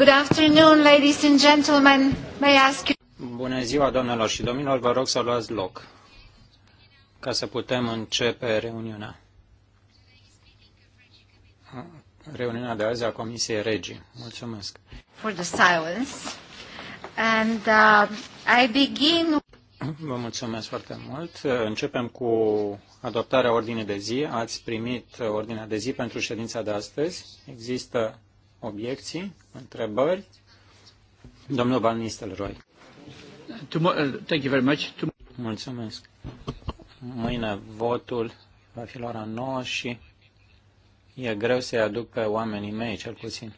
Good afternoon, ladies and gentlemen. May I ask you... Bună ziua, doamnelor și domnilor. Vă rog să luați loc ca să putem începe reuniunea. Reuniunea de azi a Comisiei Regii. Mulțumesc. For the silence. And uh, I begin... Vă mulțumesc foarte mult. Începem cu adoptarea ordinii de zi. Ați primit ordinea de zi pentru ședința de astăzi. Există Obiecții? Întrebări? Domnul Van Nistelrooy. Uh, thank you very much. Mulțumesc. Mâine votul va fi la ora 9 și e greu să-i aduc pe oamenii mei, cel puțin.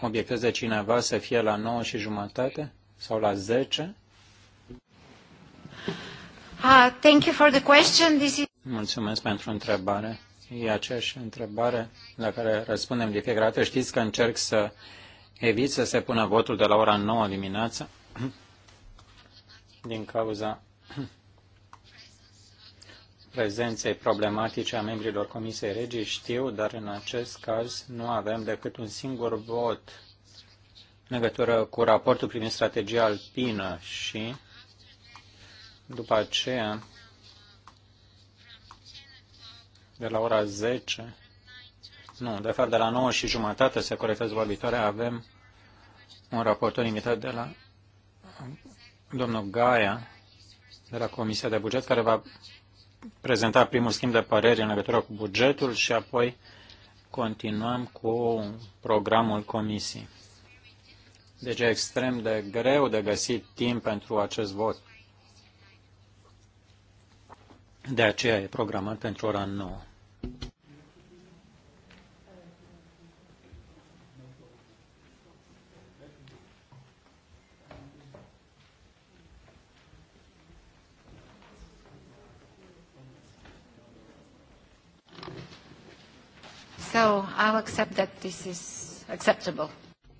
Obiectez de cineva să fie la 9 și jumătate sau la 10? Uh, ah, thank you for the question. This is... Mulțumesc pentru întrebare. E aceeași întrebare la care răspundem de fiecare dată. Știți că încerc să evit să se pună votul de la ora 9 dimineața din cauza prezenței problematice a membrilor Comisiei Regii. Știu, dar în acest caz nu avem decât un singur vot în legătură cu raportul privind strategia alpină și după aceea de la ora 10. Nu, de fapt de la 9 și jumătate se corectează vorbitoarea. Avem un raportor invitat de la domnul Gaia de la Comisia de Buget care va prezenta primul schimb de păreri în legătură cu bugetul și apoi continuăm cu programul Comisiei. Deci e extrem de greu de găsit timp pentru acest vot. De aceea e programat pentru ora 9. So I'll accept that this is acceptable.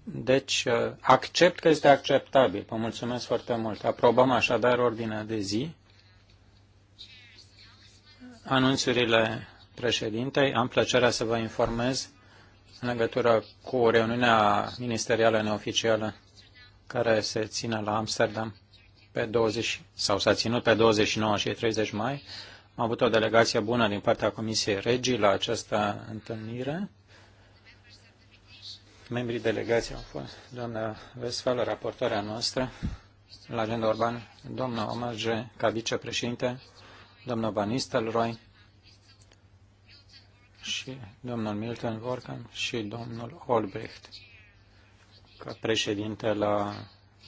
Deci, uh, accept că este acceptabil. Vă mulțumesc foarte mult. Aprobăm așadar ordinea de zi. Anunțurile președintei. Am plăcerea să vă informez în legătură cu reuniunea ministerială neoficială care se ține la Amsterdam pe 20 sau s-a ținut pe 29 și 30 mai. Am avut o delegație bună din partea Comisiei Regii la această întâlnire. Membrii delegației au fost doamna Vesfel, raportoarea noastră, la agenda urban, domnul Omarge, ca vicepreședinte, domnul Van Nistelrooy, și domnul Milton Gorkan și domnul Olbrecht ca președinte la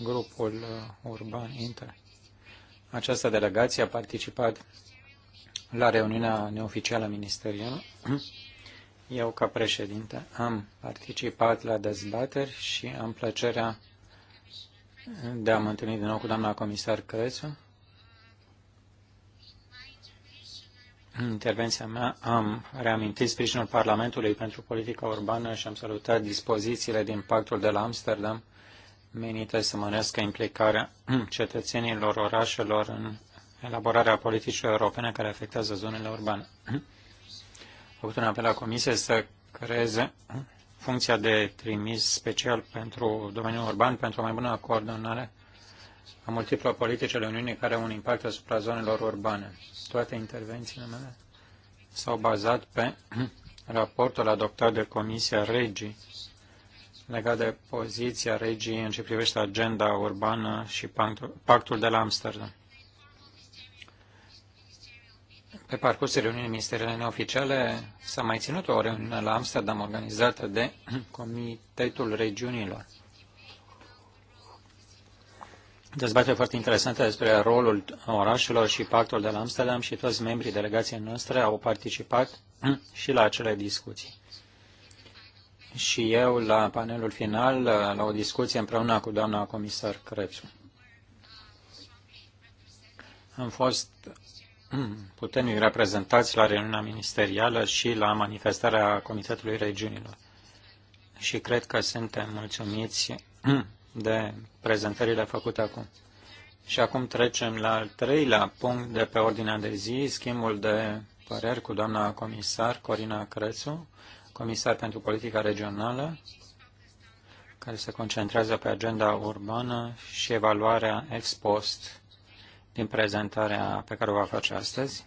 grupul urban Inter. Această delegație a participat la reuniunea neoficială ministerială. Eu, ca președinte, am participat la dezbateri și am plăcerea de a mă întâlni din nou cu doamna comisar Crețu În intervenția mea am reamintit sprijinul Parlamentului pentru politica urbană și am salutat dispozițiile din pactul de la Amsterdam menite să mărească implicarea cetățenilor orașelor în elaborarea politicii europene care afectează zonele urbane. Am avut un apel la Comisie să creeze funcția de trimis special pentru domeniul urban pentru o mai bună coordonare a multiplor politici ale Uniunii care au un impact asupra zonelor urbane. Toate intervențiile mele s-au bazat pe raportul adoptat de Comisia Regii legat de poziția regii în ce privește agenda urbană și pactul de la Amsterdam. Pe parcursul reuniunii ministeriale neoficiale s-a mai ținut o reuniune la Amsterdam organizată de Comitetul Regiunilor dezbatere foarte interesantă despre rolul orașelor și pactul de la Amsterdam și toți membrii delegației noastre au participat și la acele discuții. Și eu la panelul final, la o discuție împreună cu doamna comisar Crețu. Am fost puternic reprezentați la reuniunea ministerială și la manifestarea Comitetului Regiunilor. Și cred că suntem mulțumiți de prezentările făcute acum. Și acum trecem la al treilea punct de pe ordinea de zi, schimbul de păreri cu doamna comisar Corina Crețu, comisar pentru politica regională, care se concentrează pe agenda urbană și evaluarea ex post din prezentarea pe care o va face astăzi.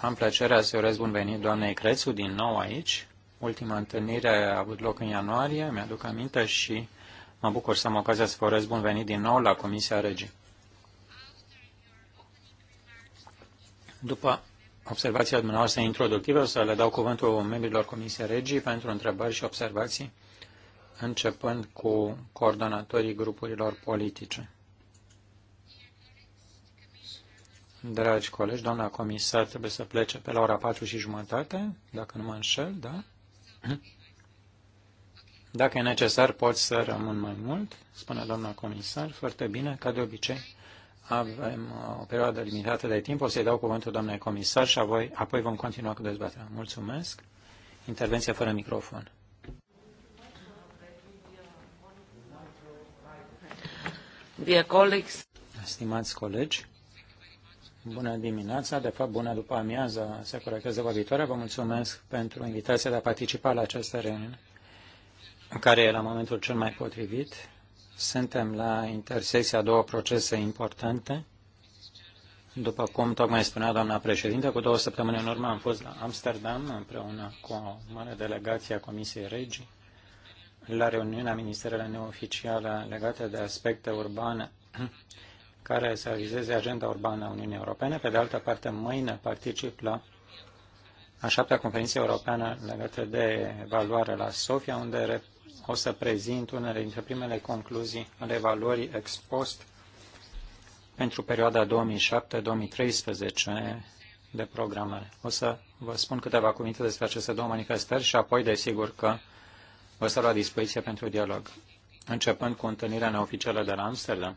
Am plăcerea să urez bun venit doamnei Crețu din nou aici. Ultima întâlnire a avut loc în ianuarie, mi-aduc aminte și Mă bucur să am ocazia să vă urez bun venit din nou la Comisia Regii. După observația dumneavoastră introductivă, o să le dau cuvântul membrilor Comisiei Regii pentru întrebări și observații, începând cu coordonatorii grupurilor politice. Dragi colegi, doamna comisar trebuie să plece pe la ora 4 și jumătate, dacă nu mă înșel, da? Dacă e necesar, pot să rămân mai mult, spune doamna comisar. Foarte bine, ca de obicei. Avem uh, o perioadă limitată de timp. O să-i dau cuvântul doamnei comisar și apoi, apoi vom continua cu dezbaterea. Mulțumesc. Intervenție fără microfon. Dear colleagues. Stimați colegi, bună dimineața, de fapt bună după amiază se corectează viitoare. Vă mulțumesc pentru invitația de a participa la această reuniune care e la momentul cel mai potrivit. Suntem la intersecția două procese importante. După cum tocmai spunea doamna președinte, cu două săptămâni în urmă am fost la Amsterdam împreună cu o mare delegație a Comisiei Regii la reuniunea ministerelor neoficială legată de aspecte urbane care să vizeze agenda urbană a Uniunii Europene. Pe de altă parte, mâine particip la a șaptea conferință europeană legată de evaluare la Sofia, unde o să prezint unele dintre primele concluzii ale evaluării ex post pentru perioada 2007-2013 de programare. O să vă spun câteva cuvinte despre aceste două manifestări și apoi, desigur, că vă stau la dispoziție pentru dialog. Începând cu întâlnirea neoficială de la Amsterdam,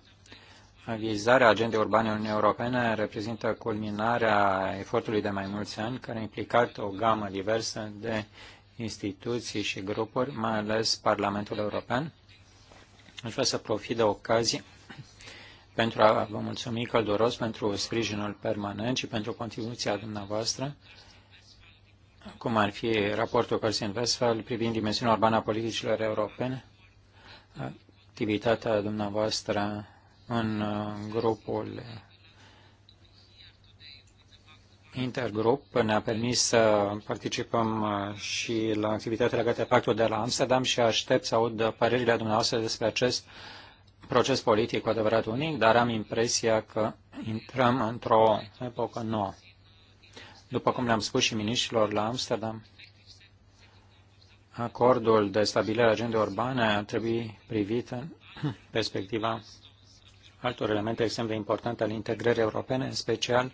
vizarea agendei urbane Uniunii Europene reprezintă culminarea efortului de mai mulți ani, care a implicat o gamă diversă de instituții și grupuri, mai ales Parlamentul European. Aș vrea să profit de ocazie pentru a vă mulțumi călduros pentru sprijinul permanent și pentru contribuția dumneavoastră, cum ar fi raportul Cărțin Westphal privind dimensiunea urbană a politicilor europene, activitatea dumneavoastră în uh, grupul intergrup ne-a permis să participăm uh, și la activitatea legată de pactul de la Amsterdam și aștept să aud părerile dumneavoastră despre acest proces politic cu adevărat unic, dar am impresia că intrăm într-o epocă nouă. După cum le-am spus și miniștrilor la Amsterdam, acordul de stabilire a agendei urbane ar trebui privit în perspectiva altor elemente extrem de importante ale integrării europene, în special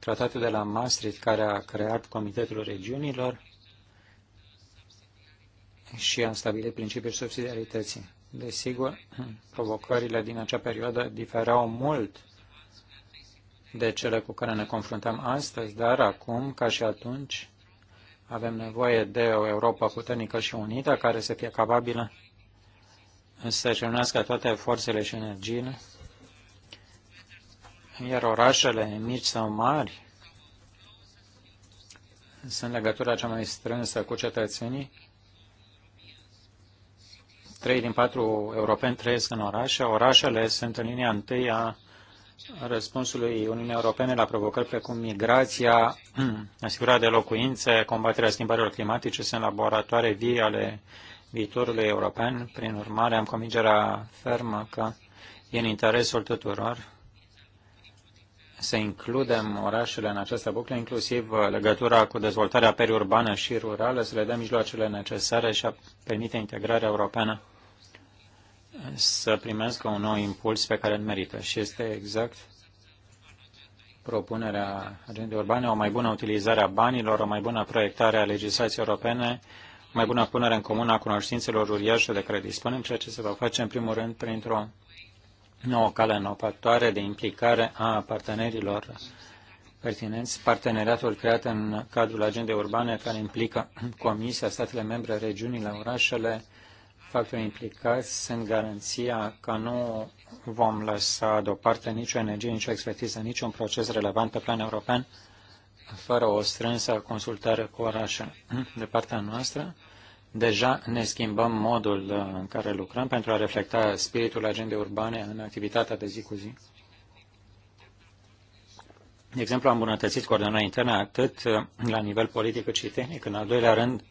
tratatul de la Maastricht care a creat Comitetul Regiunilor și a stabilit principiul subsidiarității. Desigur, provocările din acea perioadă diferau mult de cele cu care ne confruntăm astăzi, dar acum, ca și atunci, avem nevoie de o Europa puternică și unită care să fie capabilă să-și unească toate forțele și energiile iar orașele mici sau mari sunt legătura cea mai strânsă cu cetățenii. Trei din patru europeni trăiesc în orașe. Orașele sunt în linia întâi a răspunsului Uniunii Europene la provocări precum migrația, asigurarea de locuințe, combaterea schimbărilor climatice sunt laboratoare vii ale viitorului european. Prin urmare, am convingerea fermă că e în interesul tuturor să includem orașele în această buclă, inclusiv uh, legătura cu dezvoltarea periurbană și rurală, să le dăm mijloacele necesare și a permite integrarea europeană să primească un nou impuls pe care îl merită. Și este exact propunerea agendei urbane, o mai bună utilizare a banilor, o mai bună proiectare a legislației europene, o mai bună punere în comun a cunoștințelor uriașe de care dispunem, ceea ce se va face în primul rând printr-o nouă cale inovatoare de implicare a partenerilor pertinenți, parteneriatul creat în cadrul agendei urbane care implică Comisia, statele membre, regiunile, orașele, factorii implicați sunt garanția că nu vom lăsa deoparte nicio energie, nicio expertiză, niciun proces relevant pe plan european fără o strânsă consultare cu orașele. De partea noastră, deja ne schimbăm modul uh, în care lucrăm pentru a reflecta spiritul agendei urbane în activitatea de zi cu zi. De exemplu, am îmbunătățit coordonarea internă atât uh, la nivel politic cât și tehnic. În al doilea rând,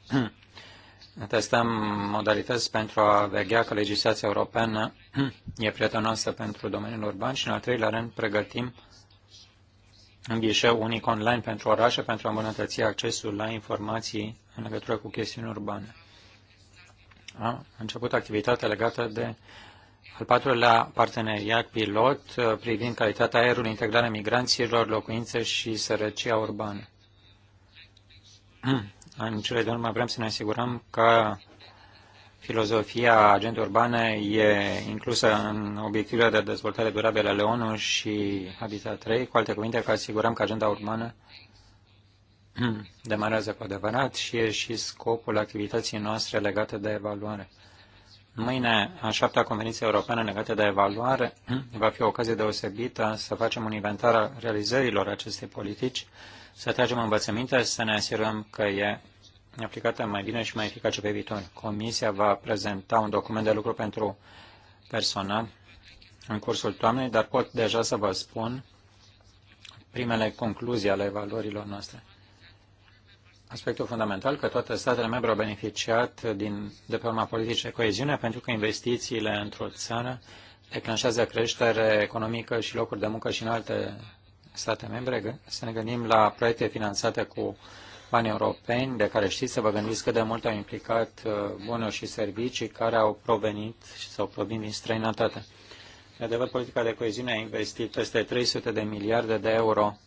testăm modalități pentru a veghea că legislația europeană e prietenoasă pentru domeniul urban și, în al treilea rând, pregătim un ghișeu unic online pentru orașe pentru a îmbunătăți accesul la informații în legătură cu chestiuni urbane a început activitatea legată de al patrulea parteneriat pilot uh, privind calitatea aerului, integrarea migranților, locuințe și sărăcia urbană. În cele de urmă vrem să ne asigurăm că filozofia agendei urbane e inclusă în obiectivele de dezvoltare durabilă ale ONU și Habitat 3, cu alte cuvinte că asigurăm că agenda urbană Hmm. demarează cu adevărat și e și scopul activității noastre legate de evaluare. Mâine, a șaptea conferință europeană legată de evaluare va fi o ocazie deosebită să facem un inventar al realizărilor acestei politici, să tragem învățăminte, să ne asigurăm că e aplicată mai bine și mai eficace pe viitor. Comisia va prezenta un document de lucru pentru personal în cursul toamnei, dar pot deja să vă spun primele concluzii ale valorilor noastre aspectul fundamental că toate statele membre au beneficiat din, de pe urma politicii de coeziune pentru că investițiile într-o țară declanșează creștere economică și locuri de muncă și în alte state membre. Să ne gândim la proiecte finanțate cu bani europeni, de care știți să vă gândiți cât de mult au implicat uh, bunuri și servicii care au provenit sau provin din străinătate. De adevăr, politica de coeziune a investit peste 300 de miliarde de euro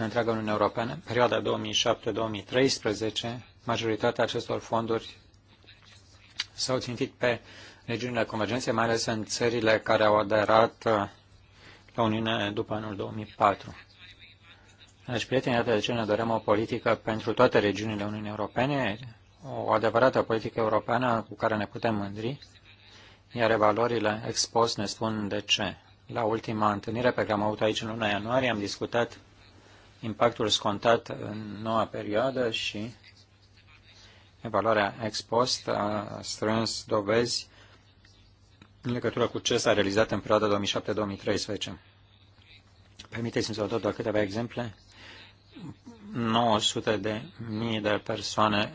în întreaga Uniune Europeană, perioada 2007-2013, majoritatea acestor fonduri s-au țintit pe regiunile convergenței, mai ales în țările care au aderat uh, la Uniune după anul 2004. Deci, prieteni, iată de ce ne dorem o politică pentru toate regiunile Uniunii Europene, o adevărată politică europeană cu care ne putem mândri, iar valorile expos ne spun de ce. La ultima întâlnire pe care am avut aici în luna ianuarie am discutat impactul scontat în noua perioadă și evaluarea ex post a strâns dovezi în legătură cu ce s-a realizat în perioada 2007-2013. Permiteți-mi să vă dau doar câteva exemple. 900 de mii de persoane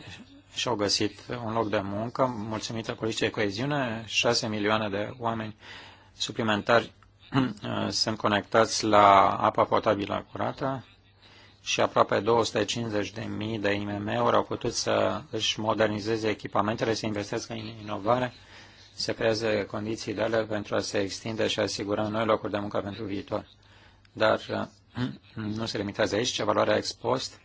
și-au găsit un loc de muncă, mulțumită poliției de coeziune, 6 milioane de oameni suplimentari sunt conectați la apa potabilă curată, și aproape 250.000 de IMM-uri au putut să își modernizeze echipamentele, să investească în inovare, să creeze condiții ale pentru a se extinde și a asigura noi locuri de muncă pentru viitor. Dar nu se limitează aici, ce a expost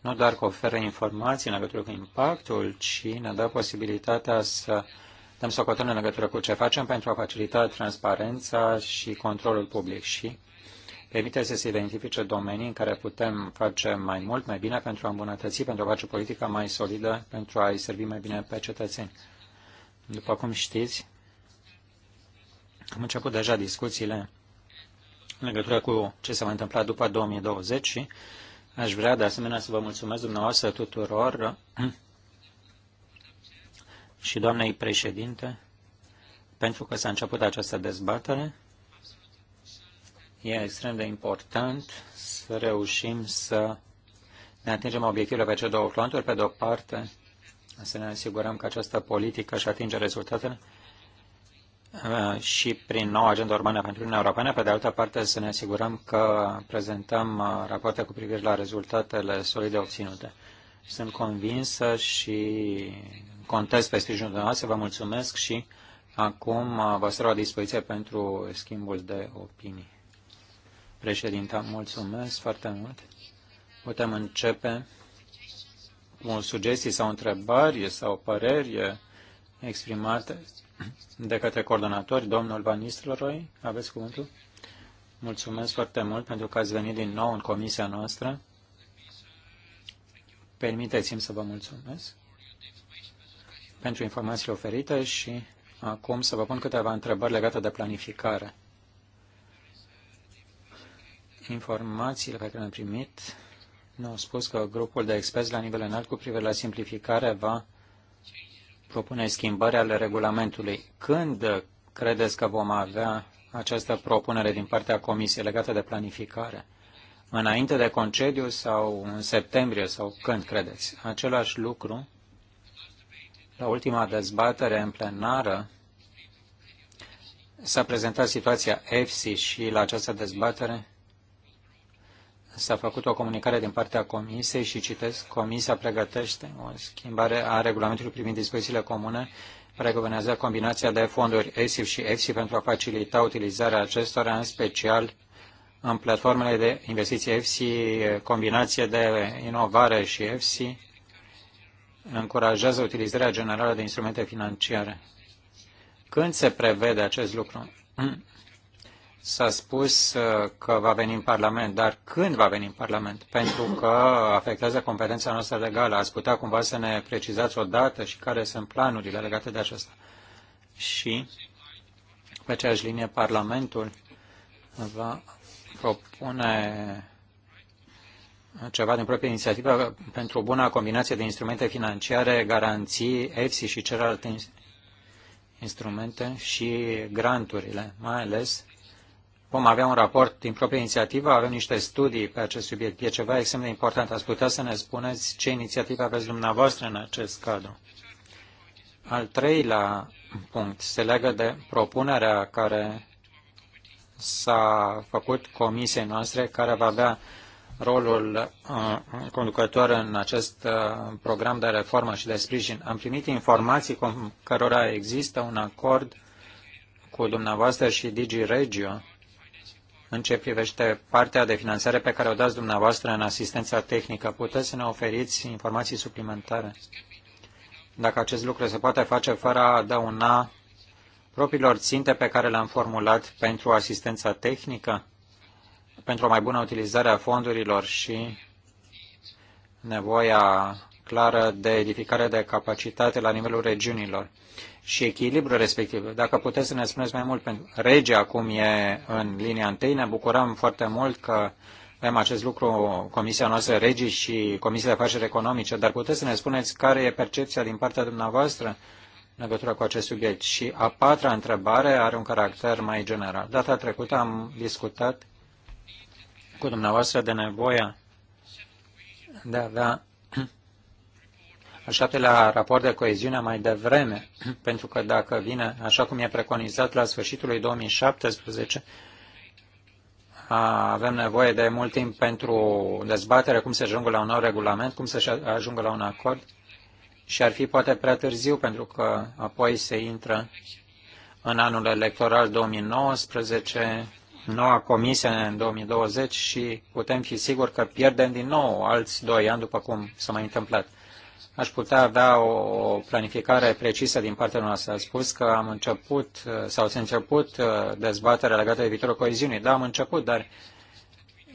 nu doar că oferă informații în legătură cu impactul, ci ne dă posibilitatea să dăm socotelă în legătură cu ce facem pentru a facilita transparența și controlul public și permite să se identifice domenii în care putem face mai mult, mai bine pentru a îmbunătăți, pentru a face politica mai solidă, pentru a-i servi mai bine pe cetățeni. După cum știți, am început deja discuțiile în legătură cu ce se va întâmpla după 2020 și aș vrea de asemenea să vă mulțumesc dumneavoastră tuturor și doamnei președinte pentru că s-a început această dezbatere E extrem de important să reușim să ne atingem obiectivele pe cele două fronturi. Pe de-o parte, să ne asigurăm că această politică își atinge rezultatele uh, și prin noua agenda urbană pentru Uniunea Europeană, pe de altă parte să ne asigurăm că prezentăm uh, rapoarte cu privire la rezultatele solide obținute. Sunt convinsă și contez pe sprijinul dumneavoastră, vă mulțumesc și acum uh, vă stau la dispoziție pentru schimbul de opinii. Președinta, mulțumesc foarte mult. Putem începe cu sugestii sau întrebări sau păreri exprimate de către coordonatori. Domnul Van Nistelrooy, aveți cuvântul? Mulțumesc foarte mult pentru că ați venit din nou în comisia noastră. Permiteți-mi să vă mulțumesc pentru informațiile oferite și acum să vă pun câteva întrebări legate de planificare. Informațiile pe care le-am primit ne-au spus că grupul de experți la nivel înalt cu privire la simplificare va propune schimbări ale regulamentului. Când credeți că vom avea această propunere din partea Comisiei legată de planificare? Înainte de concediu sau în septembrie sau când credeți? Același lucru, la ultima dezbatere în plenară, s-a prezentat situația EFSI și la această dezbatere s-a făcut o comunicare din partea Comisiei și citesc, Comisia pregătește o schimbare a regulamentului privind dispozițiile comune care guvernează combinația de fonduri ESIF și EFSI pentru a facilita utilizarea acestora, în special în platformele de investiții EFSI, combinație de inovare și EFSI, încurajează utilizarea generală de instrumente financiare. Când se prevede acest lucru? S-a spus uh, că va veni în Parlament, dar când va veni în Parlament? Pentru că afectează competența noastră legală. Ați putea cumva să ne precizați o dată și care sunt planurile legate de aceasta. Și, pe aceeași linie, Parlamentul va propune ceva din propria inițiativă pentru o bună combinație de instrumente financiare, garanții, EFSI și celelalte instrumente și granturile, mai ales vom avea un raport din proprie inițiativă, avem niște studii pe acest subiect. E ceva extrem de important. Ați putea să ne spuneți ce inițiativă aveți dumneavoastră în acest cadru. Al treilea punct se legă de propunerea care s-a făcut comisiei noastre, care va avea rolul uh, conducător în acest uh, program de reformă și de sprijin. Am primit informații cu cărora există un acord cu dumneavoastră și Digi Regio în ce privește partea de finanțare pe care o dați dumneavoastră în asistența tehnică. Puteți să ne oferiți informații suplimentare? Dacă acest lucru se poate face fără a dăuna propriilor ținte pe care le-am formulat pentru asistența tehnică, pentru o mai bună utilizare a fondurilor și nevoia clară de edificare de capacitate la nivelul regiunilor și echilibrul respectiv. Dacă puteți să ne spuneți mai mult, pentru rege acum e în linia întâi, ne bucurăm foarte mult că avem acest lucru, Comisia noastră Regii și Comisia de Afaceri Economice, dar puteți să ne spuneți care e percepția din partea dumneavoastră în legătură cu acest subiect. Și a patra întrebare are un caracter mai general. Data trecută am discutat cu dumneavoastră de nevoia de a avea al șaptelea raport de coeziune mai devreme, pentru că dacă vine, așa cum e preconizat la sfârșitul lui 2017, avem nevoie de mult timp pentru dezbatere, cum să ajungă la un nou regulament, cum să ajungă la un acord și ar fi poate prea târziu pentru că apoi se intră în anul electoral 2019, noua comisie în 2020 și putem fi siguri că pierdem din nou alți doi ani după cum s-a mai întâmplat aș putea avea o planificare precisă din partea noastră. A spus că am început, sau s s-a început uh, dezbaterea legată de viitorul coeziunii. Da, am început, dar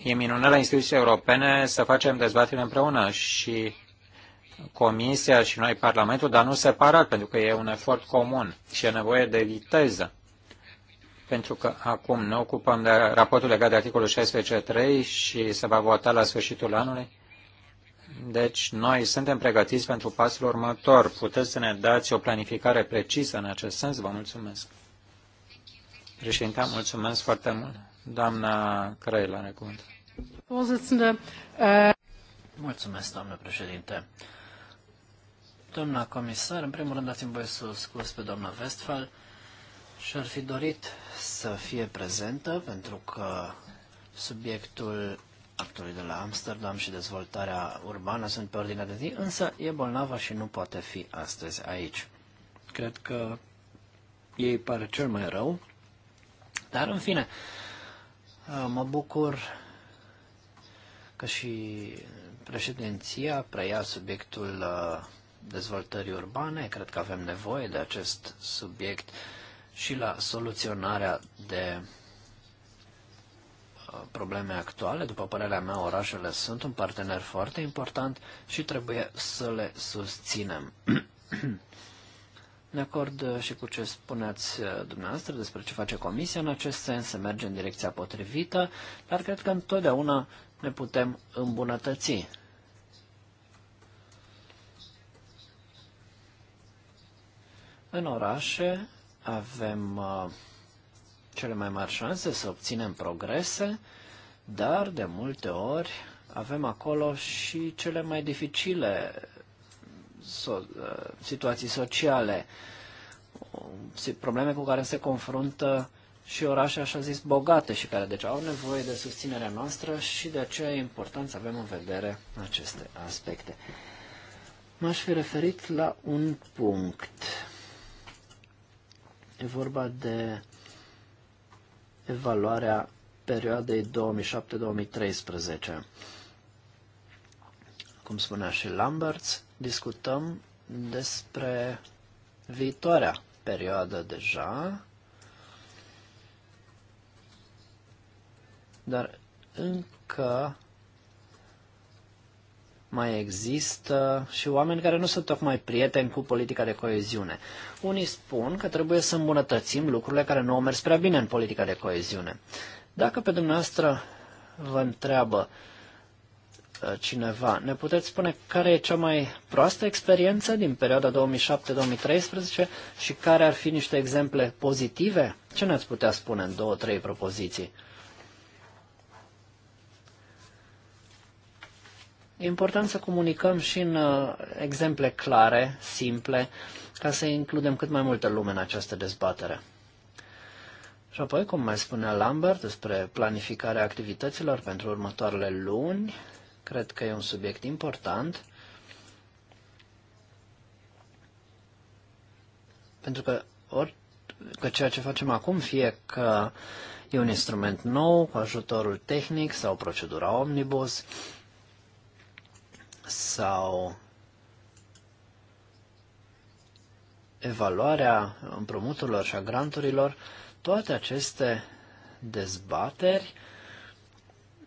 e minunat la instituții europene să facem dezbatere împreună și Comisia și noi Parlamentul, dar nu separat, pentru că e un efort comun și e nevoie de viteză. Pentru că acum ne ocupăm de raportul legat de articolul 16.3 și se va vota la sfârșitul anului deci, noi suntem pregătiți pentru pasul următor. Puteți să ne dați o planificare precisă în acest sens? Vă mulțumesc. Președinte, mulțumesc foarte mult. Doamna Crăi, la cuvânt. Mulțumesc, doamnă președinte. Doamna comisar, în primul rând dați-mi voie să o scuz pe doamna Westphal și ar fi dorit să fie prezentă pentru că subiectul actului de la Amsterdam și dezvoltarea urbană sunt pe ordinea de zi, însă e bolnavă și nu poate fi astăzi aici. Cred că ei pare cel mai rău, dar în fine, uh, mă bucur că și președinția preia subiectul uh, dezvoltării urbane. Cred că avem nevoie de acest subiect și la soluționarea de probleme actuale. După părerea mea, orașele sunt un partener foarte important și trebuie să le susținem. De acord uh, și cu ce spuneați uh, dumneavoastră despre ce face Comisia în acest sens, se merge în direcția potrivită, dar cred că întotdeauna ne putem îmbunătăți. În orașe avem uh, cele mai mari șanse să obținem progrese, dar de multe ori avem acolo și cele mai dificile uh, situații sociale, um, probleme cu care se confruntă și orașe așa zis bogate și care deci au nevoie de susținerea noastră și de aceea e important să avem în vedere aceste aspecte. M-aș fi referit la un punct. E vorba de evaluarea perioadei 2007-2013. Cum spunea și Lamberts, discutăm despre viitoarea perioadă deja, dar încă mai există și oameni care nu sunt tocmai prieteni cu politica de coeziune. Unii spun că trebuie să îmbunătățim lucrurile care nu au mers prea bine în politica de coeziune. Dacă pe dumneavoastră vă întreabă uh, cineva, ne puteți spune care e cea mai proastă experiență din perioada 2007-2013 și care ar fi niște exemple pozitive? Ce ne-ați putea spune în două, trei propoziții? E important să comunicăm și în uh, exemple clare, simple, ca să includem cât mai multă lume în această dezbatere. Și apoi, cum mai spunea Lambert despre planificarea activităților pentru următoarele luni, cred că e un subiect important, pentru că, or, că ceea ce facem acum, fie că e un instrument nou, cu ajutorul tehnic sau procedura omnibus, sau evaluarea împrumuturilor și a granturilor, toate aceste dezbateri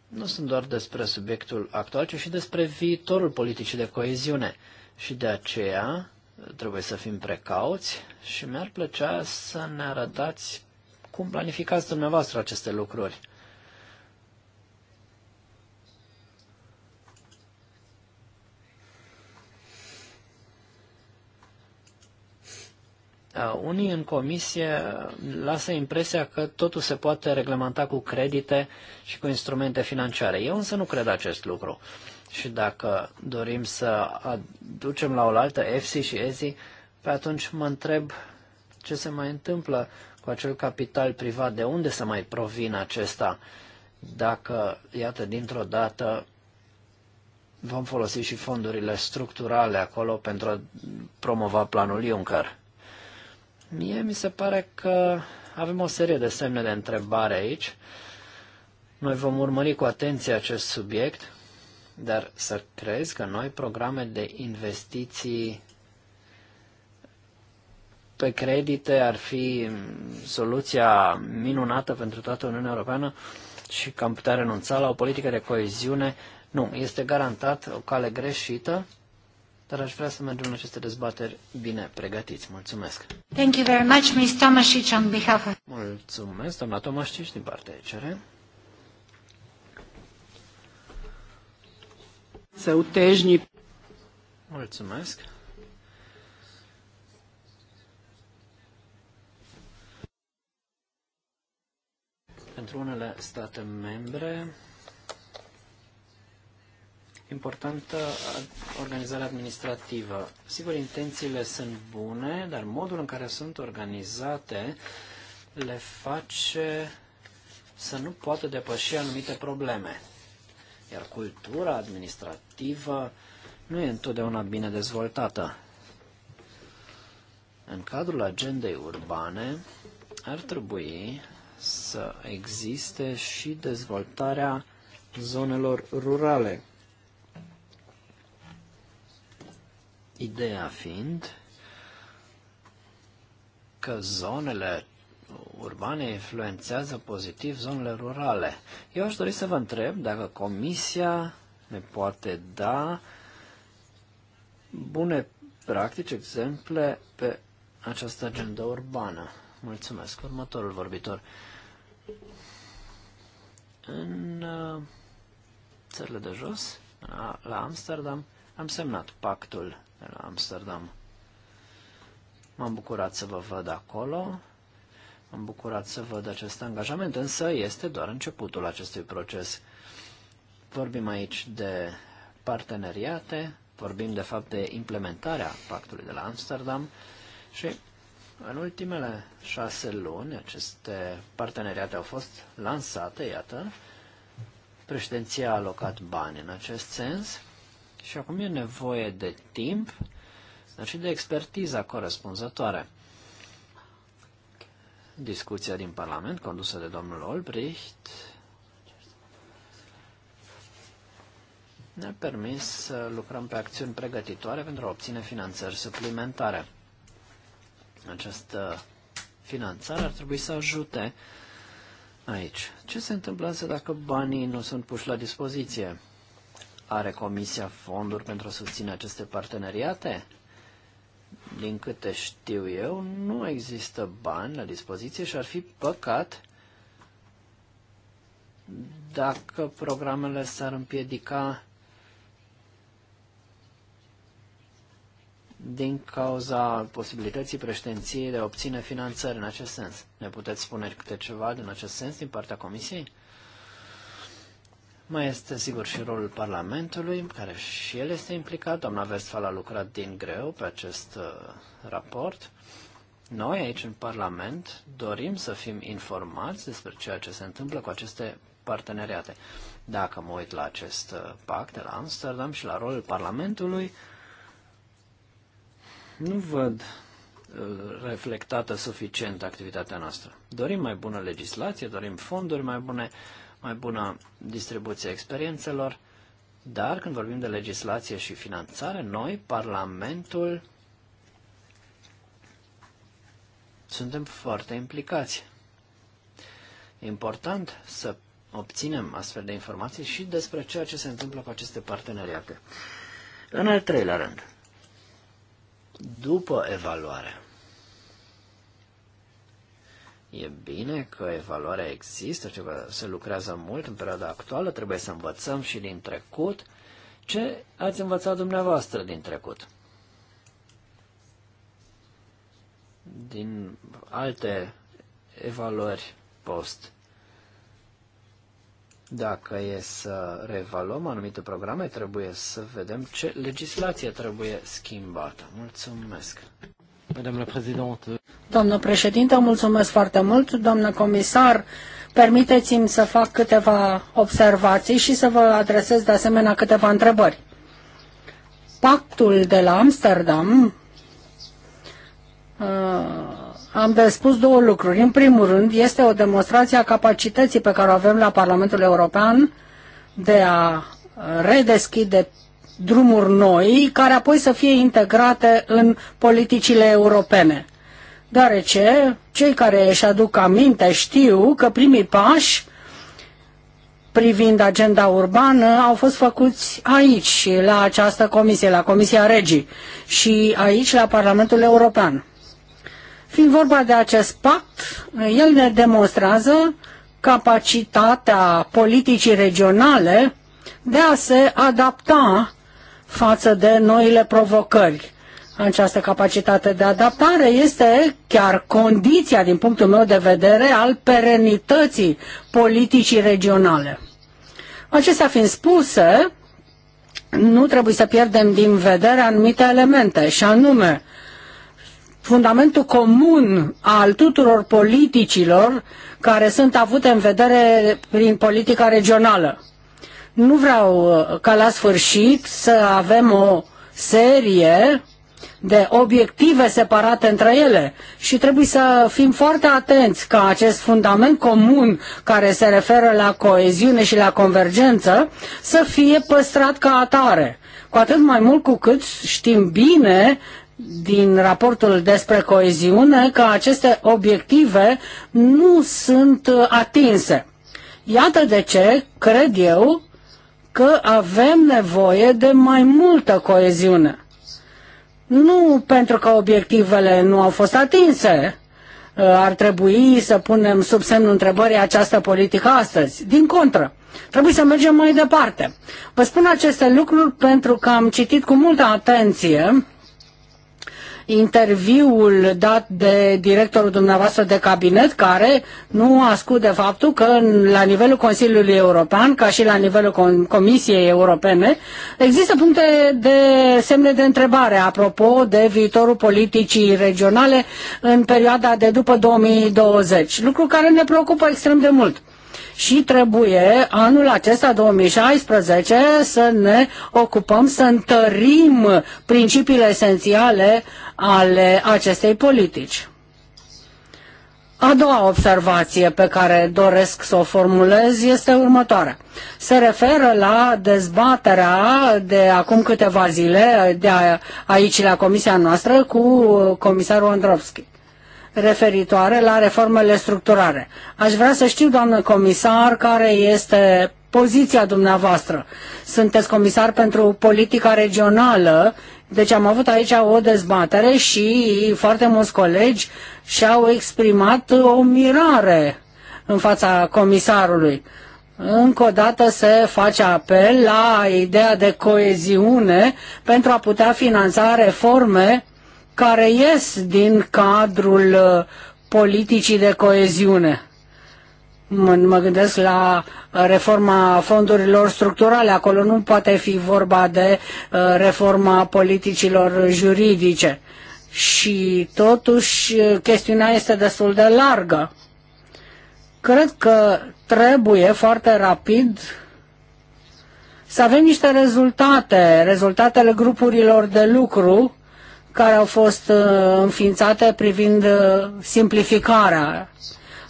nu sunt doar despre subiectul actual, ci și despre viitorul politicii de coeziune. Și de aceea trebuie să fim precauți și mi-ar plăcea să ne arătați cum planificați dumneavoastră aceste lucruri. Unii în comisie lasă impresia că totul se poate reglementa cu credite și cu instrumente financiare. Eu însă nu cred acest lucru. Și dacă dorim să aducem la oaltă EFSI și EZI, pe atunci mă întreb ce se mai întâmplă cu acel capital privat, de unde să mai provină acesta dacă, iată, dintr-o dată vom folosi și fondurile structurale acolo pentru a promova planul Juncker. Mie mi se pare că avem o serie de semne de întrebare aici. Noi vom urmări cu atenție acest subiect, dar să crezi că noi programe de investiții pe credite ar fi soluția minunată pentru toată Uniunea Europeană și că am putea renunța la o politică de coeziune. Nu, este garantat o cale greșită dar aș vrea să mergem în aceste dezbateri bine pregătiți. Mulțumesc! Thank you very much, Ms. Tomasic, on behalf of... Mulțumesc, doamna Tomasic, din partea ECR. Să utești. Mulțumesc! Pentru unele state membre, importantă organizarea administrativă. Sigur, intențiile sunt bune, dar modul în care sunt organizate le face să nu poată depăși anumite probleme. Iar cultura administrativă nu e întotdeauna bine dezvoltată. În cadrul agendei urbane ar trebui să existe și dezvoltarea zonelor rurale. Ideea fiind că zonele urbane influențează pozitiv zonele rurale. Eu aș dori să vă întreb dacă Comisia ne poate da bune practici, exemple pe această agenda urbană. Mulțumesc. Următorul vorbitor. În uh, țările de jos, la Amsterdam, am semnat pactul de la Amsterdam. M-am bucurat să vă văd acolo, m-am bucurat să văd acest angajament, însă este doar începutul acestui proces. Vorbim aici de parteneriate, vorbim de fapt de implementarea pactului de la Amsterdam și în ultimele șase luni aceste parteneriate au fost lansate, iată, președinția a alocat bani în acest sens și acum e nevoie de timp, dar și de expertiza corespunzătoare. Discuția din Parlament, condusă de domnul Olbricht, ne-a permis să lucrăm pe acțiuni pregătitoare pentru a obține finanțări suplimentare. Această finanțare ar trebui să ajute aici. Ce se întâmplă dacă banii nu sunt puși la dispoziție? Are Comisia fonduri pentru a susține aceste parteneriate? Din câte știu eu, nu există bani la dispoziție și ar fi păcat dacă programele s-ar împiedica din cauza posibilității președinției de a obține finanțări în acest sens. Ne puteți spune câte ceva din acest sens din partea Comisiei? Mai este, sigur, și rolul Parlamentului, care și el este implicat. Doamna Vestfal a lucrat din greu pe acest uh, raport. Noi, aici, în Parlament, dorim să fim informați despre ceea ce se întâmplă cu aceste parteneriate. Dacă mă uit la acest uh, pact de la Amsterdam și la rolul Parlamentului, nu văd uh, reflectată suficient activitatea noastră. Dorim mai bună legislație, dorim fonduri mai bune, mai bună distribuție experiențelor, dar când vorbim de legislație și finanțare, noi, Parlamentul, suntem foarte implicați. E important să obținem astfel de informații și despre ceea ce se întâmplă cu aceste parteneriate. În al treilea rând, după evaluare, E bine că evaluarea există, că se lucrează mult în perioada actuală, trebuie să învățăm și din trecut. Ce ați învățat dumneavoastră din trecut? Din alte evaluări post. Dacă e să reevaluăm anumite programe, trebuie să vedem ce legislație trebuie schimbată. Mulțumesc! Doamnă președinte, mulțumesc foarte mult. Doamnă comisar, permiteți-mi să fac câteva observații și să vă adresez de asemenea câteva întrebări. Pactul de la Amsterdam, uh, am de spus două lucruri. În primul rând, este o demonstrație a capacității pe care o avem la Parlamentul European de a redeschide drumuri noi, care apoi să fie integrate în politicile europene. Deoarece cei care își aduc aminte știu că primii pași privind agenda urbană au fost făcuți aici, la această comisie, la Comisia Regii și aici, la Parlamentul European. Fiind vorba de acest pact, el ne demonstrează capacitatea politicii regionale de a se adapta față de noile provocări. Această capacitate de adaptare este chiar condiția, din punctul meu de vedere, al perenității politicii regionale. Acestea fiind spuse, nu trebuie să pierdem din vedere anumite elemente, și anume, fundamentul comun al tuturor politicilor care sunt avute în vedere prin politica regională. Nu vreau uh, ca la sfârșit să avem o serie de obiective separate între ele și trebuie să fim foarte atenți ca acest fundament comun care se referă la coeziune și la convergență să fie păstrat ca atare. Cu atât mai mult cu cât știm bine din raportul despre coeziune că aceste obiective nu sunt uh, atinse. Iată de ce, cred eu, că avem nevoie de mai multă coeziune. Nu pentru că obiectivele nu au fost atinse, uh, ar trebui să punem sub semnul întrebării această politică astăzi. Din contră, trebuie să mergem mai departe. Vă spun aceste lucruri pentru că am citit cu multă atenție interviul dat de directorul dumneavoastră de cabinet, care nu ascunde faptul că la nivelul Consiliului European, ca și la nivelul Comisiei Europene, există puncte de semne de întrebare apropo de viitorul politicii regionale în perioada de după 2020, lucru care ne preocupă extrem de mult și trebuie anul acesta 2016 să ne ocupăm, să întărim principiile esențiale ale acestei politici. A doua observație pe care doresc să o formulez este următoarea. Se referă la dezbaterea de acum câteva zile de aici la comisia noastră cu comisarul Androvski referitoare la reformele structurare. Aș vrea să știu, doamnă comisar, care este poziția dumneavoastră. Sunteți comisar pentru politica regională, deci am avut aici o dezbatere și foarte mulți colegi și-au exprimat o mirare în fața comisarului. Încă o dată se face apel la ideea de coeziune pentru a putea finanța reforme care ies din cadrul uh, politicii de coeziune. Mă gândesc la reforma fondurilor structurale, acolo nu poate fi vorba de uh, reforma politicilor juridice. Și totuși uh, chestiunea este destul de largă. Cred că trebuie foarte rapid să avem niște rezultate, rezultatele grupurilor de lucru care au fost uh, înființate privind uh, simplificarea.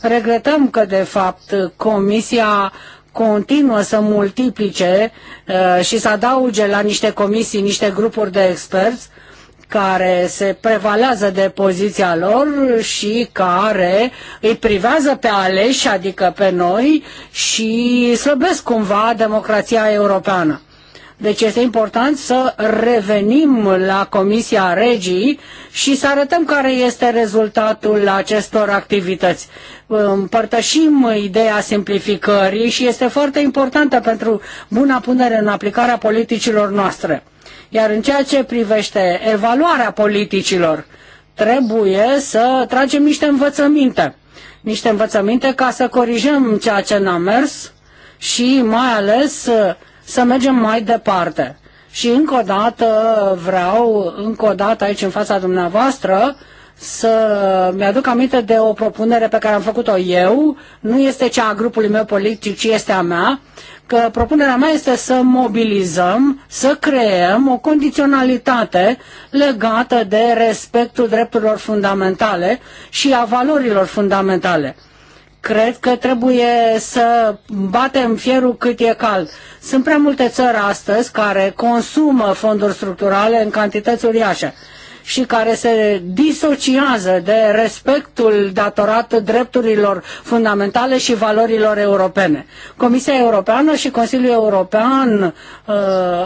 Regretăm că, de fapt, Comisia continuă să multiplice uh, și să adauge la niște comisii niște grupuri de experți care se prevalează de poziția lor și care îi privează pe aleși, adică pe noi, și slăbesc cumva democrația europeană. Deci este important să revenim la Comisia Regii și să arătăm care este rezultatul acestor activități. Împărtășim ideea simplificării și este foarte importantă pentru buna punere în aplicare a politicilor noastre. Iar în ceea ce privește evaluarea politicilor, trebuie să tragem niște învățăminte. Niște învățăminte ca să corijăm ceea ce n-a mers și mai ales să mergem mai departe. Și încă o dată vreau, încă o dată aici în fața dumneavoastră, să mi-aduc aminte de o propunere pe care am făcut-o eu, nu este cea a grupului meu politic, ci este a mea, că propunerea mea este să mobilizăm, să creăm o condiționalitate legată de respectul drepturilor fundamentale și a valorilor fundamentale cred că trebuie să batem fierul cât e cald. Sunt prea multe țări astăzi care consumă fonduri structurale în cantități uriașe și care se disociază de respectul datorat drepturilor fundamentale și valorilor europene. Comisia Europeană și Consiliul European uh,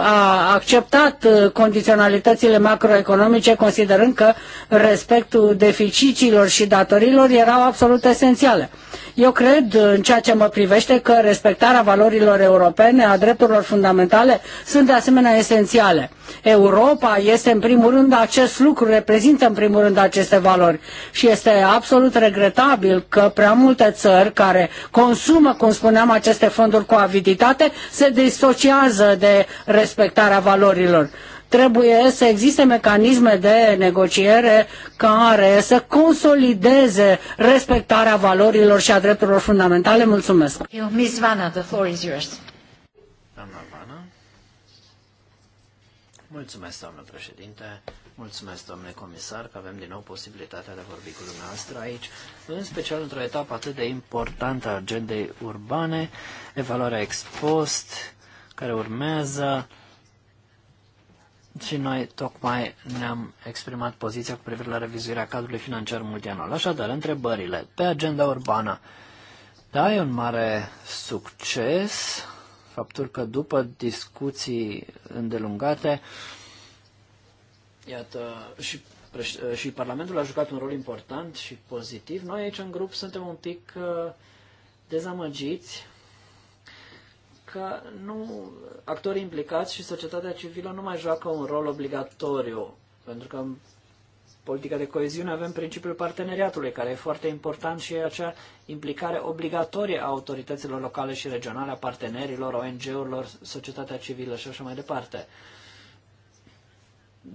a acceptat uh, condiționalitățile macroeconomice considerând că respectul deficicilor și datorilor erau absolut esențiale. Eu cred, în ceea ce mă privește, că respectarea valorilor europene, a drepturilor fundamentale, sunt de asemenea esențiale. Europa este în primul rând acest lucru, reprezintă în primul rând aceste valori și este absolut regretabil că prea multe țări care consumă, cum spuneam, aceste fonduri cu aviditate se disociază de respectarea valorilor trebuie să existe mecanisme de negociere care să consolideze respectarea valorilor și a drepturilor fundamentale. Mulțumesc. Ms. Vana, the floor is yours. Doamna Vana. Mulțumesc, doamnă președinte. Mulțumesc, domnule comisar, că avem din nou posibilitatea de a vorbi cu dumneavoastră aici, în special într-o etapă atât de importantă a agendei urbane, evaluarea expost, care urmează, și noi tocmai ne-am exprimat poziția cu privire la revizuirea cadrului financiar multianual. Așadar, întrebările pe agenda urbană. Da, e un mare succes faptul că după discuții îndelungate, iată, și, și Parlamentul a jucat un rol important și pozitiv. Noi aici în grup suntem un pic uh, dezamăgiți că nu, actorii implicați și societatea civilă nu mai joacă un rol obligatoriu, pentru că în politica de coeziune avem principiul parteneriatului, care e foarte important și e acea implicare obligatorie a autorităților locale și regionale, a partenerilor, ONG-urilor, societatea civilă și așa mai departe.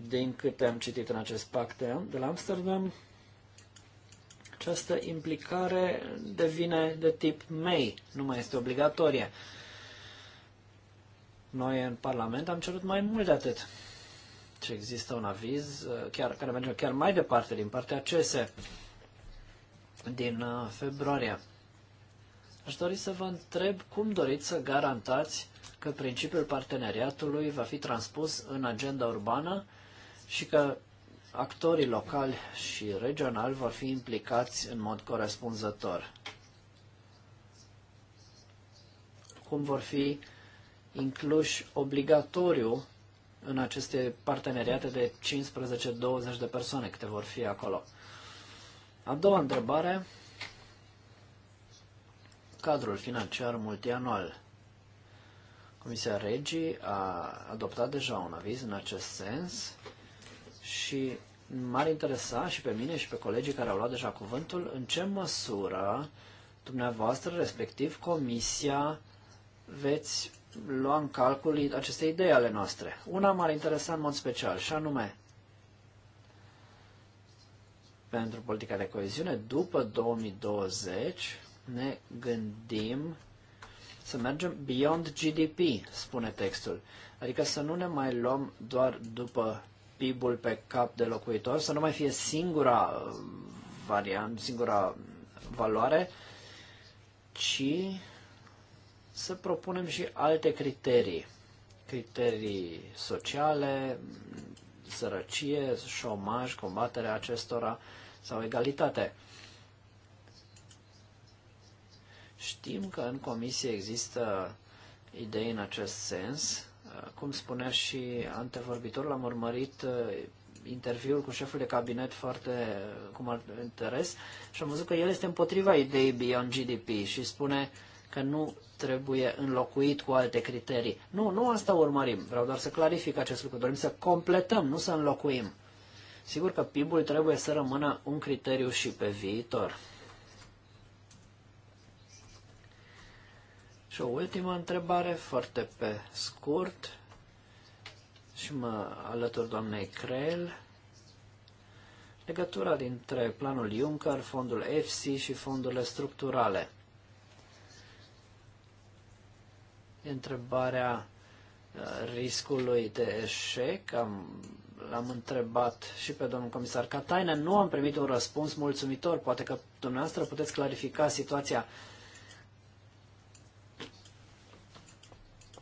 Din câte am citit în acest pact de la Amsterdam, această implicare devine de tip MEI, nu mai este obligatorie. Noi în Parlament am cerut mai mult de atât. Și există un aviz uh, chiar, care merge chiar mai departe din partea CESE din uh, februarie. Aș dori să vă întreb cum doriți să garantați că principiul parteneriatului va fi transpus în agenda urbană și că actorii locali și regionali vor fi implicați în mod corespunzător. Cum vor fi incluși obligatoriu în aceste parteneriate de 15-20 de persoane câte vor fi acolo. A doua întrebare, cadrul financiar multianual. Comisia Regii a adoptat deja un aviz în acest sens și m-ar interesa și pe mine și pe colegii care au luat deja cuvântul în ce măsură dumneavoastră, respectiv Comisia, veți lua în calcul aceste idei ale noastre. Una m-ar interesa în mod special, și anume, pentru politica de coeziune, după 2020 ne gândim să mergem beyond GDP, spune textul. Adică să nu ne mai luăm doar după PIB-ul pe cap de locuitor, să nu mai fie singura uh, variant, singura valoare, ci să propunem și alte criterii. Criterii sociale, sărăcie, șomaj, combaterea acestora sau egalitate. Știm că în comisie există idei în acest sens. Cum spunea și antevorbitorul, am urmărit uh, interviul cu șeful de cabinet foarte uh, cu mult interes și am văzut că el este împotriva ideii Beyond GDP și spune că nu trebuie înlocuit cu alte criterii. Nu, nu asta urmărim. Vreau doar să clarific acest lucru. Dorim să completăm, nu să înlocuim. Sigur că PIB-ul trebuie să rămână un criteriu și pe viitor. Și o ultimă întrebare, foarte pe scurt, și mă alătur doamnei Creel. Legătura dintre planul Juncker, fondul EFSI și fondurile structurale. întrebarea uh, riscului de eșec. Am, l-am întrebat și pe domnul comisar Katainen. Nu am primit un răspuns mulțumitor. Poate că dumneavoastră puteți clarifica situația.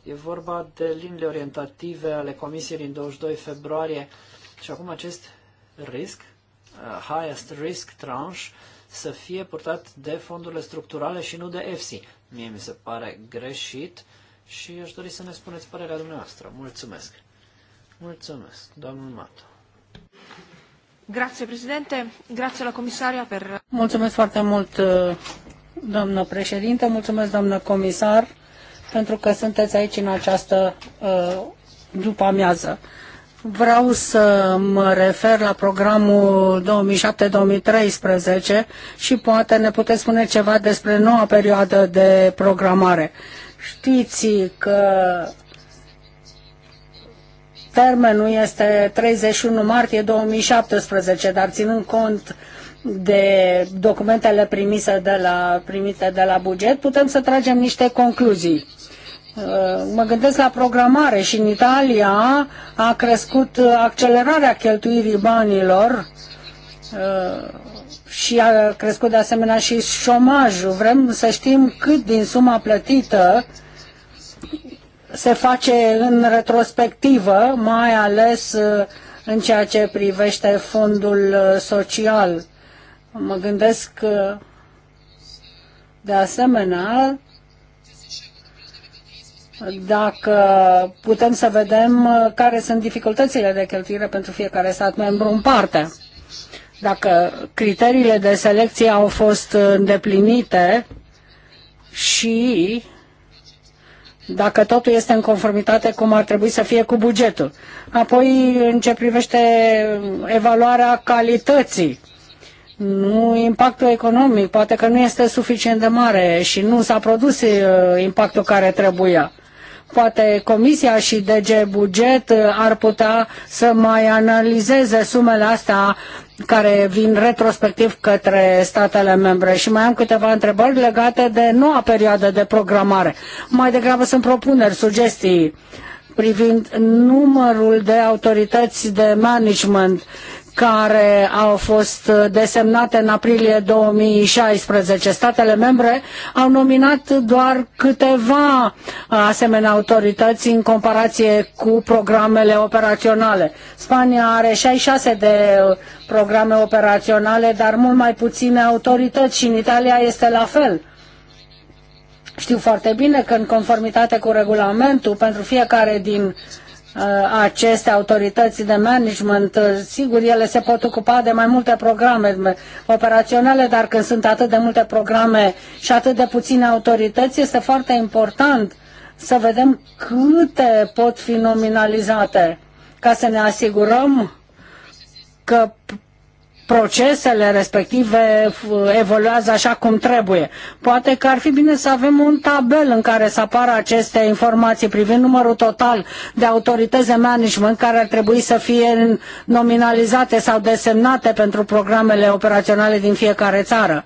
E vorba de liniile orientative ale Comisiei din 22 februarie și acum acest risc, uh, highest risk tranche, să fie purtat de fondurile structurale și nu de EFSI. Mie mi se pare greșit și aș dori să ne spuneți părerea dumneavoastră. Mulțumesc! Mulțumesc, domnul Mato. Grazie, președinte. Grazie la comisaria per... Mulțumesc foarte mult, uh, doamnă președinte. Mulțumesc, doamnă comisar, pentru că sunteți aici în această uh, după amiază. Vreau să mă refer la programul 2007-2013 și poate ne puteți spune ceva despre noua perioadă de programare. Știți că termenul este 31 martie 2017, dar ținând cont de documentele primise de la, primite de la buget, putem să tragem niște concluzii. Uh, mă gândesc la programare și în Italia a crescut accelerarea cheltuirii banilor uh, și a crescut de asemenea și șomajul. Vrem să știm cât din suma plătită se face în retrospectivă, mai ales uh, în ceea ce privește fondul uh, social. Mă gândesc că, de asemenea, dacă putem să vedem uh, care sunt dificultățile de cheltuire pentru fiecare stat membru în parte dacă criteriile de selecție au fost îndeplinite și dacă totul este în conformitate cum ar trebui să fie cu bugetul. Apoi, în ce privește evaluarea calității, nu, impactul economic poate că nu este suficient de mare și nu s-a produs uh, impactul care trebuia. Poate Comisia și DG Buget ar putea să mai analizeze sumele astea care vin retrospectiv către statele membre. Și mai am câteva întrebări legate de noua perioadă de programare. Mai degrabă sunt propuneri, sugestii privind numărul de autorități de management care au fost uh, desemnate în aprilie 2016. Statele membre au nominat doar câteva uh, asemenea autorități în comparație cu programele operaționale. Spania are 66 de uh, programe operaționale, dar mult mai puține autorități și în Italia este la fel. Știu foarte bine că în conformitate cu regulamentul, pentru fiecare din uh, Uh, aceste autorități de management, uh, sigur, ele se pot ocupa de mai multe programe operaționale, dar când sunt atât de multe programe și atât de puține autorități, este foarte important să vedem câte pot fi nominalizate ca să ne asigurăm că procesele respective evoluează așa cum trebuie. Poate că ar fi bine să avem un tabel în care să apară aceste informații privind numărul total de autorități de management care ar trebui să fie nominalizate sau desemnate pentru programele operaționale din fiecare țară.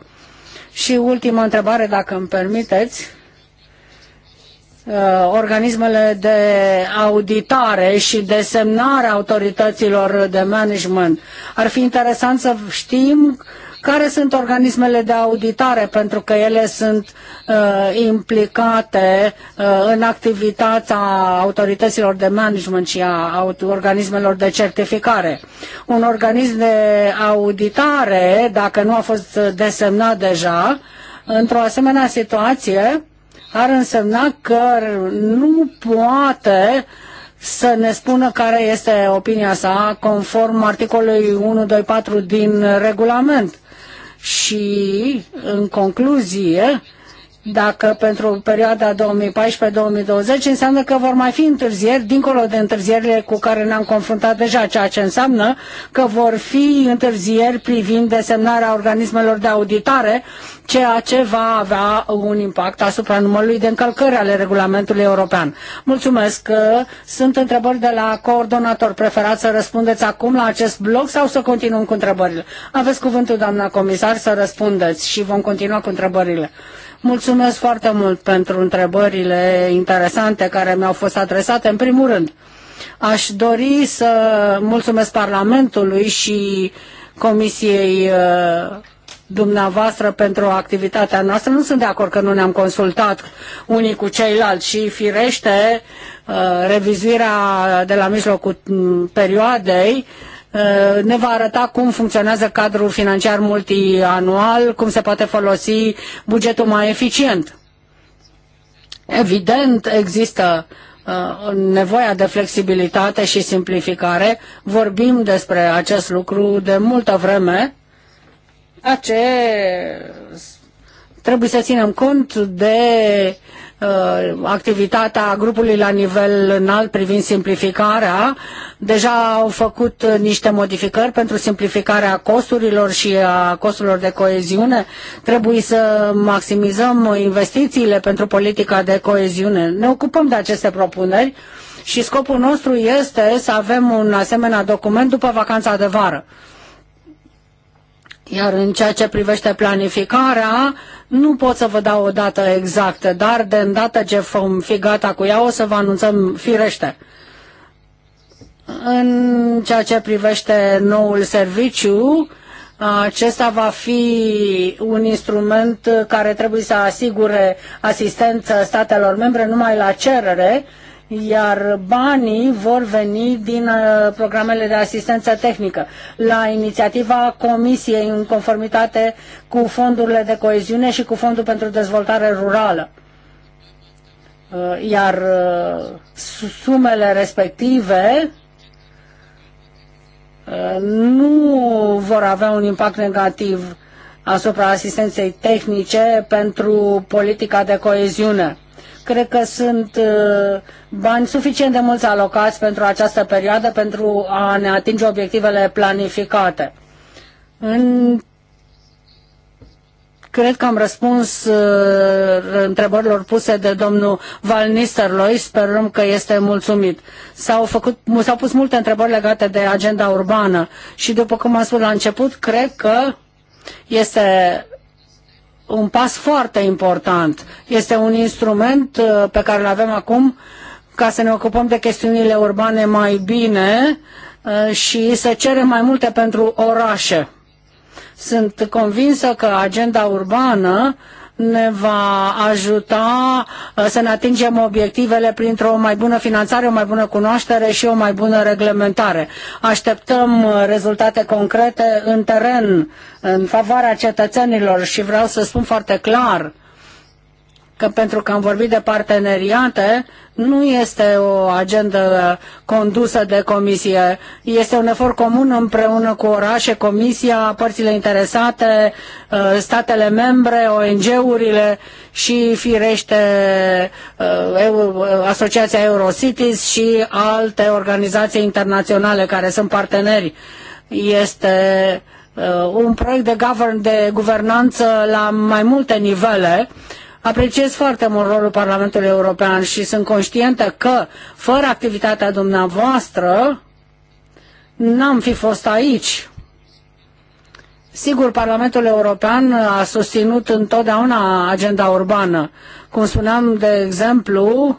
Și ultima întrebare, dacă îmi permiteți Uh, organismele de auditare și de semnare autorităților de management. Ar fi interesant să știm care sunt organismele de auditare, pentru că ele sunt uh, implicate uh, în activitatea autorităților de management și a organismelor de certificare. Un organism de auditare, dacă nu a fost desemnat deja, într-o asemenea situație, ar însemna că nu poate să ne spună care este opinia sa conform articolului 124 din regulament. Și, în concluzie, dacă pentru perioada 2014-2020 înseamnă că vor mai fi întârzieri, dincolo de întârzierile cu care ne-am confruntat deja, ceea ce înseamnă că vor fi întârzieri privind desemnarea organismelor de auditare, ceea ce va avea un impact asupra numărului de încălcări ale regulamentului european. Mulțumesc. că Sunt întrebări de la coordonator. Preferați să răspundeți acum la acest bloc sau să continuăm cu întrebările? Aveți cuvântul, doamna comisar, să răspundeți și vom continua cu întrebările. Mulțumesc foarte mult pentru întrebările interesante care mi-au fost adresate. În primul rând, aș dori să mulțumesc Parlamentului și Comisiei uh, dumneavoastră pentru activitatea noastră. Nu sunt de acord că nu ne-am consultat unii cu ceilalți și firește uh, revizuirea de la mijlocul mm, perioadei Eh, ne va arăta cum funcționează cadrul financiar multianual, cum se poate folosi bugetul mai eficient. Evident, există eh, nevoia de flexibilitate și simplificare. Vorbim despre acest lucru de multă vreme. Ace trebuie să ținem cont de Uh, activitatea grupului la nivel înalt privind simplificarea. Deja au făcut uh, niște modificări pentru simplificarea costurilor și a costurilor de coeziune. Trebuie să maximizăm investițiile pentru politica de coeziune. Ne ocupăm de aceste propuneri și scopul nostru este să avem un asemenea document după vacanța de vară. Iar în ceea ce privește planificarea, nu pot să vă dau o dată exactă, dar de îndată ce vom fi gata cu ea o să vă anunțăm firește. În ceea ce privește noul serviciu, acesta va fi un instrument care trebuie să asigure asistență statelor membre numai la cerere iar banii vor veni din uh, programele de asistență tehnică. La inițiativa Comisiei, în conformitate cu fondurile de coeziune și cu Fondul pentru Dezvoltare Rurală. Uh, iar uh, sumele respective nu vor avea un impact negativ asupra asistenței tehnice pentru politica de coeziune Cred că sunt uh, bani suficient de mulți alocați pentru această perioadă pentru a ne atinge obiectivele planificate. În... Cred că am răspuns uh, întrebărilor puse de domnul Val Nisterloi, sperăm că este mulțumit. S-au, făcut, s-au pus multe întrebări legate de agenda urbană și după cum am spus la început, cred că este un pas foarte important. Este un instrument uh, pe care îl avem acum ca să ne ocupăm de chestiunile urbane mai bine uh, și să cerem mai multe pentru orașe. Sunt convinsă că agenda urbană ne va ajuta uh, să ne atingem obiectivele printr-o mai bună finanțare, o mai bună cunoaștere și o mai bună reglementare. Așteptăm uh, rezultate concrete în teren, în favoarea cetățenilor și vreau să spun foarte clar că pentru că am vorbit de parteneriate, nu este o agendă condusă de comisie. Este un efort comun împreună cu orașe, comisia, părțile interesate, uh, statele membre, ONG-urile și firește uh, uh, Asociația Eurocities și alte organizații internaționale care sunt parteneri. Este un proiect de, govern, de guvernanță la mai multe nivele Apreciez foarte mult rolul Parlamentului European și sunt conștientă că, fără activitatea dumneavoastră, n-am fi fost aici. Sigur, Parlamentul European a susținut întotdeauna agenda urbană. Cum spuneam, de exemplu,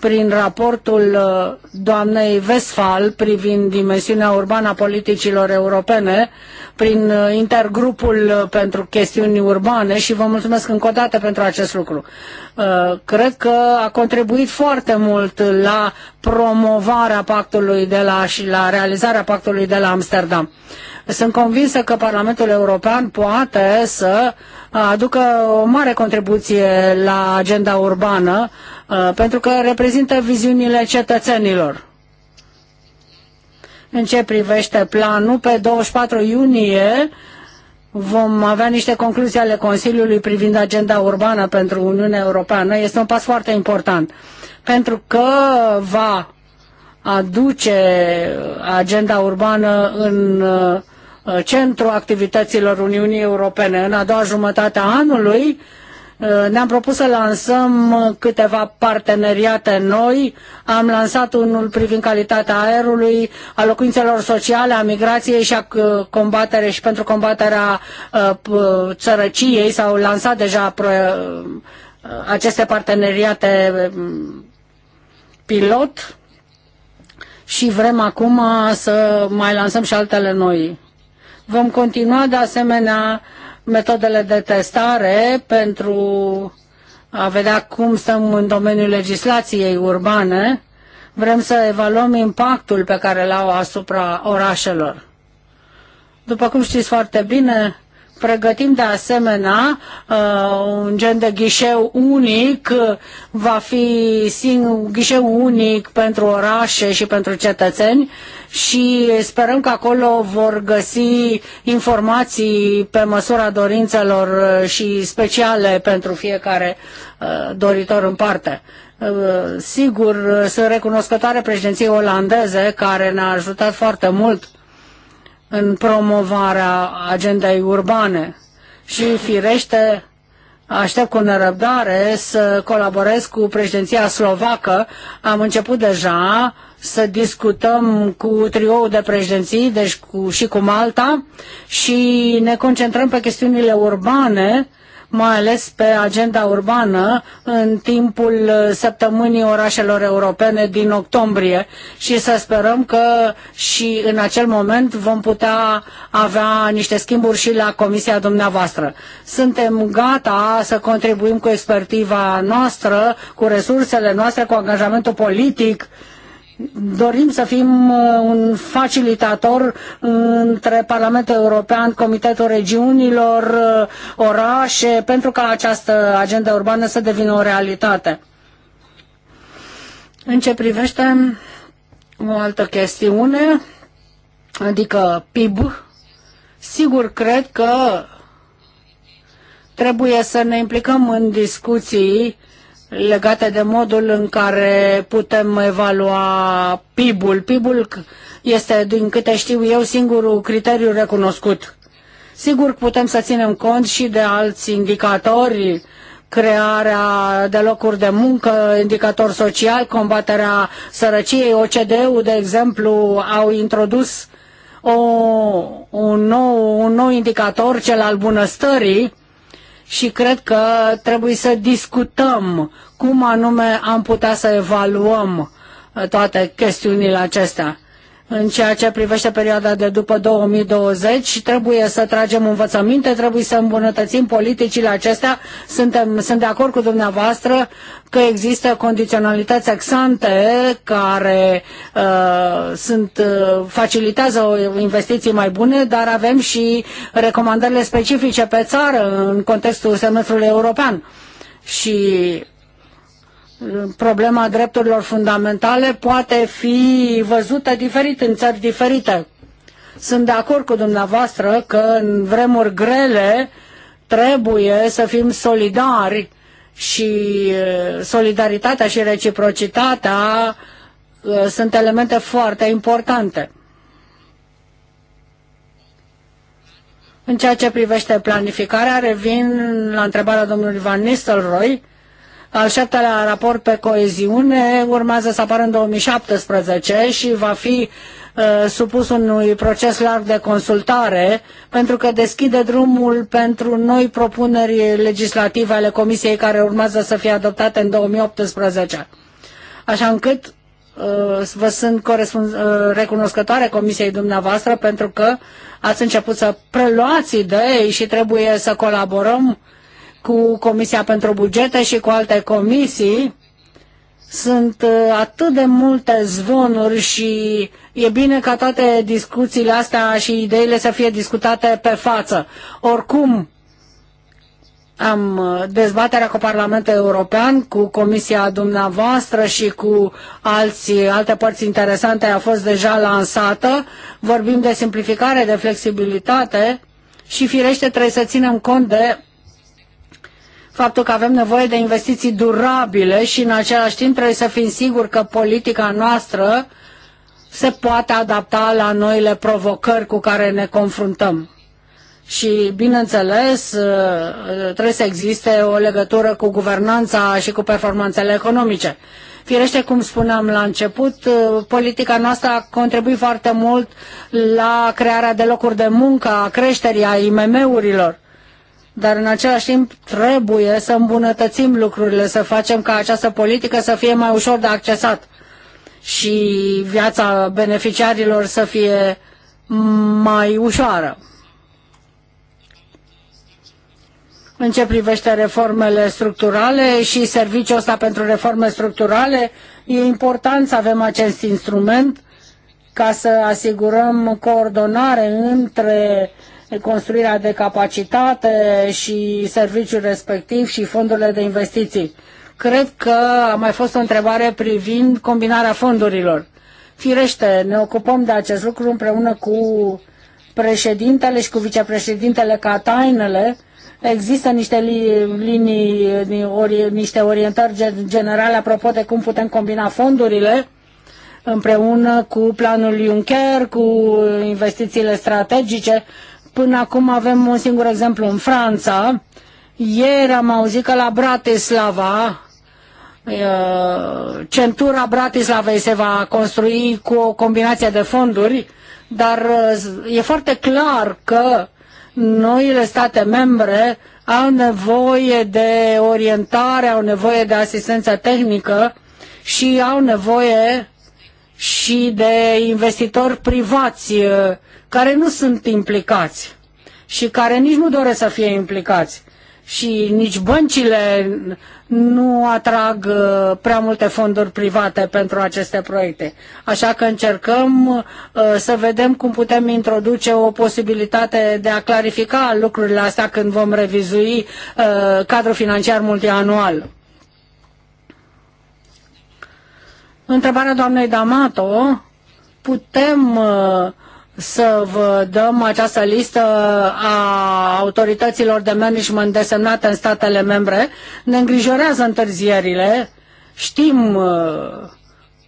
prin raportul uh, doamnei Vesfal privind dimensiunea urbană a politicilor europene, prin uh, intergrupul uh, pentru chestiuni urbane și vă mulțumesc încă o dată pentru acest lucru. Cred că a contribuit foarte mult la promovarea pactului de la, și la realizarea pactului de la Amsterdam. Sunt convinsă că Parlamentul European poate să aducă o mare contribuție la agenda urbană, Uh, pentru că reprezintă viziunile cetățenilor. În ce privește planul, pe 24 iunie vom avea niște concluzii ale Consiliului privind agenda urbană pentru Uniunea Europeană. Este un pas foarte important, pentru că va aduce agenda urbană în uh, centrul activităților Uniunii Europene. În a doua jumătate a anului, Uh, ne-am propus să lansăm uh, câteva parteneriate noi. Am lansat unul privind calitatea aerului, a locuințelor sociale, a migrației și a uh, combatere și pentru combaterea țărăciei. S-au lansat deja aceste parteneriate um, pilot și vrem acum să mai lansăm și altele noi. Vom continua de asemenea metodele de testare pentru a vedea cum stăm în domeniul legislației urbane. Vrem să evaluăm impactul pe care l-au asupra orașelor. După cum știți foarte bine, Pregătim de asemenea uh, un gen de ghișeu unic, uh, va fi singur ghișeu unic pentru orașe și pentru cetățeni și sperăm că acolo vor găsi informații pe măsura dorințelor uh, și speciale pentru fiecare doritor în parte. Sigur, sunt recunoscătoare președinției olandeze care ne-a ajutat foarte mult în promovarea agendei urbane și, firește, Aștept cu nerăbdare să colaborez cu președinția slovacă. Am început deja să discutăm cu trioul de președinții, deci cu, și cu Malta, și ne concentrăm pe chestiunile urbane mai ales pe agenda urbană în timpul uh, săptămânii orașelor europene din octombrie și să sperăm că și în acel moment vom putea avea niște schimburi și la comisia dumneavoastră. Suntem gata să contribuim cu expertiva noastră, cu resursele noastre, cu angajamentul politic dorim să fim uh, un facilitator uh, între Parlamentul European, Comitetul Regiunilor, uh, orașe, pentru ca această agenda urbană să devină o realitate. În ce privește o altă chestiune, adică PIB, sigur cred că trebuie să ne implicăm în discuții legate de modul în care putem evalua PIB-ul. PIB-ul este, din câte știu eu, singurul criteriu recunoscut. Sigur, putem să ținem cont și de alți indicatori, crearea de locuri de muncă, indicator social, combaterea sărăciei. OCDE-ul, de exemplu, au introdus o, un, nou, un nou indicator, cel al bunăstării, și cred că trebuie să discutăm cum anume am putea să evaluăm uh, toate chestiunile acestea în ceea ce privește perioada de după 2020. și Trebuie să tragem învățăminte, trebuie să îmbunătățim politicile acestea. Suntem, sunt de acord cu dumneavoastră că există condiționalități exante care uh, sunt, uh, facilitează investiții mai bune, dar avem și recomandările specifice pe țară în contextul semestrului european. Și problema drepturilor fundamentale poate fi văzută diferit în țări diferite. Sunt de acord cu dumneavoastră că în vremuri grele trebuie să fim solidari și solidaritatea și reciprocitatea sunt elemente foarte importante. În ceea ce privește planificarea, revin la întrebarea domnului Van Nistelrooy, al șaptelea raport pe coeziune urmează să apară în 2017 și va fi uh, supus unui proces larg de consultare pentru că deschide drumul pentru noi propuneri legislative ale Comisiei care urmează să fie adoptate în 2018. Așa încât uh, vă sunt uh, recunoscătoare Comisiei dumneavoastră pentru că ați început să preluați idei și trebuie să colaborăm cu Comisia pentru Bugete și cu alte comisii. Sunt uh, atât de multe zvonuri și e bine ca toate discuțiile astea și ideile să fie discutate pe față. Oricum, am uh, dezbaterea cu Parlamentul European, cu Comisia dumneavoastră și cu alți, alte părți interesante a fost deja lansată. Vorbim de simplificare, de flexibilitate și firește trebuie să ținem cont de faptul că avem nevoie de investiții durabile și în același timp trebuie să fim siguri că politica noastră se poate adapta la noile provocări cu care ne confruntăm. Și, bineînțeles, uh, uh, trebuie să existe o legătură cu guvernanța și cu performanțele economice. Firește, cum spuneam la început, uh, politica noastră a contribuit foarte mult la crearea de locuri de muncă, a creșterii, a IMM-urilor dar în același timp trebuie să îmbunătățim lucrurile, să facem ca această politică să fie mai ușor de accesat și viața beneficiarilor să fie mai ușoară. În ce privește reformele structurale și serviciul ăsta pentru reforme structurale, e important să avem acest instrument ca să asigurăm coordonare între uh, construirea de capacitate și serviciul respectiv și fondurile de investiții. Cred că a mai fost o întrebare privind combinarea fondurilor. Firește, ne ocupăm de acest lucru împreună cu președintele și cu vicepreședintele Catainele. Există niște linii, niște orientări generale apropo de cum putem combina fondurile împreună cu planul Juncker, cu investițiile strategice Până acum avem un singur exemplu în Franța. Ieri am auzit că la Bratislava, uh, centura Bratislavei se va construi cu o combinație de fonduri, dar uh, e foarte clar că noile state membre au nevoie de orientare, au nevoie de asistență tehnică și au nevoie și de investitori privați uh, care nu sunt implicați și care nici nu doresc să fie implicați și nici băncile nu atrag uh, prea multe fonduri private pentru aceste proiecte. Așa că încercăm uh, să vedem cum putem introduce o posibilitate de a clarifica lucrurile astea când vom revizui uh, cadrul financiar multianual. Întrebarea doamnei D'Amato, putem uh, să vă dăm această listă a autorităților de management desemnate în statele membre. Ne îngrijorează întârzierile. Știm uh,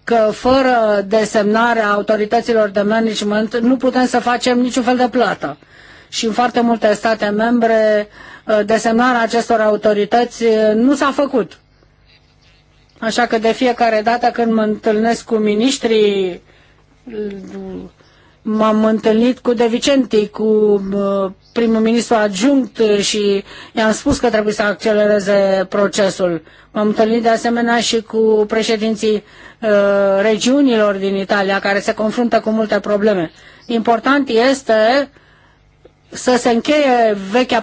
că fără desemnarea autorităților de management nu putem să facem niciun fel de plată. Și în foarte multe state membre uh, desemnarea acestor autorități uh, nu s-a făcut. Așa că de fiecare dată când mă întâlnesc cu ministrii m-am întâlnit cu De Vicenti, cu uh, primul ministru adjunct și i-am spus că trebuie să accelereze procesul. M-am întâlnit de asemenea și cu președinții uh, regiunilor din Italia care se confruntă cu multe probleme. Important este să se încheie vechea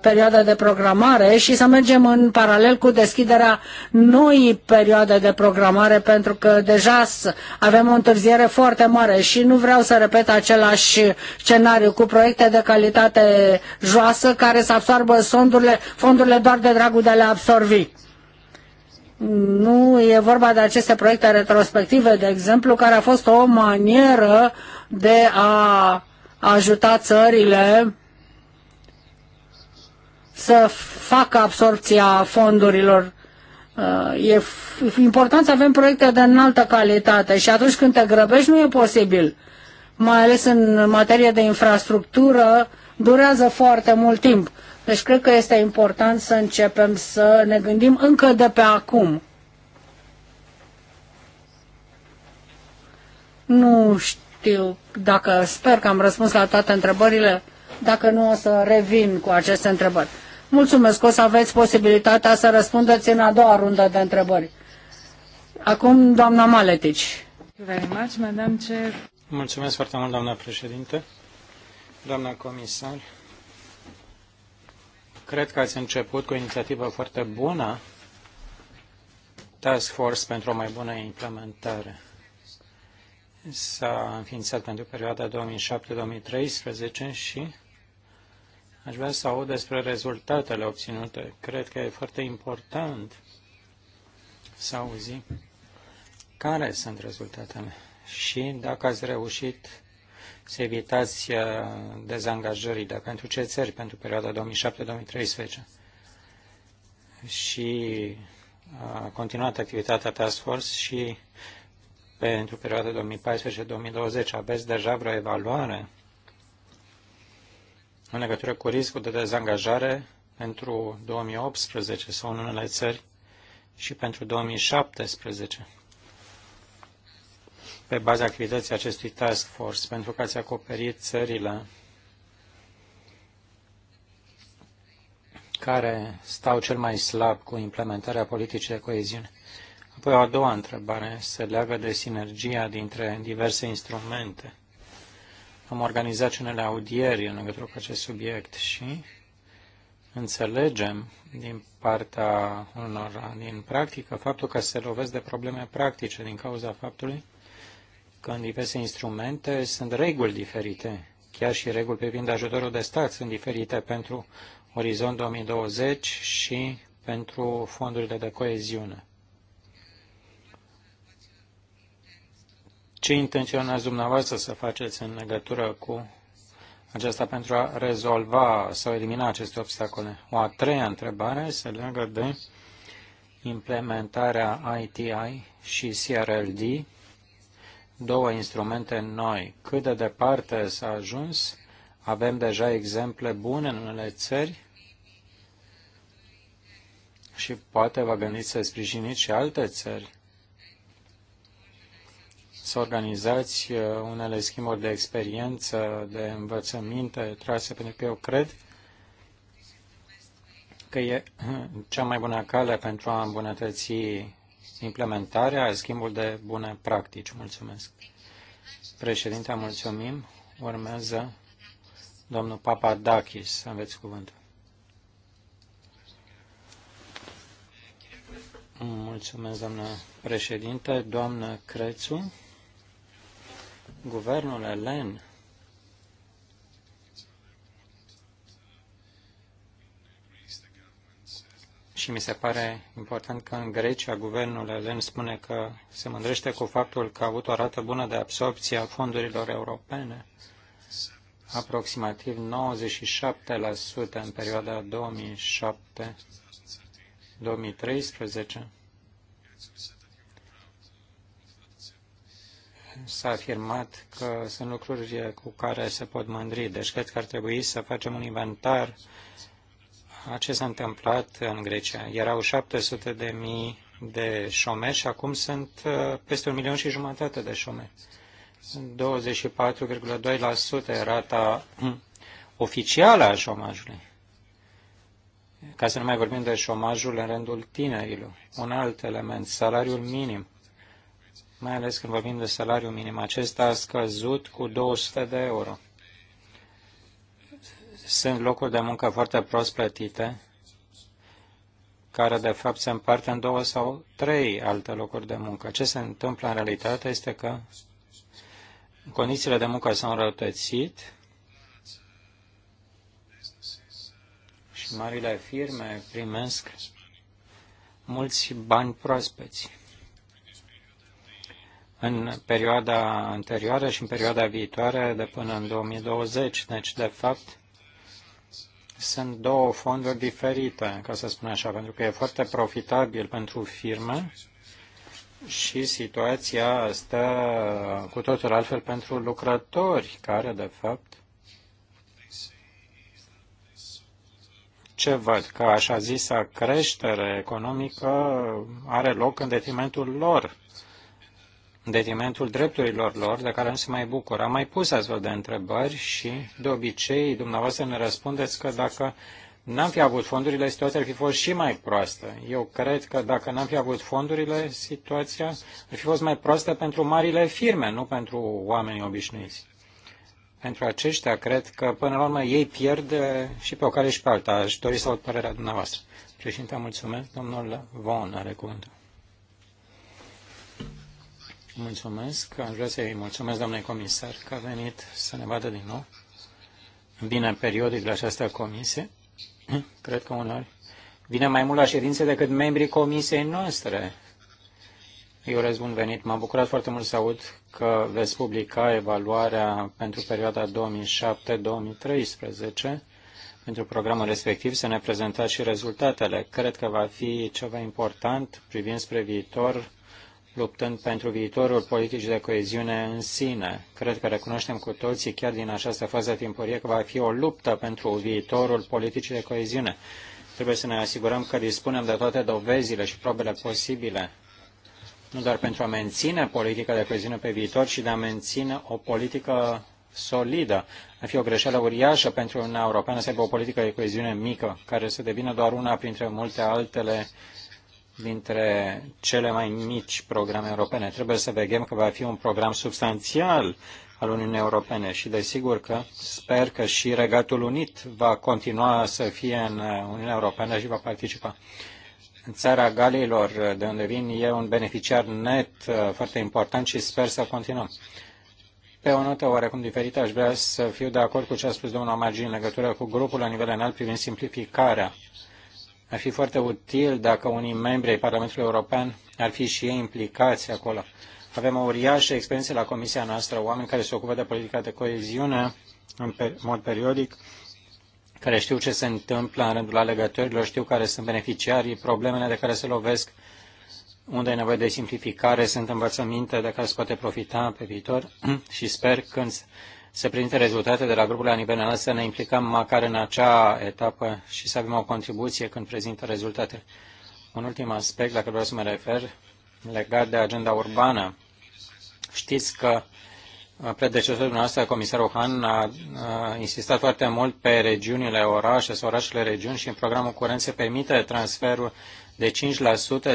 perioadă de programare și să mergem în paralel cu deschiderea noii perioade de programare, pentru că deja avem o întârziere foarte mare și nu vreau să repet același scenariu cu proiecte de calitate joasă care să absorbă fondurile, fondurile doar de dragul de a le absorbi. Nu e vorba de aceste proiecte retrospective, de exemplu, care a fost o manieră de a a ajuta țările să facă absorpția fondurilor. Uh, e important să avem proiecte de înaltă calitate și atunci când te grăbești nu e posibil. Mai ales în materie de infrastructură, durează foarte mult timp. Deci cred că este important să începem să ne gândim încă de pe acum. Nu știu știu dacă sper că am răspuns la toate întrebările, dacă nu o să revin cu aceste întrebări. Mulțumesc, o să aveți posibilitatea să răspundeți în a doua rundă de întrebări. Acum, doamna Maletici. Mulțumesc foarte mult, doamna președinte, doamna comisar. Cred că ați început cu o inițiativă foarte bună, Task Force pentru o mai bună implementare s-a înființat pentru perioada 2007-2013 și aș vrea să aud despre rezultatele obținute. Cred că e foarte important să auzi care sunt rezultatele și dacă ați reușit să evitați uh, dezangajările pentru ce țări pentru perioada 2007-2013 și uh, a continuat activitatea Task Force și pentru perioada 2014-2020. Aveți deja vreo evaluare în legătură cu riscul de dezangajare pentru 2018 sau în unele țări și pentru 2017 pe baza activității acestui task force, pentru că ați acoperit țările care stau cel mai slab cu implementarea politicii de coeziune. Apoi o a doua întrebare se leagă de sinergia dintre diverse instrumente. Am organizat și unele audieri în legătură cu acest subiect și înțelegem din partea unor din practică faptul că se lovesc de probleme practice din cauza faptului că în diverse instrumente sunt reguli diferite. Chiar și reguli privind ajutorul de stat sunt diferite pentru Orizont 2020 și pentru fondurile de coeziune. Ce intenționați dumneavoastră să faceți în legătură cu aceasta pentru a rezolva sau elimina aceste obstacole? O a treia întrebare se leagă de implementarea ITI și CRLD, două instrumente noi. Cât de departe s-a ajuns? Avem deja exemple bune în unele țări și poate vă gândiți să sprijiniți și alte țări să organizați uh, unele schimburi de experiență, de învățăminte trase, pentru că eu cred că e cea mai bună cale pentru a îmbunătăți implementarea, schimbul de bune practici. Mulțumesc. Președinte, mulțumim. Urmează domnul Papadakis. Aveți cuvântul. Mulțumesc, doamnă președinte. Doamnă Crețu, Guvernul elen și mi se pare important că în Grecia guvernul elen spune că se mândrește cu faptul că a avut o rată bună de absorpție a fondurilor europene, aproximativ 97% în perioada 2007-2013 s-a afirmat că sunt lucruri cu care se pot mândri. Deci cred că ar trebui să facem un inventar a ce s-a întâmplat în Grecia. Erau 700 de mii de șomeri și acum sunt uh, peste un milion și jumătate de șomeri. 24,2% rata uh, oficială a șomajului. Ca să nu mai vorbim de șomajul în rândul tinerilor. Un alt element, salariul minim mai ales când vorbim de salariul minim. Acesta a scăzut cu 200 de euro. Sunt locuri de muncă foarte prost plătite, care de fapt se împart în două sau trei alte locuri de muncă. Ce se întâmplă în realitate este că condițiile de muncă s-au înrăutățit și marile firme primesc mulți bani proaspeți în perioada anterioară și în perioada viitoare de până în 2020. Deci, de fapt, sunt două fonduri diferite, ca să spun așa, pentru că e foarte profitabil pentru firme și situația stă cu totul altfel pentru lucrători, care, de fapt, ce văd? Că așa zisa creștere economică are loc în detrimentul lor în detrimentul drepturilor lor de care nu se mai bucură. Am mai pus astfel de întrebări și, de obicei, dumneavoastră ne răspundeți că dacă n-am fi avut fondurile, situația ar fi fost și mai proastă. Eu cred că dacă n-am fi avut fondurile, situația ar fi fost mai proastă pentru marile firme, nu pentru oamenii obișnuiți. Pentru aceștia, cred că, până la urmă, ei pierd și pe o cale și pe alta. Aș dori să aud părerea dumneavoastră. Președinte, mulțumesc. Domnul Von are cuvântul. Mulțumesc. Aș vrea să-i mulțumesc, doamnei comisar, că a venit să ne vadă din nou. Vine periodic la această comisie. Cred că unor. vine mai mult la ședințe decât membrii comisiei noastre. Eu urez bun venit. M-am bucurat foarte mult să aud că veți publica evaluarea pentru perioada 2007-2013 pentru programul respectiv, să ne prezentați și rezultatele. Cred că va fi ceva important privind spre viitor luptând pentru viitorul politicii de coeziune în sine. Cred că recunoaștem cu toții, chiar din această fază timpurie, că va fi o luptă pentru viitorul politicii de coeziune. Trebuie să ne asigurăm că dispunem de toate dovezile și probele posibile, nu doar pentru a menține politica de coeziune pe viitor, ci de a menține o politică solidă. Ar fi o greșeală uriașă pentru Uniunea Europeană să aibă o politică de coeziune mică, care să devină doar una printre multe altele dintre cele mai mici programe europene. Trebuie să vegem că va fi un program substanțial al Uniunii Europene și desigur că sper că și Regatul Unit va continua să fie în Uniunea Europeană și va participa. În țara Galilor, de unde vin, e un beneficiar net uh, foarte important și sper să continuăm. Pe o notă oarecum diferită, aș vrea să fiu de acord cu ce a spus domnul Amagi în legătură cu grupul la nivel înalt privind simplificarea ar fi foarte util dacă unii membri ai Parlamentului European ar fi și ei implicați acolo. Avem o uriașă experiență la comisia noastră, oameni care se ocupă de politica de coeziune în mod periodic, care știu ce se întâmplă în rândul alegătorilor, știu care sunt beneficiarii, problemele de care se lovesc, unde e nevoie de simplificare, sunt învățăminte de care se poate profita pe viitor și sper când se prezinte rezultate de la grupul la nivel înalt, să ne implicăm măcar în acea etapă și să avem o contribuție când prezintă rezultate. Un ultim aspect la care vreau să mă refer, legat de agenda urbană. Știți că uh, predecesorul dumneavoastră, comisarul Han, a, a insistat foarte mult pe regiunile orașe sau orașele regiuni și în programul curent se permite transferul de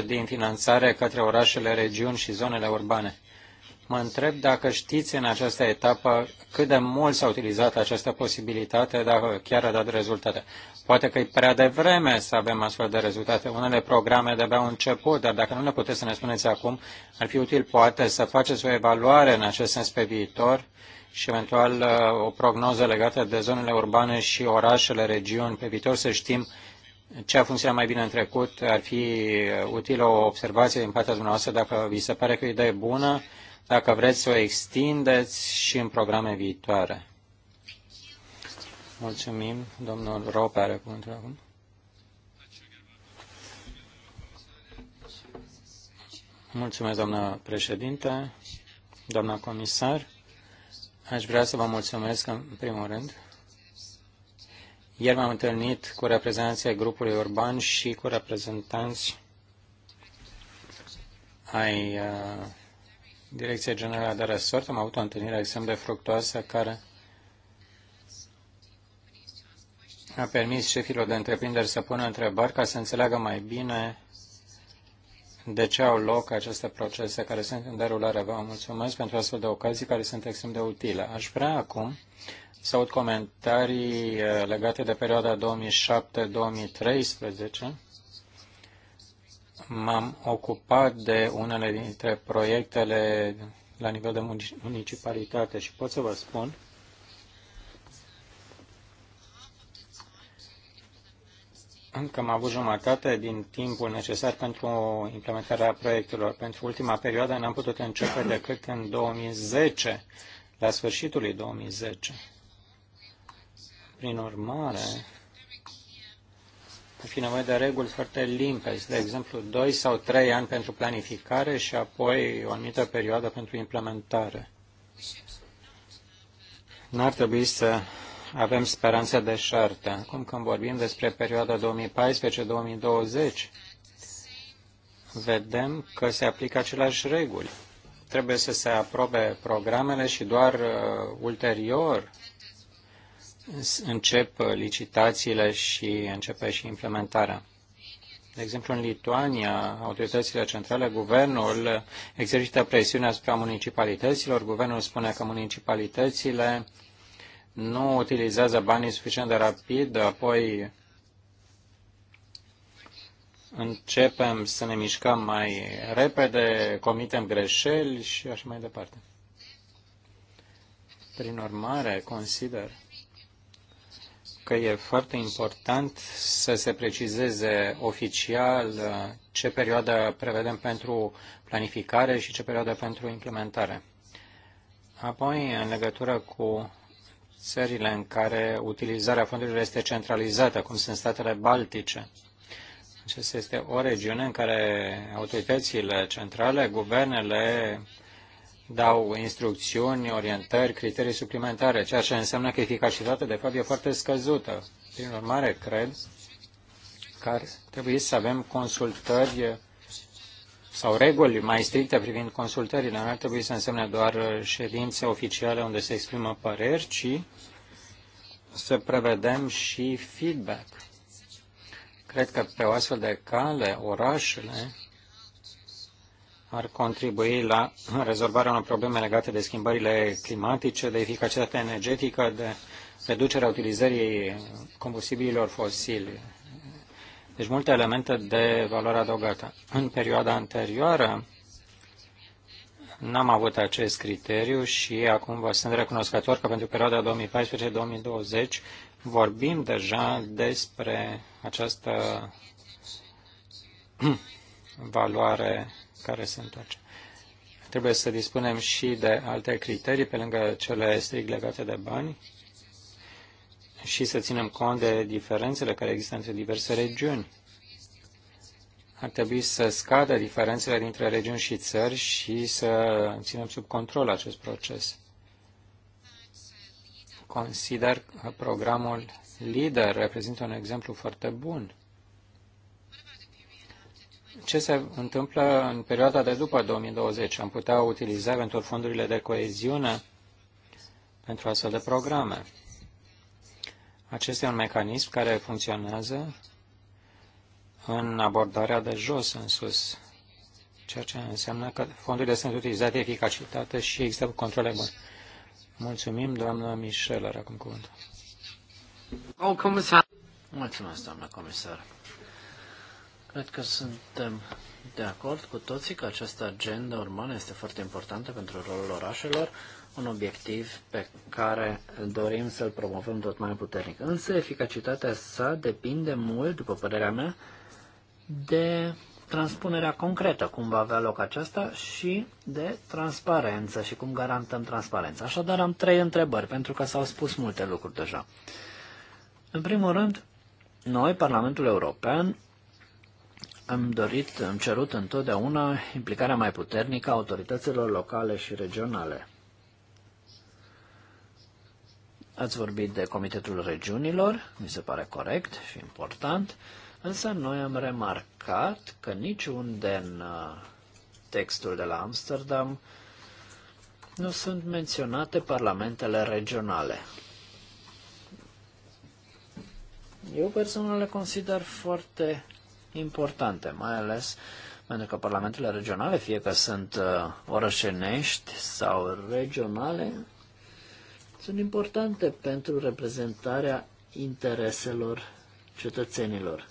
5% din finanțare către orașele regiuni și zonele urbane. Mă întreb dacă știți în această etapă cât de mult s-a utilizat această posibilitate, dacă chiar a dat rezultate. Poate că e prea devreme să avem astfel de rezultate. Unele programe de-abia au început, dar dacă nu le puteți să ne spuneți acum, ar fi util poate să faceți o evaluare în acest sens pe viitor și eventual uh, o prognoză legată de zonele urbane și orașele, regiuni pe viitor, să știm ce a funcționat mai bine în trecut. Ar fi uh, utilă o observație din partea dumneavoastră dacă vi se pare că o idee bună dacă vreți să o extindeți și în programe viitoare. Mulțumim. Domnul Rope are cuvântul acum. Mulțumesc, doamnă președinte, doamna comisar. Aș vrea să vă mulțumesc în primul rând. Ieri m-am întâlnit cu reprezentanții grupului urban și cu reprezentanți ai uh, Direcția Generală de Resort, am avut o întâlnire extrem de fructoasă care a permis șefilor de întreprinderi să pună întrebări ca să înțeleagă mai bine de ce au loc aceste procese care sunt în derulare. Vă mulțumesc pentru astfel de ocazii care sunt extrem de utile. Aș vrea acum să aud comentarii eh, legate de perioada 2007-2013 m-am ocupat de unele dintre proiectele la nivel de municipalitate și pot să vă spun încă am avut jumătate din timpul necesar pentru implementarea proiectelor. Pentru ultima perioadă n-am putut începe decât în 2010, la sfârșitul 2010. Prin urmare, ar fi nevoie de reguli foarte limpezi, de exemplu, 2 sau 3 ani pentru planificare și apoi o anumită perioadă pentru implementare. Nu ar trebui să avem speranțe de șartă. Acum când vorbim despre perioada 2014-2020, vedem că se aplică aceleași reguli. Trebuie să se aprobe programele și doar uh, ulterior încep licitațiile și începe și implementarea. De exemplu, în Lituania, autoritățile centrale, guvernul exercită presiune asupra municipalităților. Guvernul spune că municipalitățile nu utilizează banii suficient de rapid, apoi începem să ne mișcăm mai repede, comitem greșeli și așa mai departe. Prin urmare, consider că e foarte important să se precizeze oficial uh, ce perioadă prevedem pentru planificare și ce perioadă pentru implementare. Apoi, în legătură cu țările în care utilizarea fondurilor este centralizată, cum sunt statele baltice, acesta este o regiune în care autoritățile centrale, guvernele, dau instrucțiuni, orientări, criterii suplimentare, ceea ce înseamnă că eficacitatea, de fapt, e foarte scăzută. Prin urmare, cred că ar trebui să avem consultări sau reguli mai stricte privind consultările. Nu ar trebui să însemne doar ședințe oficiale unde se exprimă păreri, ci să prevedem și feedback. Cred că pe o astfel de cale, orașele ar contribui la rezolvarea unor probleme legate de schimbările climatice, de eficacitatea energetică, de reducerea utilizării combustibililor fosili. Deci multe elemente de valoare adăugată. În perioada anterioară n-am avut acest criteriu și acum vă sunt recunoscător că pentru perioada 2014-2020 vorbim deja despre această valoare care se întoarce. Trebuie să dispunem și de alte criterii pe lângă cele strict legate de bani și să ținem cont de diferențele care există între diverse regiuni. Ar trebui să scadă diferențele dintre regiuni și țări și să ținem sub control acest proces. Consider că programul LIDER reprezintă un exemplu foarte bun ce se întâmplă în perioada de după 2020? Am putea utiliza pentru fondurile de coeziune pentru astfel de programe. Acesta e un mecanism care funcționează în abordarea de jos în sus, ceea ce înseamnă că fondurile sunt utilizate eficacitate și există controle bune. Mulțumim, doamna Michel, acum cuvântul. comisar. Mulțumesc, doamna comisar. Cred că suntem de acord cu toții că această agenda urbană este foarte importantă pentru rolul orașelor, un obiectiv pe care dorim să-l promovăm tot mai puternic. Însă eficacitatea sa depinde mult, după părerea mea, de transpunerea concretă, cum va avea loc aceasta și de transparență și cum garantăm transparența. Așadar am trei întrebări, pentru că s-au spus multe lucruri deja. În primul rând, noi, Parlamentul European, am dorit, am cerut întotdeauna implicarea mai puternică a autorităților locale și regionale. Ați vorbit de Comitetul Regiunilor, mi se pare corect și important, însă noi am remarcat că niciunde în uh, textul de la Amsterdam nu sunt menționate parlamentele regionale. Eu personal le consider foarte importante, mai ales pentru că parlamentele regionale, fie că sunt uh, orășenești sau regionale, sunt importante pentru reprezentarea intereselor cetățenilor.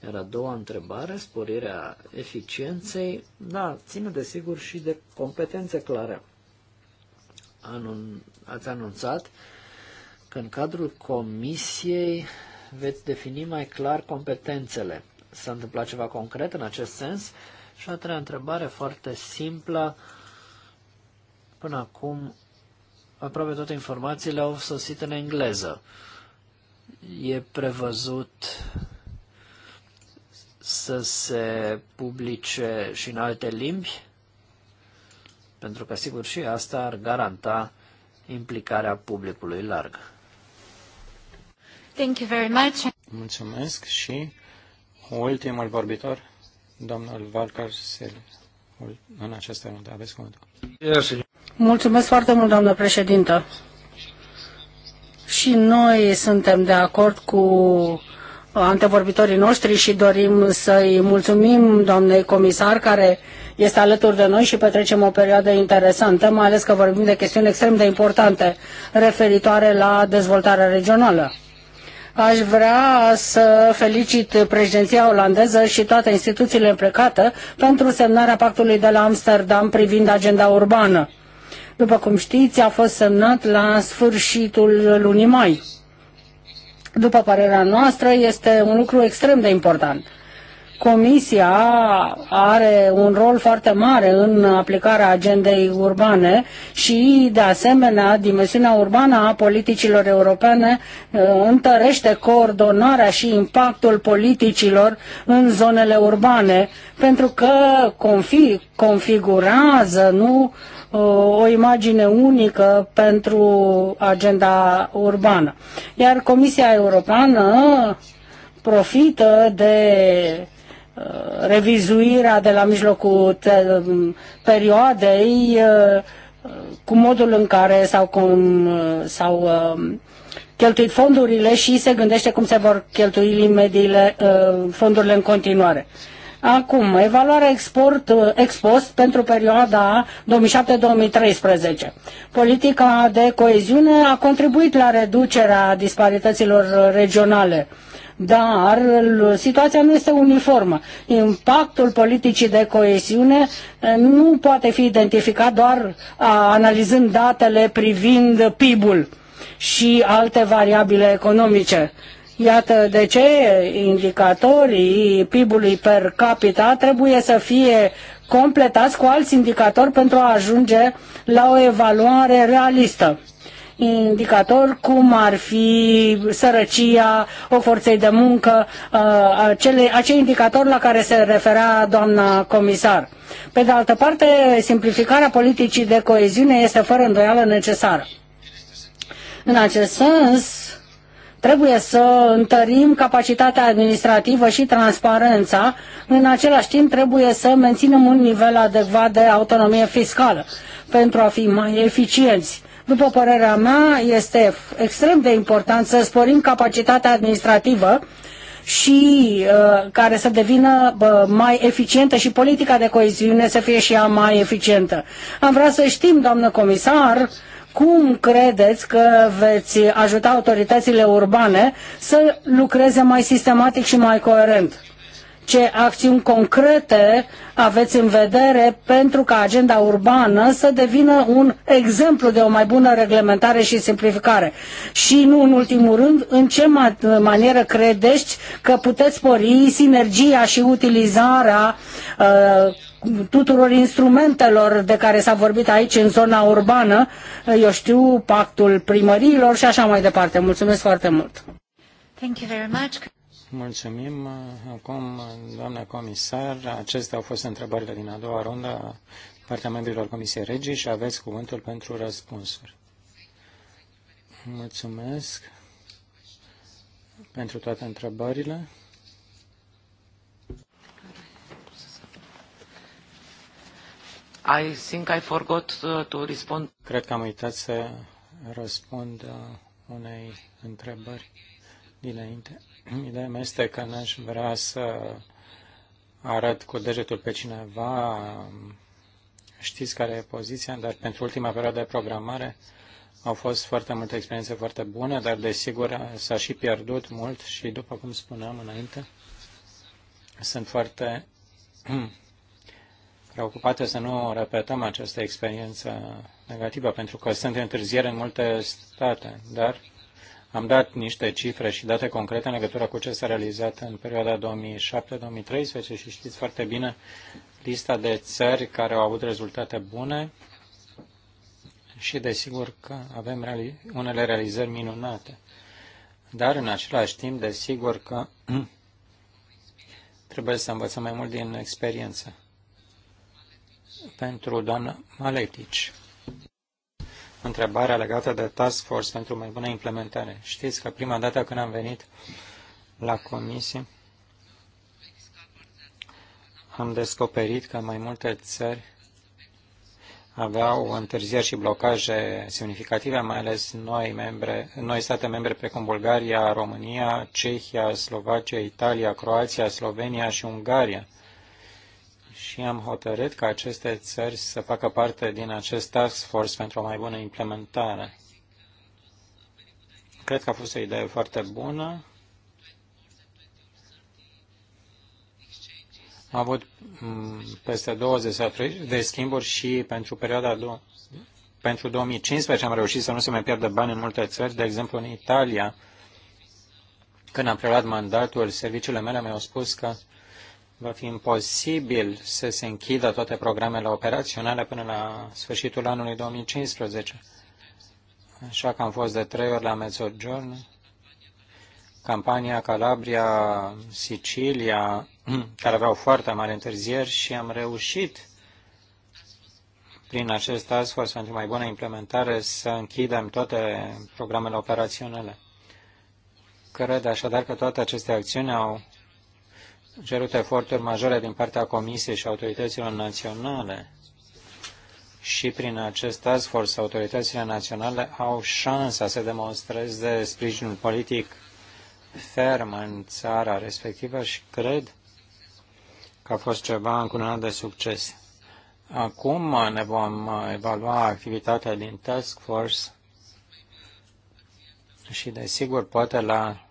Era a doua întrebare, sporirea eficienței, da, ține desigur și de competențe clare. Anun, ați anunțat că în cadrul comisiei veți defini mai clar competențele? S-a întâmplat ceva concret în acest sens? Și a treia întrebare foarte simplă. Până acum, aproape toate informațiile au sosit în engleză. E prevăzut să se publice și în alte limbi, pentru că, sigur, și asta ar garanta implicarea publicului larg. Thank you very much. Mulțumesc și ultimul vorbitor, domnul Valcar Sel, în această rundă. Aveți cuvântul. Mulțumesc foarte mult, doamnă președintă. Și noi suntem de acord cu antevorbitorii noștri și dorim să-i mulțumim doamnei comisar care este alături de noi și petrecem o perioadă interesantă, mai ales că vorbim de chestiuni extrem de importante referitoare la dezvoltarea regională. Aș vrea să felicit președinția olandeză și toate instituțiile implicate pentru semnarea pactului de la Amsterdam privind agenda urbană. După cum știți, a fost semnat la sfârșitul lunii mai. După părerea noastră, este un lucru extrem de important Comisia are un rol foarte mare în aplicarea agendei urbane și, de asemenea, dimensiunea urbană a politicilor europene uh, întărește coordonarea și impactul politicilor în zonele urbane, pentru că config, configurează nu uh, o imagine unică pentru agenda urbană. Iar Comisia Europeană profită de Uh, revizuirea de la mijlocul um, perioadei uh, cu modul în care s-au, cum, uh, s-au um, cheltuit fondurile și se gândește cum se vor cheltui mediile, fondurile în continuare. Acum, evaluarea export, expost pentru perioada 2007-2013. Politica de coeziune a contribuit la reducerea disparităților regionale dar uh, situația nu este uniformă. Impactul politicii de coeziune uh, nu poate fi identificat doar analizând datele privind PIB-ul și alte variabile economice. Iată de ce indicatorii PIB-ului per capita trebuie să fie completați cu alți indicatori pentru a ajunge la o evaluare realistă indicatori cum ar fi sărăcia, o forței de muncă, uh, acele, acei indicatori la care se refera doamna comisar. Pe de altă parte, simplificarea politicii de coeziune este fără îndoială necesară. În acest sens, trebuie să întărim capacitatea administrativă și transparența, în același timp trebuie să menținem un nivel adecvat de autonomie fiscală pentru a fi mai eficienți. După părerea mea, este extrem de important să sporim capacitatea administrativă și uh, care să devină uh, mai eficientă și politica de coeziune să fie și ea mai eficientă. Am vrea să știm, doamnă comisar, cum credeți că veți ajuta autoritățile urbane să lucreze mai sistematic și mai coerent? ce acțiuni concrete aveți în vedere pentru ca agenda urbană să devină un exemplu de o mai bună reglementare și simplificare? Și nu în ultimul rând, în ce manieră credești că puteți spori sinergia și utilizarea uh, tuturor instrumentelor de care s-a vorbit aici în zona urbană, uh, eu știu, pactul primăriilor și așa mai departe. Mulțumesc foarte mult! Thank you very much. Mulțumim. Acum, doamna comisar, acestea au fost întrebările din a doua rundă partea membrilor Comisiei Regii și aveți cuvântul pentru răspunsuri. Mulțumesc pentru toate întrebările. I think I forgot to respond. Cred că am uitat să răspund unei întrebări dinainte. Ideea mea este că n-aș vrea să arăt cu degetul pe cineva, știți care e poziția, dar pentru ultima perioadă de programare au fost foarte multe experiențe foarte bune, dar desigur s-a și pierdut mult și după cum spuneam înainte, sunt foarte preocupate să nu repetăm această experiență negativă, pentru că sunt întârziere în multe state, dar am dat niște cifre și date concrete în legătură cu ce s-a realizat în perioada 2007-2013 și știți foarte bine lista de țări care au avut rezultate bune și desigur că avem reali- unele realizări minunate. Dar în același timp, desigur că trebuie să învățăm mai mult din experiență. Pentru doamna Maletici întrebarea legată de Task Force pentru mai bună implementare. Știți că prima dată când am venit la comisie, am descoperit că mai multe țări aveau întârzieri și blocaje semnificative, mai ales noi, membre, noi state membre precum Bulgaria, România, Cehia, Slovacia, Italia, Croația, Slovenia și Ungaria – și am hotărât ca aceste țări să facă parte din acest task force pentru o mai bună implementare. Cred că a fost o idee foarte bună. Am avut mm, peste 20 de schimburi și pentru perioada pentru 2015 am reușit să nu se mai pierdă bani în multe țări. De exemplu, în Italia, când am preluat mandatul, serviciile mele mi-au spus că va fi imposibil să se închidă toate programele operaționale până la sfârșitul anului 2015. Așa că am fost de trei ori la Mezzogiorn, Campania, Calabria, Sicilia, care aveau foarte mari întârzieri și am reușit prin acest asfalt pentru mai bună implementare să închidem toate programele operaționale. Cred așadar că toate aceste acțiuni au cerut eforturi majore din partea Comisiei și autorităților naționale și prin acest task force autoritățile naționale au șansa să demonstreze sprijinul politic ferm în țara respectivă și cred că a fost ceva încununat de succes. Acum ne vom evalua activitatea din task force și, desigur, poate la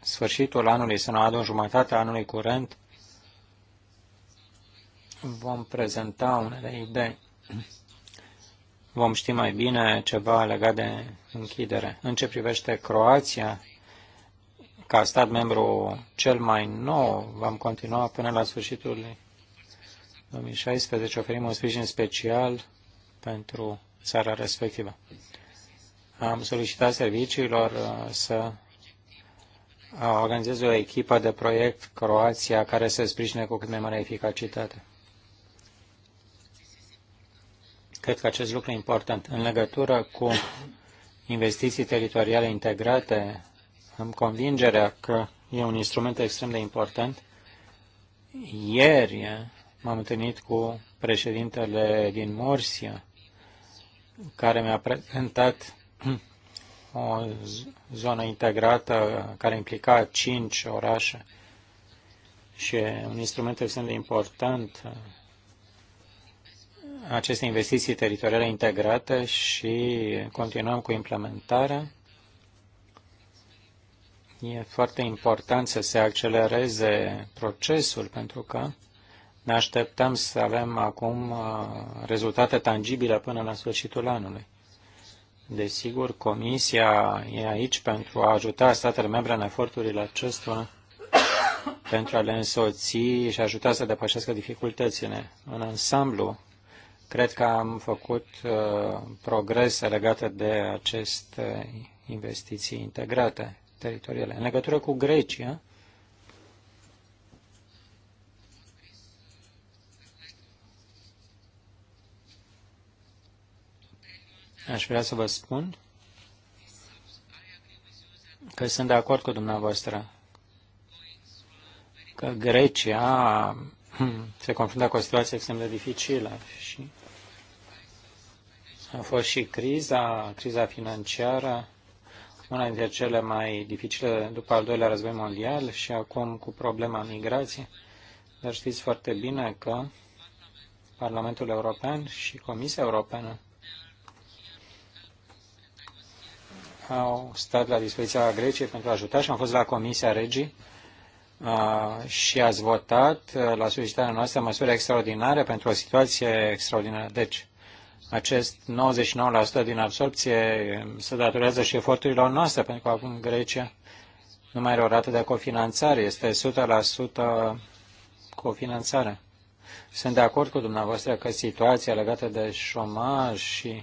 sfârșitul anului sau adun jumătatea anului curent, vom prezenta unele idei. Vom ști mai bine ceva legat de închidere. În ce privește Croația, ca stat membru cel mai nou, vom continua până la sfârșitul 2016. Oferim un sprijin special pentru țara respectivă. Am solicitat serviciilor uh, să organizez o echipă de proiect Croația care să sprijine cu cât mai mare eficacitate. Cred că acest lucru e important. În legătură cu investiții teritoriale integrate, am convingerea că e un instrument extrem de important. Ieri m-am întâlnit cu președintele din Morsia, care mi-a prezentat o zonă integrată care implica cinci orașe și un instrument extrem de important aceste investiții teritoriale integrate și continuăm cu implementarea. E foarte important să se accelereze procesul pentru că ne așteptăm să avem acum uh, rezultate tangibile până la sfârșitul anului. Desigur, Comisia e aici pentru a ajuta statele membre în eforturile acestora pentru a le însoți și ajuta să depășească dificultățile. În ansamblu, cred că am făcut uh, progrese legate de aceste investiții integrate teritoriale. În legătură cu Grecia, Aș vrea să vă spun că sunt de acord cu dumneavoastră că Grecia hmm, se confruntă cu o situație extrem de dificilă și a fost și criza, criza financiară, una dintre cele mai dificile după al doilea război mondial și acum cu problema migrației. Dar știți foarte bine că Parlamentul European și Comisia Europeană au stat la dispoziția Greciei pentru a ajuta și am fost la Comisia Regii uh, și ați votat uh, la solicitarea noastră măsuri extraordinare pentru o situație extraordinară. Deci, acest 99% din absorpție um, se datorează și eforturilor noastre, pentru că acum Grecia nu mai are o rată de cofinanțare, este 100% cofinanțare. Sunt de acord cu dumneavoastră că situația legată de șomaj și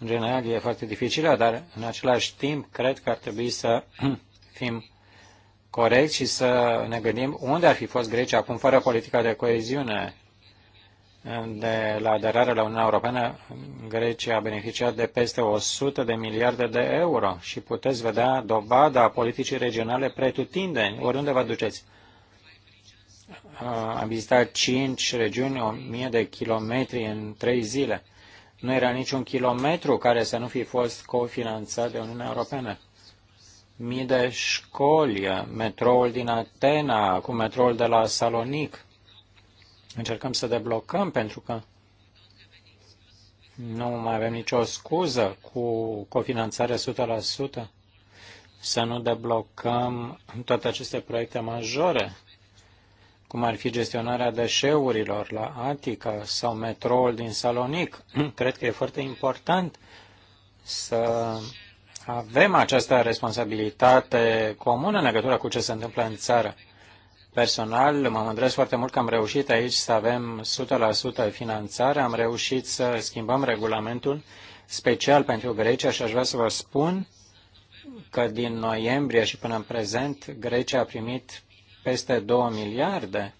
în general e foarte dificilă, dar în același timp cred că ar trebui să fim corecți și să ne gândim unde ar fi fost Grecia acum fără politica de coeziune. De la aderarea la Uniunea Europeană, Grecia a beneficiat de peste 100 de miliarde de euro și puteți vedea dovada politicii regionale pretutindeni, oriunde vă duceți. Am vizitat 5 regiuni, 1000 de kilometri în 3 zile nu era niciun kilometru care să nu fi fost cofinanțat de Uniunea Europeană. Mii de școli, metroul din Atena, cu metroul de la Salonic. Încercăm să deblocăm pentru că nu mai avem nicio scuză cu cofinanțare 100% să nu deblocăm toate aceste proiecte majore cum ar fi gestionarea deșeurilor la Atica sau metroul din Salonic. Cred că e foarte important să avem această responsabilitate comună în legătură cu ce se întâmplă în țară. Personal, mă mândresc foarte mult că am reușit aici să avem 100% finanțare, am reușit să schimbăm regulamentul special pentru Grecia și aș vrea să vă spun că din noiembrie și până în prezent Grecia a primit peste 2 miliarde,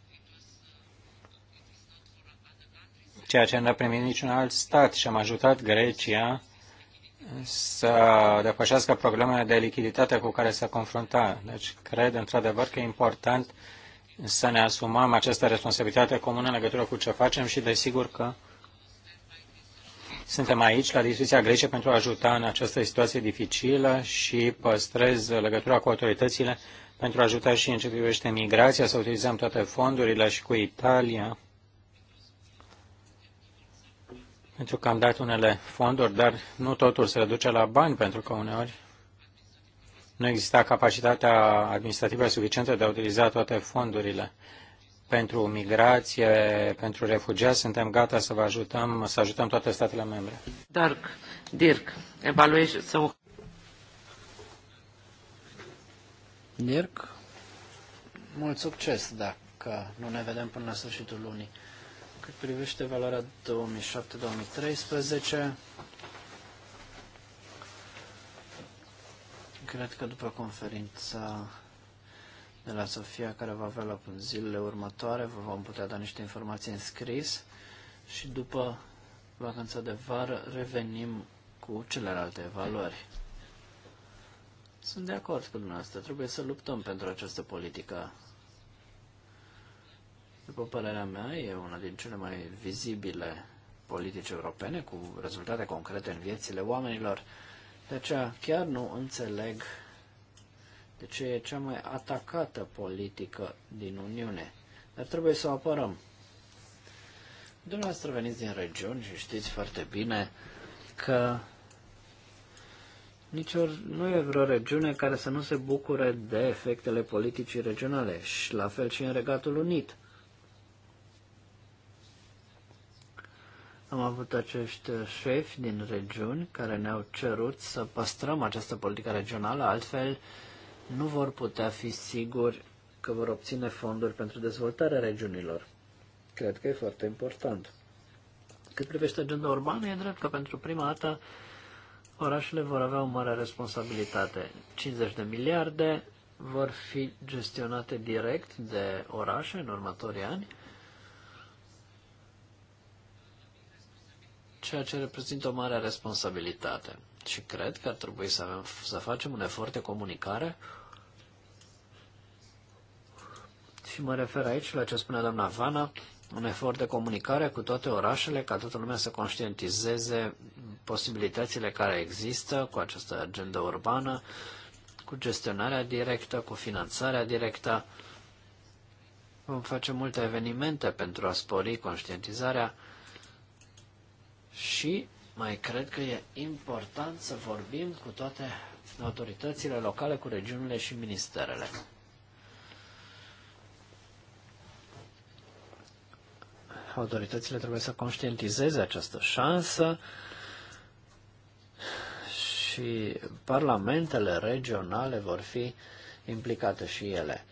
ceea ce n-a primit niciun alt stat și am ajutat Grecia să depășească problemele de lichiditate cu care se confrunta. Deci cred într-adevăr că e important să ne asumăm această responsabilitate comună în legătură cu ce facem și desigur că suntem aici la discuția Greciei pentru a ajuta în această situație dificilă și păstrez legătura cu autoritățile pentru a ajuta și în ce privește migrația, să utilizăm toate fondurile și cu Italia, pentru că am dat unele fonduri, dar nu totul se reduce la bani, pentru că uneori nu exista capacitatea administrativă suficientă de a utiliza toate fondurile. Pentru migrație, pentru refugiați, suntem gata să vă ajutăm, să ajutăm toate statele membre. Dirk, Dirk, evaluează Dirk, mult succes dacă nu ne vedem până la sfârșitul lunii. Cât privește valoarea 2007-2013, cred că după conferința de la Sofia, care va avea loc în zilele următoare, vă vom putea da niște informații în scris și după vacanța de vară revenim cu celelalte valori. Sunt de acord cu dumneavoastră. Trebuie să luptăm pentru această politică. După părerea mea, e una din cele mai vizibile politici europene cu rezultate concrete în viețile oamenilor. De aceea chiar nu înțeleg de ce e cea mai atacată politică din Uniune. Dar trebuie să o apărăm. Dumneavoastră veniți din regiuni și știți foarte bine că nicio, nu e vreo regiune care să nu se bucure de efectele politicii regionale și la fel și în Regatul Unit. Am avut acești șefi din regiuni care ne-au cerut să păstrăm această politică regională, altfel nu vor putea fi siguri că vor obține fonduri pentru dezvoltarea regiunilor. Cred că e foarte important. Cât privește agenda urbană, e drept că pentru prima dată orașele vor avea o mare responsabilitate. 50 de miliarde vor fi gestionate direct de orașe în următorii ani, ceea ce reprezintă o mare responsabilitate. Și cred că ar trebui să, avem, să facem un efort de comunicare și mă refer aici la ce spunea doamna Vana, un efort de comunicare cu toate orașele, ca toată lumea să conștientizeze posibilitățile care există cu această agenda urbană, cu gestionarea directă, cu finanțarea directă. Vom face multe evenimente pentru a spori conștientizarea și mai cred că e important să vorbim cu toate autoritățile locale, cu regiunile și ministerele. Autoritățile trebuie să conștientizeze această șansă și parlamentele regionale vor fi implicate și ele.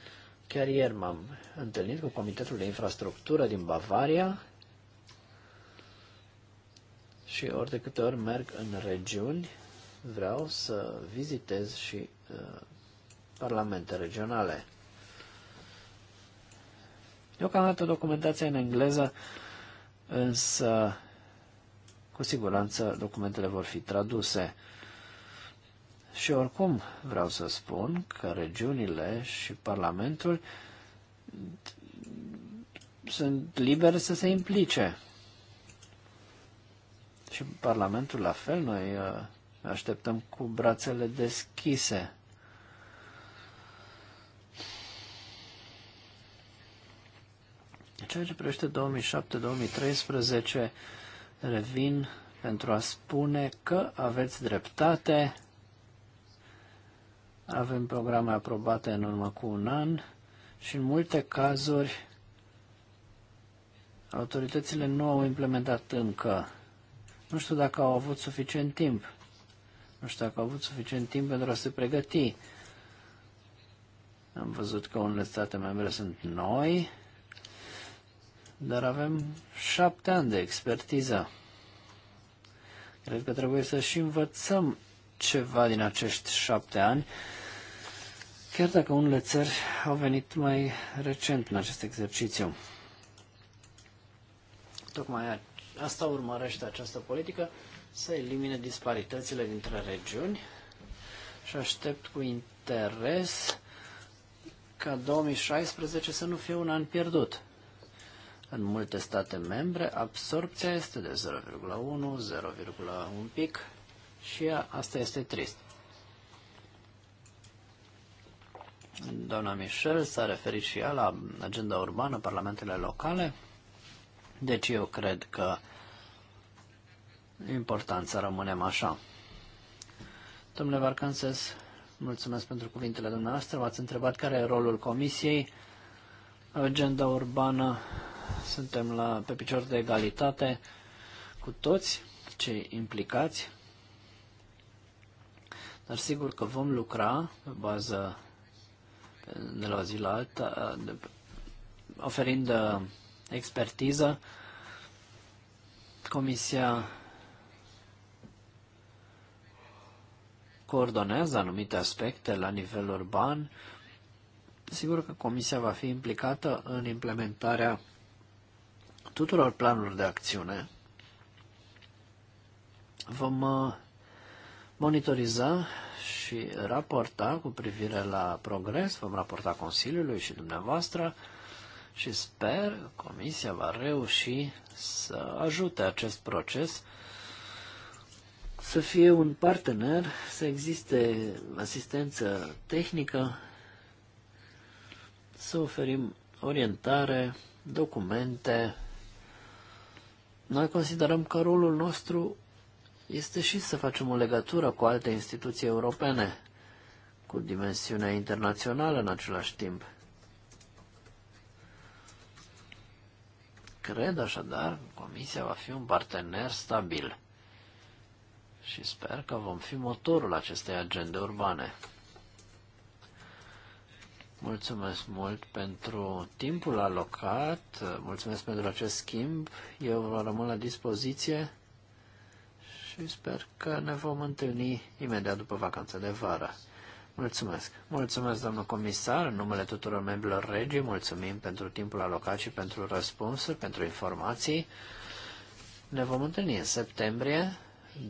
Chiar ieri m-am întâlnit cu Comitetul de Infrastructură din Bavaria și ori de câte ori merg în regiuni, vreau să vizitez și uh, parlamente regionale. Deocamdată documentația în engleză, însă cu siguranță documentele vor fi traduse. Și oricum vreau să spun că regiunile și Parlamentul sunt libere să se implice. Și Parlamentul la fel, noi uh, așteptăm cu brațele deschise. ceea ce privește 2007-2013, revin pentru a spune că aveți dreptate. Avem programe aprobate în urmă cu un an și în multe cazuri autoritățile nu au implementat încă. Nu știu dacă au avut suficient timp. Nu știu dacă au avut suficient timp pentru a se pregăti. Am văzut că unele state membre sunt noi dar avem șapte ani de expertiză. Cred că trebuie să și învățăm ceva din acești șapte ani, chiar dacă unele țări au venit mai recent în acest exercițiu. Tocmai asta urmărește această politică, să elimine disparitățile dintre regiuni și aștept cu interes ca 2016 să nu fie un an pierdut. În multe state membre, absorpția este de 0,1, 0,1 pic și asta este trist. Doamna Michel s-a referit și ea la agenda urbană, parlamentele locale, deci eu cred că important să rămânem așa. Domnule Varcanses, mulțumesc pentru cuvintele dumneavoastră. V-ați întrebat care e rolul Comisiei, agenda urbană, suntem la, pe picior de egalitate cu toți cei implicați, dar sigur că vom lucra pe bază de la o zi la alta, de, oferind uh, expertiză. Comisia coordonează anumite aspecte la nivel urban. Sigur că Comisia va fi implicată în implementarea tuturor planurilor de acțiune, vom uh, monitoriza și raporta cu privire la progres, vom raporta Consiliului și dumneavoastră și sper că Comisia va reuși să ajute acest proces să fie un partener, să existe asistență tehnică, să oferim orientare, documente, noi considerăm că rolul nostru este și să facem o legătură cu alte instituții europene, cu dimensiunea internațională în același timp. Cred așadar, Comisia va fi un partener stabil și sper că vom fi motorul acestei agende urbane. Mulțumesc mult pentru timpul alocat, mulțumesc pentru acest schimb. Eu vă rămân la dispoziție și sper că ne vom întâlni imediat după vacanța de vară. Mulțumesc. Mulțumesc, domnul comisar, în numele tuturor membrilor regii, mulțumim pentru timpul alocat și pentru răspunsuri, pentru informații. Ne vom întâlni în septembrie,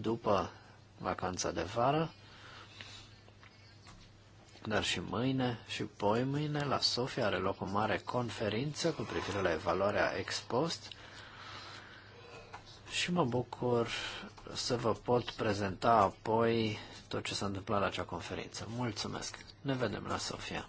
după vacanța de vară dar și mâine și poi mâine la Sofia are loc o mare conferință cu privire la evaluarea expost și mă bucur să vă pot prezenta apoi tot ce s-a întâmplat la acea conferință. Mulțumesc! Ne vedem la Sofia!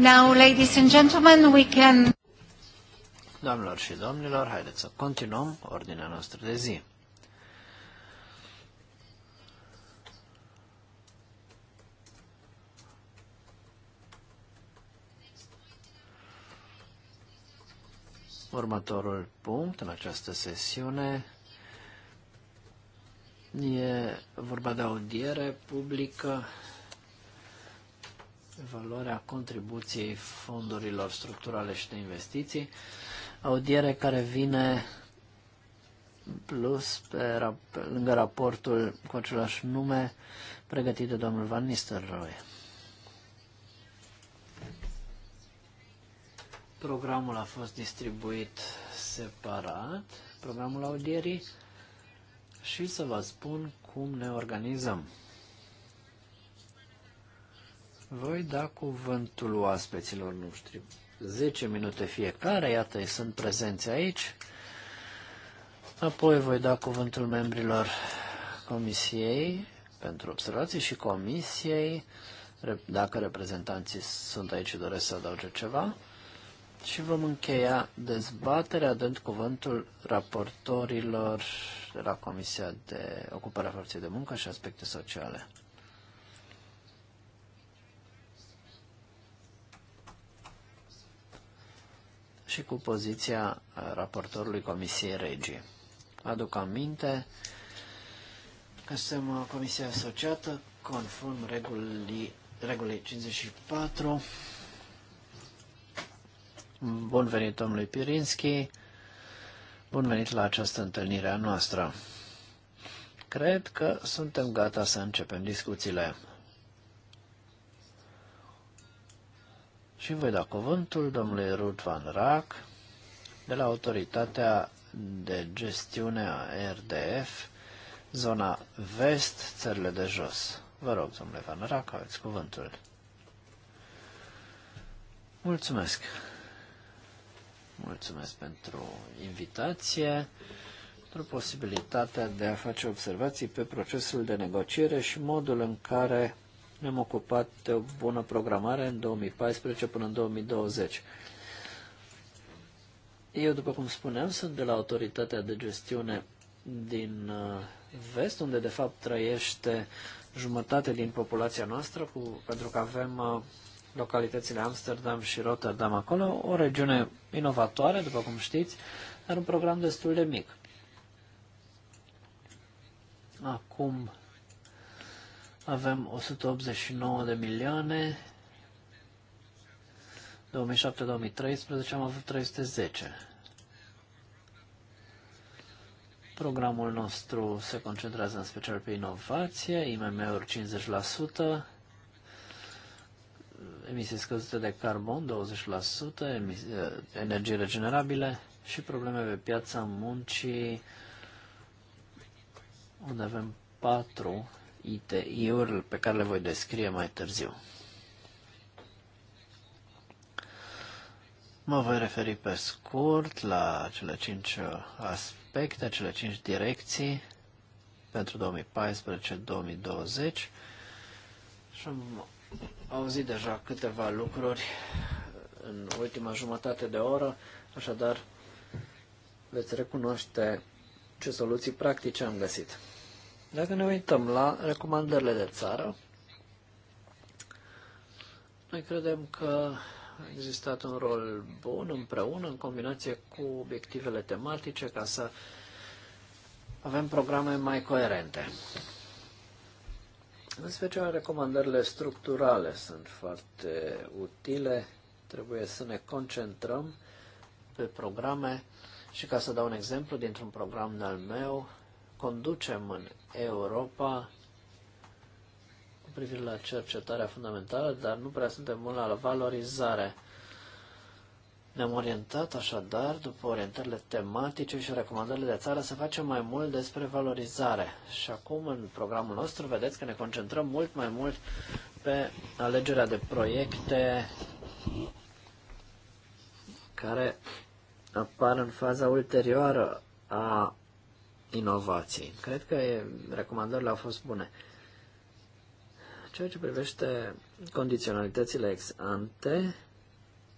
Now, ladies and gentlemen, we can... Doamnelor și domnilor, haideți să continuăm ordinea noastră de zi. Următorul punct în această sesiune e vorba de audiere publică valoarea contribuției fondurilor structurale și de investiții, audiere care vine plus pe rap- lângă raportul cu același nume pregătit de domnul Van Nistelrooy. Programul a fost distribuit separat, programul audierii, și să vă spun cum ne organizăm. Voi da cuvântul oaspeților noștri. 10 minute fiecare, iată, ei sunt prezenți aici. Apoi voi da cuvântul membrilor Comisiei pentru observații și Comisiei, dacă reprezentanții sunt aici și doresc să adauge ceva. Și vom încheia dezbaterea dând cuvântul raportorilor de la Comisia de Ocupare a Forței de Muncă și Aspecte Sociale. și cu poziția uh, raportorului Comisiei Regii. Aduc aminte că suntem o uh, comisie asociată conform regulii, regulii 54. Bun venit domnului Pirinski, bun venit la această întâlnire a noastră. Cred că suntem gata să începem discuțiile. Și voi da cuvântul domnului Ruth Van Rack de la Autoritatea de Gestiune a RDF, zona vest, țările de jos. Vă rog, domnule Van Rack, aveți cuvântul. Mulțumesc! Mulțumesc pentru invitație, pentru posibilitatea de a face observații pe procesul de negociere și modul în care ne-am ocupat de o bună programare în 2014 până în 2020. Eu, după cum spuneam, sunt de la autoritatea de gestiune din uh, vest, unde de fapt trăiește jumătate din populația noastră, cu, pentru că avem uh, localitățile Amsterdam și Rotterdam acolo, o regiune inovatoare, după cum știți, dar un program destul de mic. Acum avem 189 de milioane, 2007-2013 am avut 310. Programul nostru se concentrează în special pe inovație, IMM-uri 50%, emisii scăzute de carbon 20%, eh, energie energii regenerabile și probleme pe piața muncii, unde avem patru ITI-uri pe care le voi descrie mai târziu. Mă voi referi pe scurt la cele cinci uh, aspecte, cele cinci direcții pentru 2014-2020 și am auzit deja câteva lucruri uh, în ultima jumătate de oră, așadar veți recunoaște ce soluții practice am găsit. Dacă ne uităm la recomandările de țară, noi credem că a existat un rol bun împreună, în combinație cu obiectivele tematice, ca să avem programe mai coerente. În special, recomandările structurale sunt foarte utile. Trebuie să ne concentrăm pe programe și ca să dau un exemplu dintr-un program al meu, conducem în Europa cu privire la cercetarea fundamentală, dar nu prea suntem mult la valorizare. Ne-am orientat așadar, după orientările tematice și recomandările de țară, să facem mai mult despre valorizare. Și acum, în programul nostru, vedeți că ne concentrăm mult mai mult pe alegerea de proiecte care apar în faza ulterioară a inovații. Cred că recomandările au fost bune. Ceea ce privește condiționalitățile ex ante,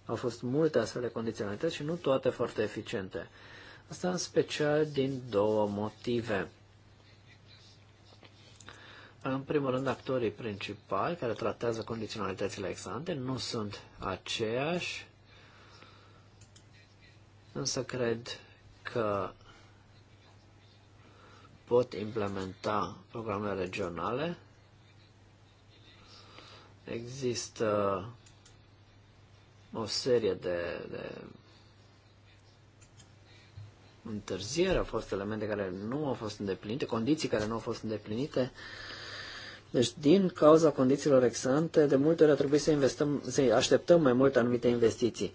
au fost multe astfel de condiționalități și nu toate foarte eficiente. Asta în special din două motive. În primul rând, actorii principali care tratează condiționalitățile ex ante nu sunt aceiași, însă cred că pot implementa programe regionale. Există o serie de, de întârzieri, au fost elemente care nu au fost îndeplinite, condiții care nu au fost îndeplinite. Deci, din cauza condițiilor exante, de multe ori a trebuit să, investăm, să așteptăm mai mult anumite investiții.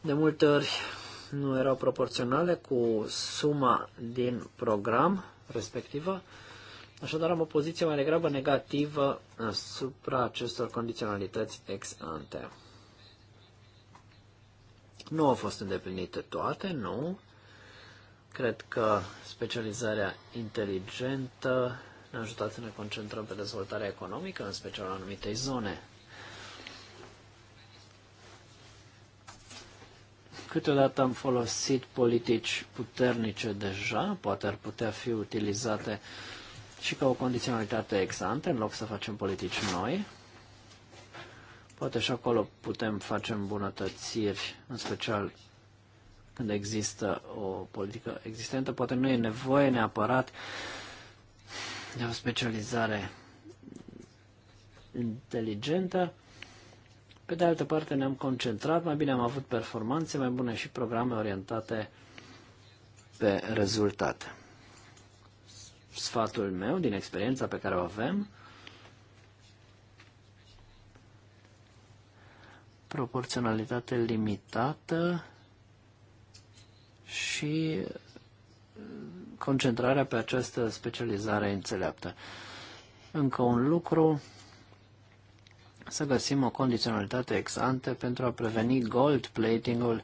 De multe ori nu erau proporționale cu suma din program respectivă. Așadar am o poziție mai degrabă negativă asupra acestor condiționalități ex ante. Nu au fost îndeplinite toate, nu. Cred că specializarea inteligentă ne-a ajutat să ne concentrăm pe dezvoltarea economică, în special în anumite zone. Câteodată am folosit politici puternice deja, poate ar putea fi utilizate și ca o condiționalitate ex ante, în loc să facem politici noi. Poate și acolo putem face îmbunătățiri, în special când există o politică existentă. Poate nu e nevoie neapărat de o specializare inteligentă. Pe de altă parte ne-am concentrat, mai bine am avut performanțe mai bune și programe orientate pe rezultate. Sfatul meu, din experiența pe care o avem, proporționalitate limitată și concentrarea pe această specializare înțeleaptă. Încă un lucru, să găsim o condiționalitate ex ante pentru a preveni gold plating-ul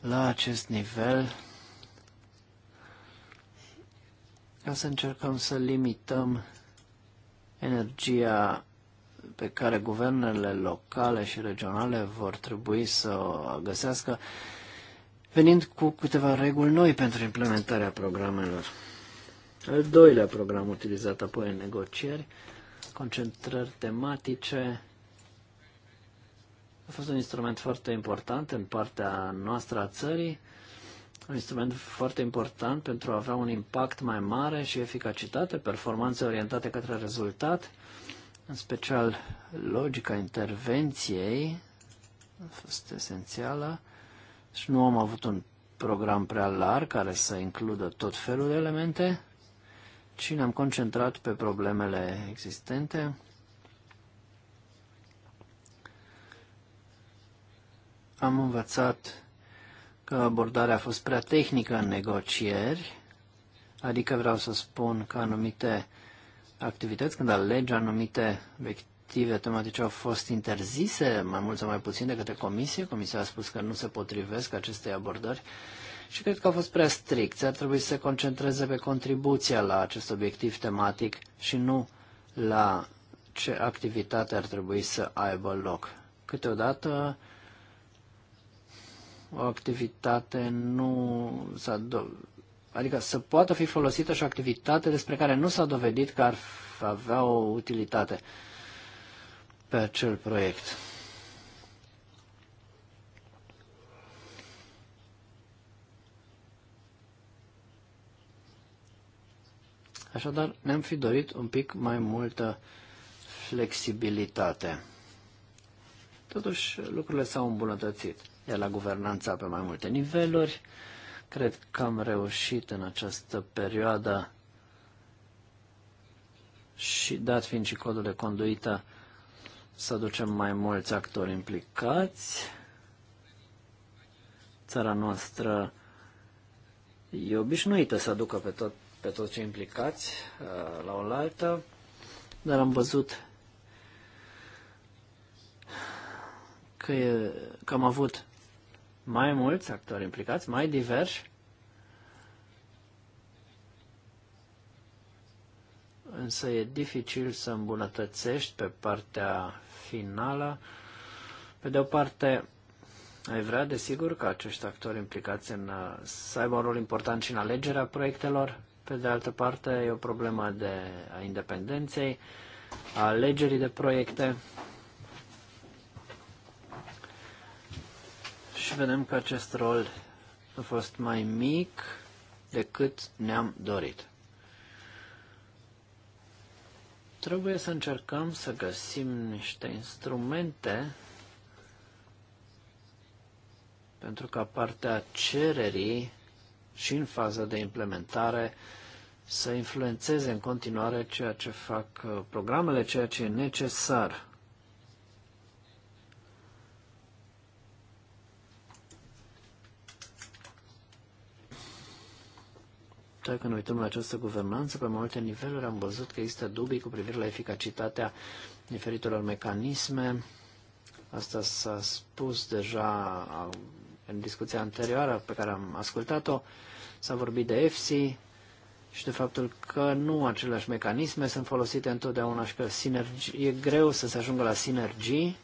la acest nivel, ca să încercăm să limităm energia pe care guvernele locale și regionale vor trebui să o găsească, venind cu câteva reguli noi pentru implementarea programelor. Al doilea program utilizat apoi în negocieri concentrări tematice. A fost un instrument foarte important în partea noastră a țării, un instrument foarte important pentru a avea un impact mai mare și eficacitate, performanțe orientate către rezultat, în special logica intervenției a fost esențială și nu am avut un program prea larg care să includă tot felul de elemente ci ne-am concentrat pe problemele existente. Am învățat că abordarea a fost prea tehnică în negocieri, adică vreau să spun că anumite activități, când alege anumite obiective tematice, au fost interzise mai mult sau mai puțin de către comisie. Comisia a spus că nu se potrivesc acestei abordări și cred că a fost prea strict. Ar trebui să se concentreze pe contribuția la acest obiectiv tematic și nu la ce activitate ar trebui să aibă loc. Câteodată o activitate nu s-a adică să poată fi folosită și o activitate despre care nu s-a dovedit că ar avea o utilitate pe acel proiect. Așadar, ne-am fi dorit un pic mai multă flexibilitate. Totuși, lucrurile s-au îmbunătățit. Iar la guvernanța pe mai multe niveluri, cred că am reușit în această perioadă și dat fiind și codul de conduită să aducem mai mulți actori implicați. Țara noastră e obișnuită să aducă pe tot pe toți cei implicați uh, la oaltă, dar am văzut că, e, că am avut mai mulți actori implicați, mai diversi, însă e dificil să îmbunătățești pe partea finală. Pe de o parte, ai vrea, desigur, ca acești actori implicați în, uh, să aibă un rol important și în alegerea proiectelor, pe de altă parte, e o problemă de a independenței, a alegerii de proiecte. Și vedem că acest rol a fost mai mic decât ne-am dorit. Trebuie să încercăm să găsim niște instrumente pentru ca partea cererii și în fază de implementare să influențeze în continuare ceea ce fac uh, programele, ceea ce e necesar. Dacă ne uităm la această guvernanță, pe multe niveluri am văzut că există dubii cu privire la eficacitatea diferitelor mecanisme. Asta s-a spus deja în discuția anterioară pe care am ascultat-o s-a vorbit de EFSI și de faptul că nu aceleași mecanisme sunt folosite întotdeauna și că sinergi e greu să se ajungă la sinergii.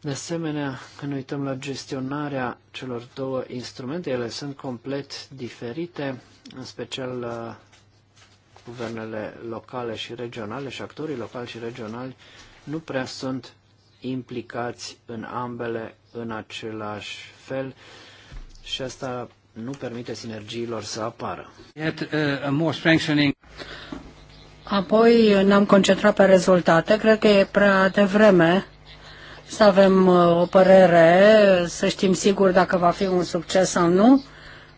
De asemenea, când uităm la gestionarea celor două instrumente, ele sunt complet diferite, în special uh, guvernele locale și regionale și actorii locali și regionali nu prea sunt implicați în ambele în același fel și asta nu permite sinergiilor să apară. Uh, Apoi uh, ne-am concentrat pe rezultate. Cred că e prea devreme să avem uh, o părere, să știm sigur dacă va fi un succes sau nu,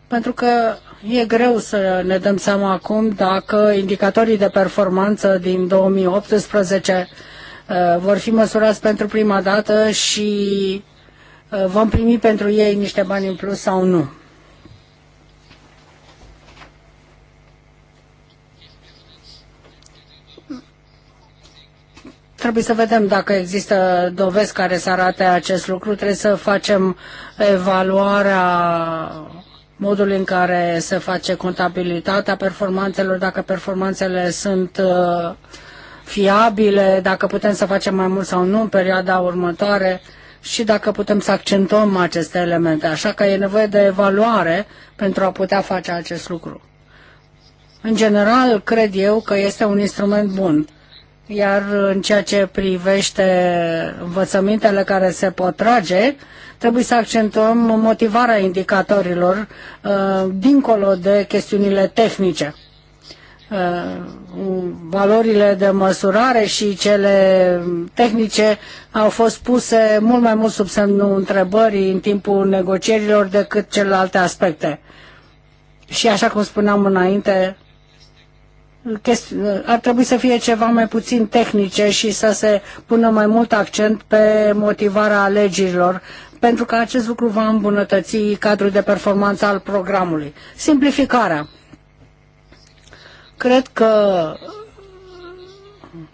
pentru că e greu să ne dăm seama acum dacă indicatorii de performanță din 2018 Uh, vor fi măsurați pentru prima dată și uh, vom primi pentru ei niște bani în plus sau nu. Trebuie să vedem dacă există dovezi care să arate acest lucru. Trebuie să facem evaluarea modul în care se face contabilitatea performanțelor, dacă performanțele sunt uh, fiabile, dacă putem să facem mai mult sau nu în perioada următoare și dacă putem să accentuăm aceste elemente. Așa că e nevoie de evaluare pentru a putea face acest lucru. În general, cred eu că este un instrument bun. Iar în ceea ce privește învățămintele care se pot trage, trebuie să accentuăm motivarea indicatorilor uh, dincolo de chestiunile tehnice. Uh, valorile de măsurare și cele tehnice au fost puse mult mai mult sub semnul întrebării în timpul negocierilor decât celelalte aspecte. Și așa cum spuneam înainte, uh, ar trebui să fie ceva mai puțin tehnice și să se pună mai mult accent pe motivarea alegerilor, pentru că acest lucru va îmbunătăți cadrul de performanță al programului. Simplificarea Cred că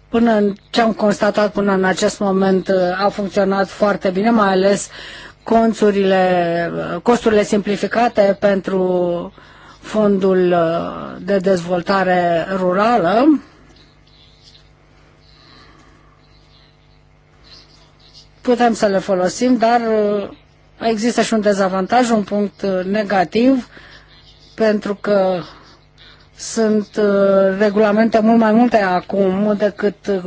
până în ce am constatat până în acest moment a funcționat foarte bine, mai ales conțurile, costurile simplificate pentru fondul de dezvoltare rurală. Putem să le folosim, dar există și un dezavantaj, un punct negativ, pentru că sunt uh, regulamente mult mai multe acum decât uh,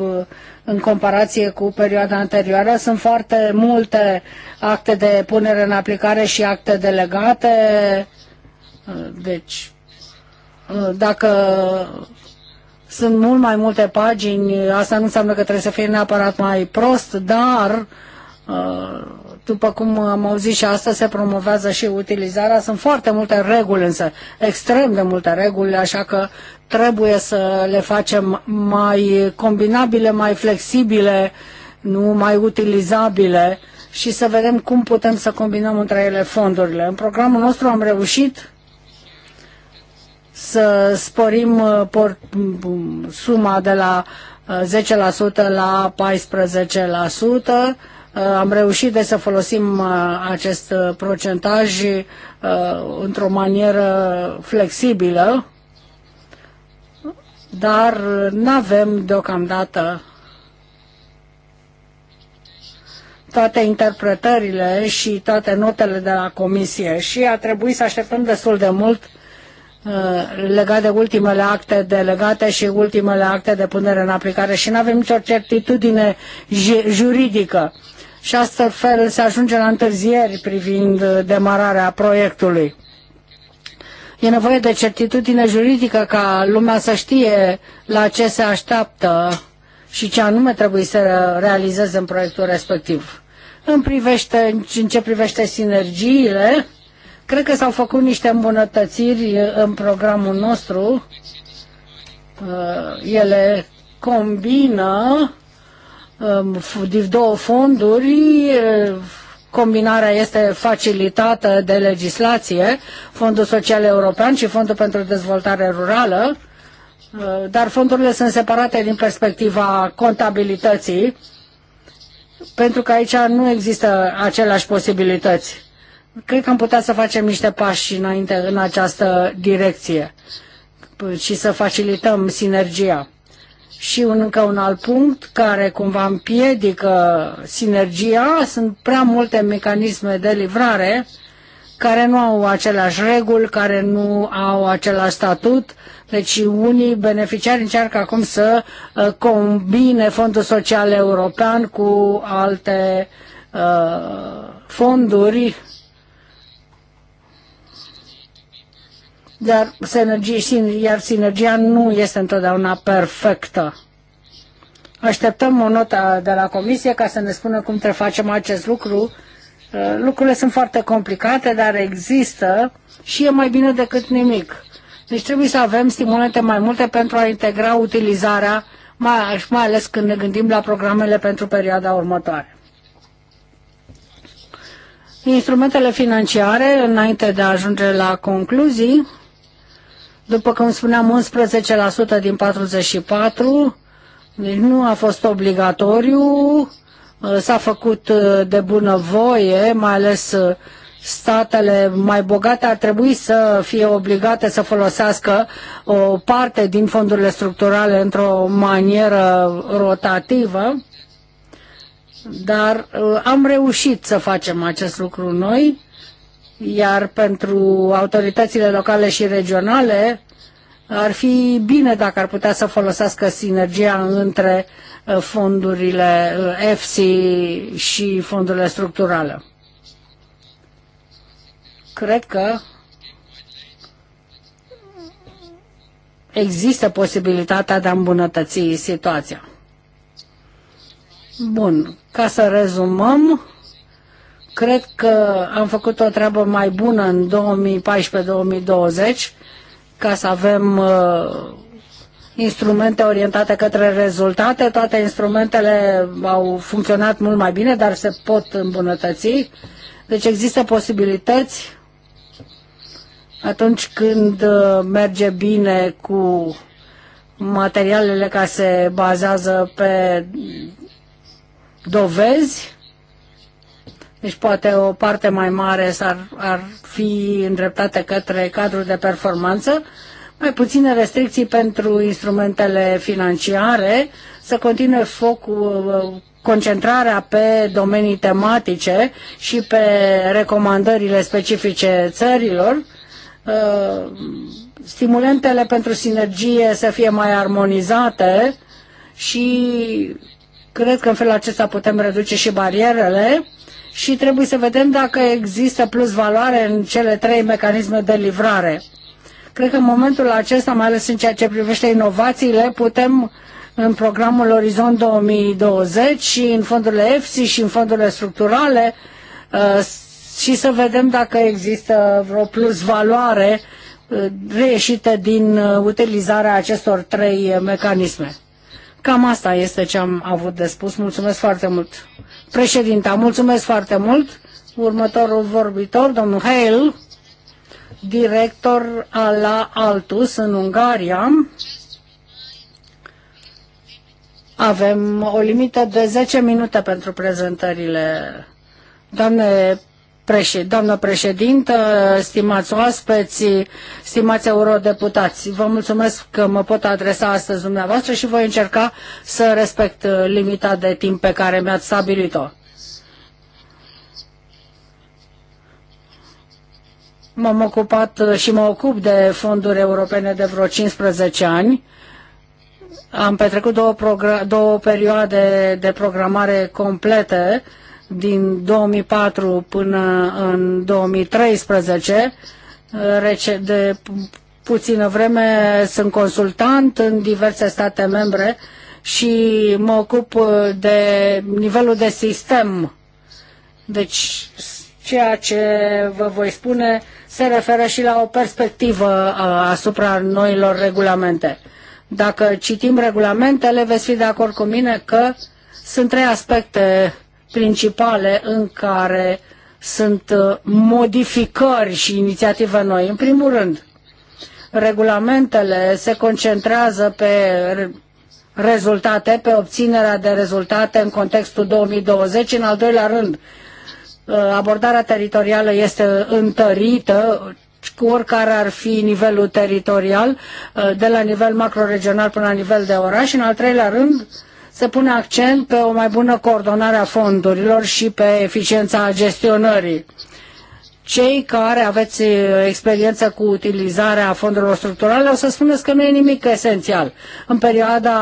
în comparație cu perioada anterioară. Sunt foarte multe acte de punere în aplicare și acte delegate. Uh, deci, dacă sunt mult mai multe pagini, asta nu înseamnă că trebuie să fie neapărat mai prost, dar Uh, după cum am auzit și asta, se promovează și utilizarea. Sunt foarte multe reguli, însă extrem de multe reguli, așa că trebuie să le facem mai combinabile, mai flexibile, nu mai utilizabile și să vedem cum putem să combinăm între ele fondurile. În programul nostru am reușit să sporim uh, suma de la 10% uh, la 14%, Uh, am reușit de să folosim uh, acest uh, procentaj într-o manieră flexibilă, dar nu avem deocamdată toate interpretările și toate notele de la comisie și a trebuit să așteptăm destul de mult legat de ultimele acte delegate și ultimele acte de punere în aplicare și nu avem nicio certitudine juridică și astfel se ajunge la întârzieri privind uh, demararea proiectului. E nevoie de certitudine juridică ca lumea să știe la ce se așteaptă și ce anume trebuie să realizeze în proiectul respectiv. În, privește, în ce privește sinergiile, cred că s-au făcut niște îmbunătățiri uh, în programul nostru. Uh, ele combină două fonduri, combinarea este facilitată de legislație, Fondul Social European și Fondul pentru Dezvoltare Rurală, dar fondurile sunt separate din perspectiva contabilității, pentru că aici nu există aceleași posibilități. Cred că am putea să facem niște pași înainte în această direcție și să facilităm sinergia. Și un, încă un alt punct care cumva împiedică sinergia, sunt prea multe mecanisme de livrare care nu au aceleași reguli, care nu au același statut. Deci unii beneficiari încearcă acum să uh, combine Fondul Social European cu alte uh, fonduri dar sinergie, iar sinergia nu este întotdeauna perfectă. Așteptăm o notă de la comisie ca să ne spună cum trebuie facem acest lucru. Uh, lucrurile sunt foarte complicate, dar există și e mai bine decât nimic. Deci trebuie să avem stimulente mai multe pentru a integra utilizarea, mai, mai ales când ne gândim la programele pentru perioada următoare. Instrumentele financiare, înainte de a ajunge la concluzii, după cum spuneam, 11% din 44, deci nu a fost obligatoriu, uh, s-a făcut uh, de bunăvoie, mai ales uh, statele mai bogate ar trebui să fie obligate să folosească o parte din fondurile structurale într-o manieră rotativă, dar am reușit să facem acest lucru noi iar pentru autoritățile locale și regionale ar fi bine dacă ar putea să folosească sinergia între uh, fondurile EFSI uh, și fondurile structurale. Cred că există posibilitatea de a îmbunătăți situația. Bun, ca să rezumăm, Cred că am făcut o treabă mai bună în 2014-2020 ca să avem uh, instrumente orientate către rezultate. Toate instrumentele au funcționat mult mai bine, dar se pot îmbunătăți. Deci există posibilități atunci când uh, merge bine cu materialele care se bazează pe dovezi, deci poate o parte mai mare s-ar, ar fi îndreptată către cadrul de performanță, mai puține restricții pentru instrumentele financiare, să continue focul, concentrarea pe domenii tematice și pe recomandările specifice țărilor, uh, stimulentele pentru sinergie să fie mai armonizate și cred că în felul acesta putem reduce și barierele și trebuie să vedem dacă există plus valoare în cele trei mecanisme de livrare. Cred că în momentul acesta, mai ales în ceea ce privește inovațiile, putem în programul Orizont 2020 și în fondurile EFSI și în fondurile structurale uh, și să vedem dacă există vreo plus valoare uh, reieșită din uh, utilizarea acestor trei mecanisme. Cam asta este ce am avut de spus. Mulțumesc foarte mult. Președinta, mulțumesc foarte mult. Următorul vorbitor, domnul Hale, director la Altus în Ungaria. Avem o limită de 10 minute pentru prezentările. Doamne doamnă președintă, stimați oaspeți, stimați eurodeputați, vă mulțumesc că mă pot adresa astăzi dumneavoastră și voi încerca să respect limita de timp pe care mi-ați stabilit-o. M-am ocupat și mă ocup de fonduri europene de vreo 15 ani. Am petrecut două, două perioade de programare complete uh, din 2004 până în 2013. De puțină vreme sunt consultant în diverse state membre și mă ocup uh, de nivelul de sistem. Deci ceea ce vă voi spune se referă și la o perspectivă uh, asupra noilor regulamente. Dacă citim regulamentele, veți fi de acord cu mine că sunt trei aspecte principale în care sunt uh, modificări și inițiative noi. În primul rând, regulamentele se concentrează pe rezultate, pe obținerea de rezultate în contextul 2020. În al doilea rând, uh, abordarea teritorială este întărită, cu oricare ar fi nivelul teritorial, uh, de la nivel macroregional până la nivel de oraș. În al treilea rând, să pună accent pe o mai bună coordonare a fondurilor și pe eficiența gestionării. Cei care aveți uh, experiență cu utilizarea fondurilor structurale o să spuneți că nu e nimic esențial. În perioada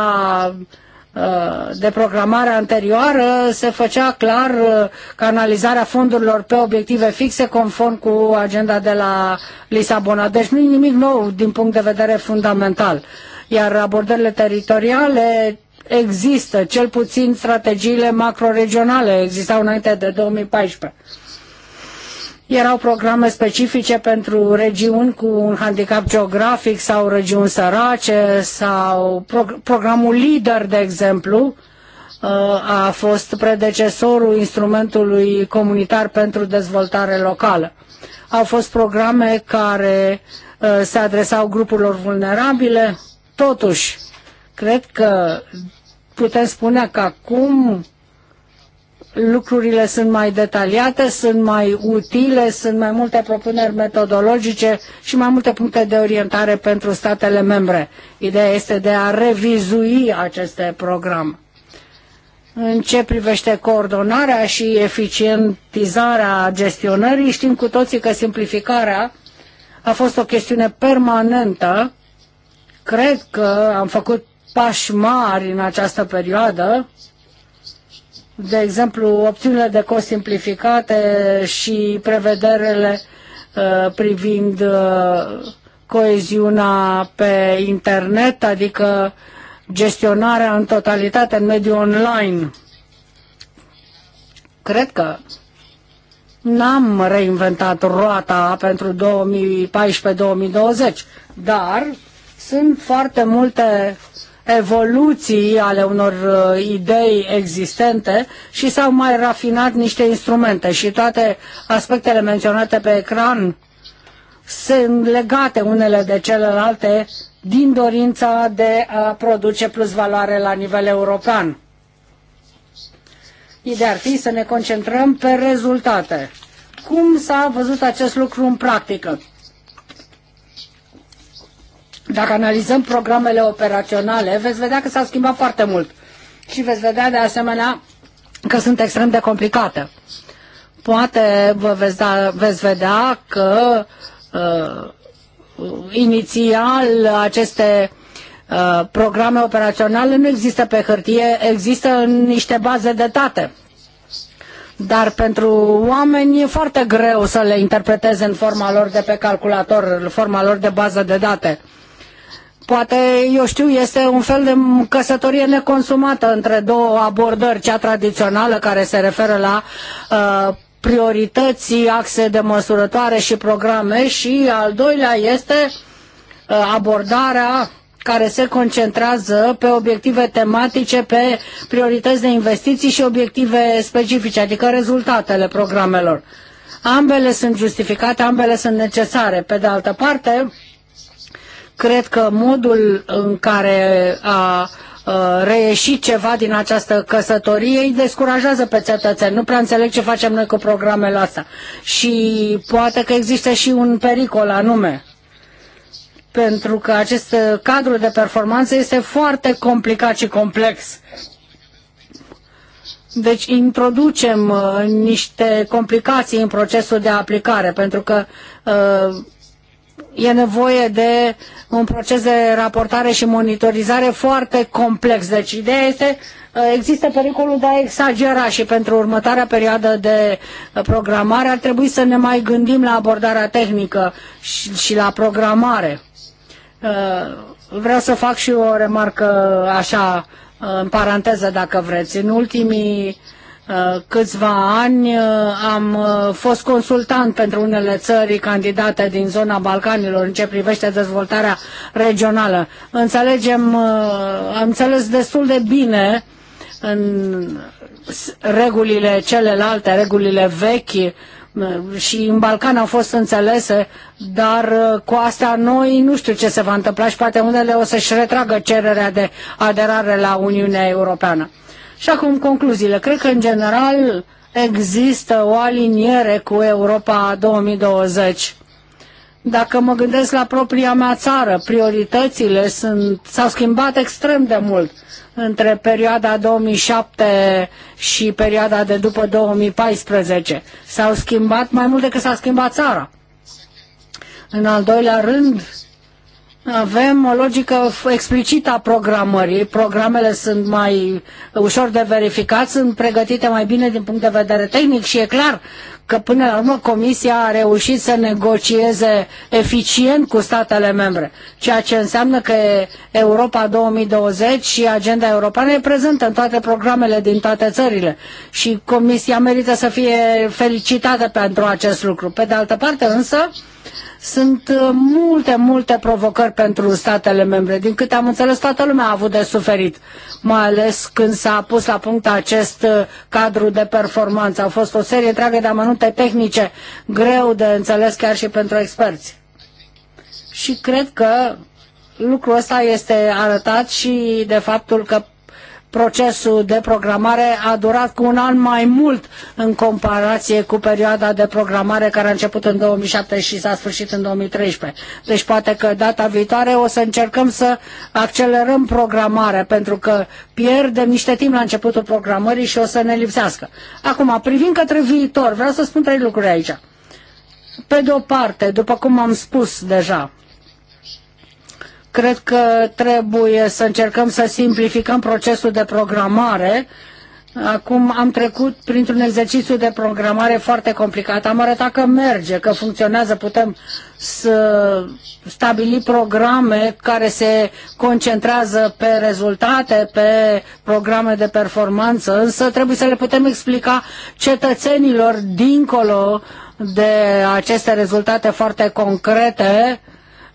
uh, de programare anterioară se făcea clar uh, canalizarea fondurilor pe obiective fixe conform cu agenda de la Lisabona. Deci nu e nimic nou din punct de vedere fundamental. Iar abordările teritoriale există, cel puțin strategiile macroregionale existau înainte de 2014. Erau programe specifice pentru regiuni cu un handicap geografic sau regiuni sărace sau pro programul LIDER, de exemplu, uh, a fost predecesorul instrumentului comunitar pentru dezvoltare locală. Au fost programe care uh, se adresau grupurilor vulnerabile, totuși cred că putem spune că acum lucrurile sunt mai detaliate, sunt mai utile, sunt mai multe propuneri metodologice și mai multe puncte de orientare pentru statele membre. Ideea este de a revizui aceste programe. În ce privește coordonarea și eficientizarea gestionării, știm cu toții că simplificarea a fost o chestiune permanentă. Cred că am făcut pași mari în această perioadă, de exemplu, opțiunile de cost simplificate și prevederile uh, privind uh, coeziunea pe internet, adică gestionarea în totalitate în mediul online. Cred că n-am reinventat roata pentru 2014-2020, dar sunt foarte multe evoluții ale unor uh, idei existente și s-au mai rafinat niște instrumente și toate aspectele menționate pe ecran sunt legate unele de celelalte din dorința de a produce plus valoare la nivel european. Ideea ar fi să ne concentrăm pe rezultate. Cum s-a văzut acest lucru în practică? Dacă analizăm programele operaționale, veți vedea că s-a schimbat foarte mult și veți vedea de asemenea că sunt extrem de complicate. Poate vă veți, da, veți vedea că uh, inițial aceste uh, programe operaționale nu există pe hârtie, există în niște baze de date. Dar pentru oameni e foarte greu să le interpreteze în forma lor de pe calculator, în forma lor de bază de date. Poate, eu știu, este un fel de căsătorie neconsumată între două abordări, cea tradițională care se referă la uh, priorități, axe de măsurătoare și programe și al doilea este uh, abordarea care se concentrează pe obiective tematice, pe priorități de investiții și obiective specifice, adică rezultatele programelor. Ambele sunt justificate, ambele sunt necesare. Pe de altă parte, Cred că modul în care a reieșit ceva din această căsătorie, îi descurajează pe cetățeni. Nu prea înțeleg ce facem noi cu programele astea. Și poate că există și un pericol anume pentru că acest cadru de performanță este foarte complicat și complex. Deci introducem uh, niște complicații în procesul de aplicare, pentru că uh, e nevoie de un proces de raportare și monitorizare foarte complex. Deci ideea este, uh, există pericolul de a exagera și pentru următoarea perioadă de programare ar trebui să ne mai gândim la abordarea tehnică și, și la programare. Uh, vreau să fac și o remarcă așa, uh, în paranteză dacă vreți. În ultimii Uh, câțiva ani uh, am uh, fost consultant pentru unele țări candidate din zona Balcanilor în ce privește dezvoltarea regională. Înțelegem, am înțeles destul de bine în regulile celelalte, regulile vechi și în Balcan au fost înțelese, dar cu asta noi nu știu ce se va întâmpla și poate unele o să-și retragă cererea de aderare la Uniunea Europeană. Și acum concluziile. Cred că, în general, există o aliniere cu Europa 2020. Dacă mă gândesc la propria mea țară, prioritățile sunt, s-au schimbat extrem de mult între perioada 2007 și perioada de după 2014. S-au schimbat mai mult decât s-a schimbat țara. În al doilea rând, avem o logică explicită a programării. Programele sunt mai ușor de verificat, sunt pregătite mai bine din punct de vedere tehnic și e clar că până la urmă Comisia a reușit să negocieze eficient cu statele membre, ceea ce înseamnă că Europa 2020 și agenda europeană e prezentă în toate programele din toate țările și Comisia merită să fie felicitată pentru acest lucru. Pe de altă parte însă, sunt uh, multe, multe provocări pentru statele membre. Din câte am înțeles, toată lumea a avut de suferit, mai ales când s-a pus la punct acest uh, cadru de performanță. Au fost o serie întreagă de amănunte tehnice, greu de înțeles chiar și pentru experți. Și cred că lucrul ăsta este arătat și de faptul că procesul de programare a durat cu un an mai mult în comparație cu perioada de programare care a început în 2007 și s-a sfârșit în 2013. Deci poate că data viitoare o să încercăm să accelerăm programarea pentru că pierdem niște timp la începutul programării și o să ne lipsească. Acum, privind către viitor, vreau să spun trei lucruri aici. Pe de o parte, după cum am spus deja, Cred că trebuie să încercăm să simplificăm procesul de programare. Acum am trecut printr-un exercițiu de programare foarte complicat. Am arătat că merge, că funcționează, putem să stabili programe care se concentrează pe rezultate, pe programe de performanță, însă trebuie să le putem explica cetățenilor dincolo de aceste rezultate foarte concrete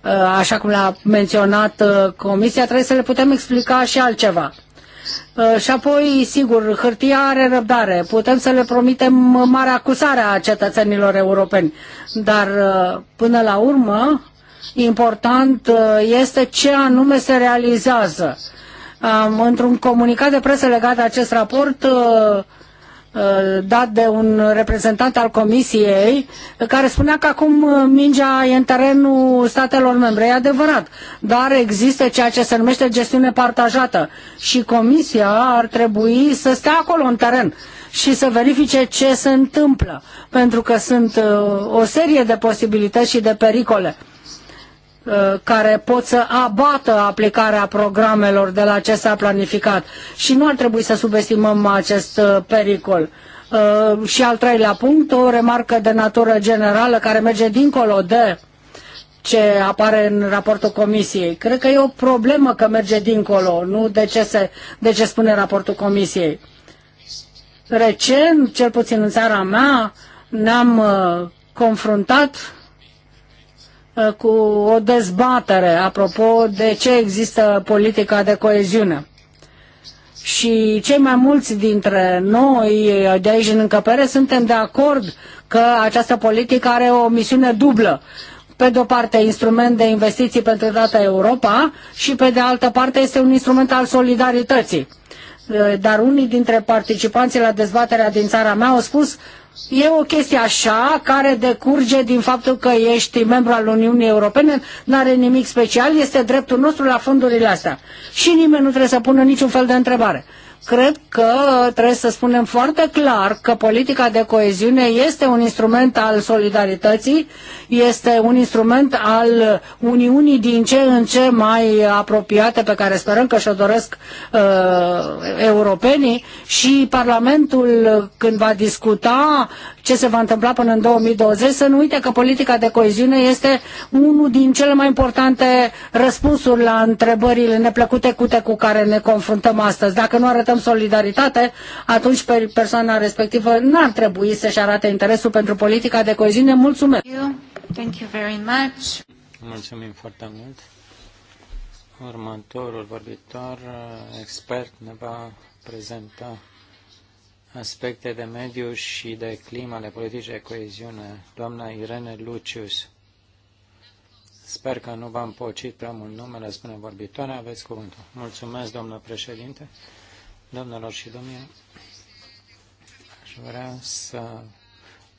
Uh, așa cum l a menționat uh, comisia, trebuie să le putem explica și altceva. Uh, și apoi, sigur, hârtia are răbdare. Putem să le promitem mare acusare a cetățenilor europeni. Dar, până la urmă, important este ce anume se realizează. Într-un comunicat de presă legat de acest raport, Uh, dat de un reprezentant al Comisiei uh, care spunea că acum uh, mingea e în terenul statelor membre. E adevărat, dar există ceea ce se numește gestiune partajată și Comisia ar trebui să stea acolo în teren și să verifice ce se întâmplă, pentru că sunt o serie de posibilități și de pericole Uh, care pot să abată aplicarea programelor de la ce s-a planificat. Și nu ar trebui să subestimăm acest uh, pericol. Uh, și al treilea punct, o remarcă de natură generală care merge dincolo de ce apare în raportul comisiei. Cred că e o problemă că merge dincolo, nu de ce, se, de ce spune raportul comisiei. Recent, cel puțin în țara mea, ne-am confruntat Uh, cu o dezbatere apropo de ce există politica de coeziune. Și cei mai mulți dintre noi de aici în încăpere suntem de acord că această politică are o misiune dublă. Pe de o parte, instrument de investiții pentru toată Europa și pe de altă parte este un instrument al solidarității. Uh, dar unii dintre participanții la dezbaterea din țara mea au spus E o chestie așa care decurge din faptul că ești membru al Uniunii Europene, nu are nimic special, este dreptul nostru la fondurile astea. Și nimeni nu trebuie să pună niciun fel de întrebare. Cred că trebuie să spunem foarte clar că politica de coeziune este un instrument al solidarității, este un instrument al Uniunii din ce în ce mai apropiate pe care sperăm că și-o doresc uh, europenii și Parlamentul când va discuta ce se va întâmpla până în 2020, să nu uite că politica de coeziune este unul din cele mai importante răspunsuri la întrebările neplăcute cu care ne confruntăm astăzi. Dacă nu arătăm solidaritate, atunci persoana respectivă n-ar trebui să-și arate interesul pentru politica de coeziune. Mulțumesc! Thank you very much. Mulțumim foarte mult. Următorul vorbitor, expert, ne va prezenta aspecte de mediu și de climă ale politice, de coeziune, doamna Irene Lucius. Sper că nu v-am pocit prea mult numele, spune vorbitoarea, aveți cuvântul. Mulțumesc, domnul președinte, domnilor și domnilor. Aș vrea să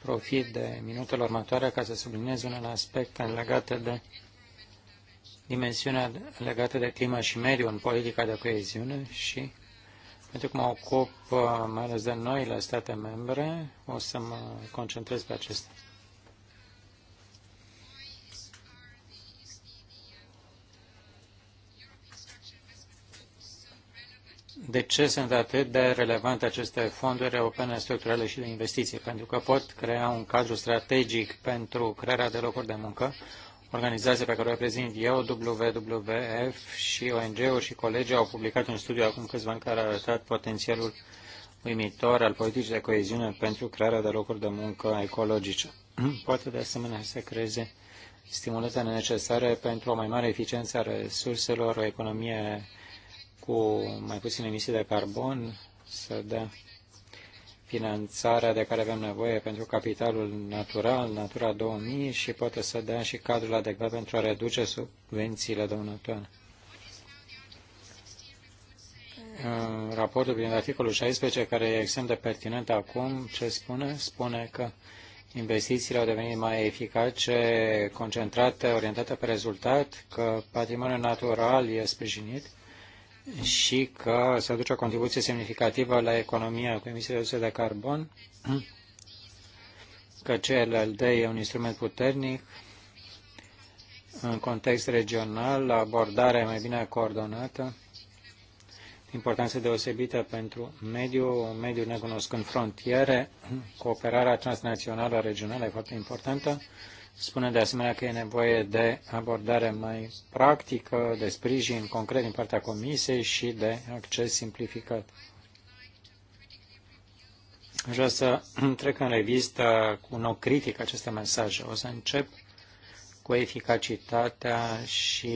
profit de minutele următoare ca să subliniez unele aspecte legate de dimensiunea legată de climă și mediu în politica de coeziune și pentru că mă ocup uh, mai ales de noile state membre, o să mă concentrez pe acestea. De ce sunt atât de relevante aceste fonduri europene structurale și de investiții? Pentru că pot crea un cadru strategic pentru crearea de locuri de muncă, organizația pe care o reprezint eu, WWF și ONG-uri și colegii au publicat un studiu acum câțiva ani care a arătat potențialul uimitor al politicii de coeziune pentru crearea de locuri de muncă ecologice. Poate de asemenea să creeze stimulente necesare pentru o mai mare eficiență a resurselor, o economie cu mai puține emisii de carbon, să dea finanțarea de care avem nevoie pentru capitalul natural, Natura 2000 și poate să dea și cadrul adecvat pentru a reduce subvențiile donatoare. Raportul din articolul 16, care e extrem de pertinent acum, ce spune? Spune că investițiile au devenit mai eficace, concentrate, orientate pe rezultat, că patrimoniul natural e sprijinit și că se aduce o contribuție semnificativă la economia cu emisiile reduse de carbon, că CLLD e un instrument puternic în context regional, la abordare mai bine coordonată, importanță deosebită pentru mediu, mediu necunoscând frontiere, cooperarea transnațională, regională e foarte importantă, Spune de asemenea că e nevoie de abordare mai practică, de sprijin concret din partea Comisiei și de acces simplificat. Aș vrea să trec în revistă cu un o critic aceste mesaje. O să încep cu eficacitatea și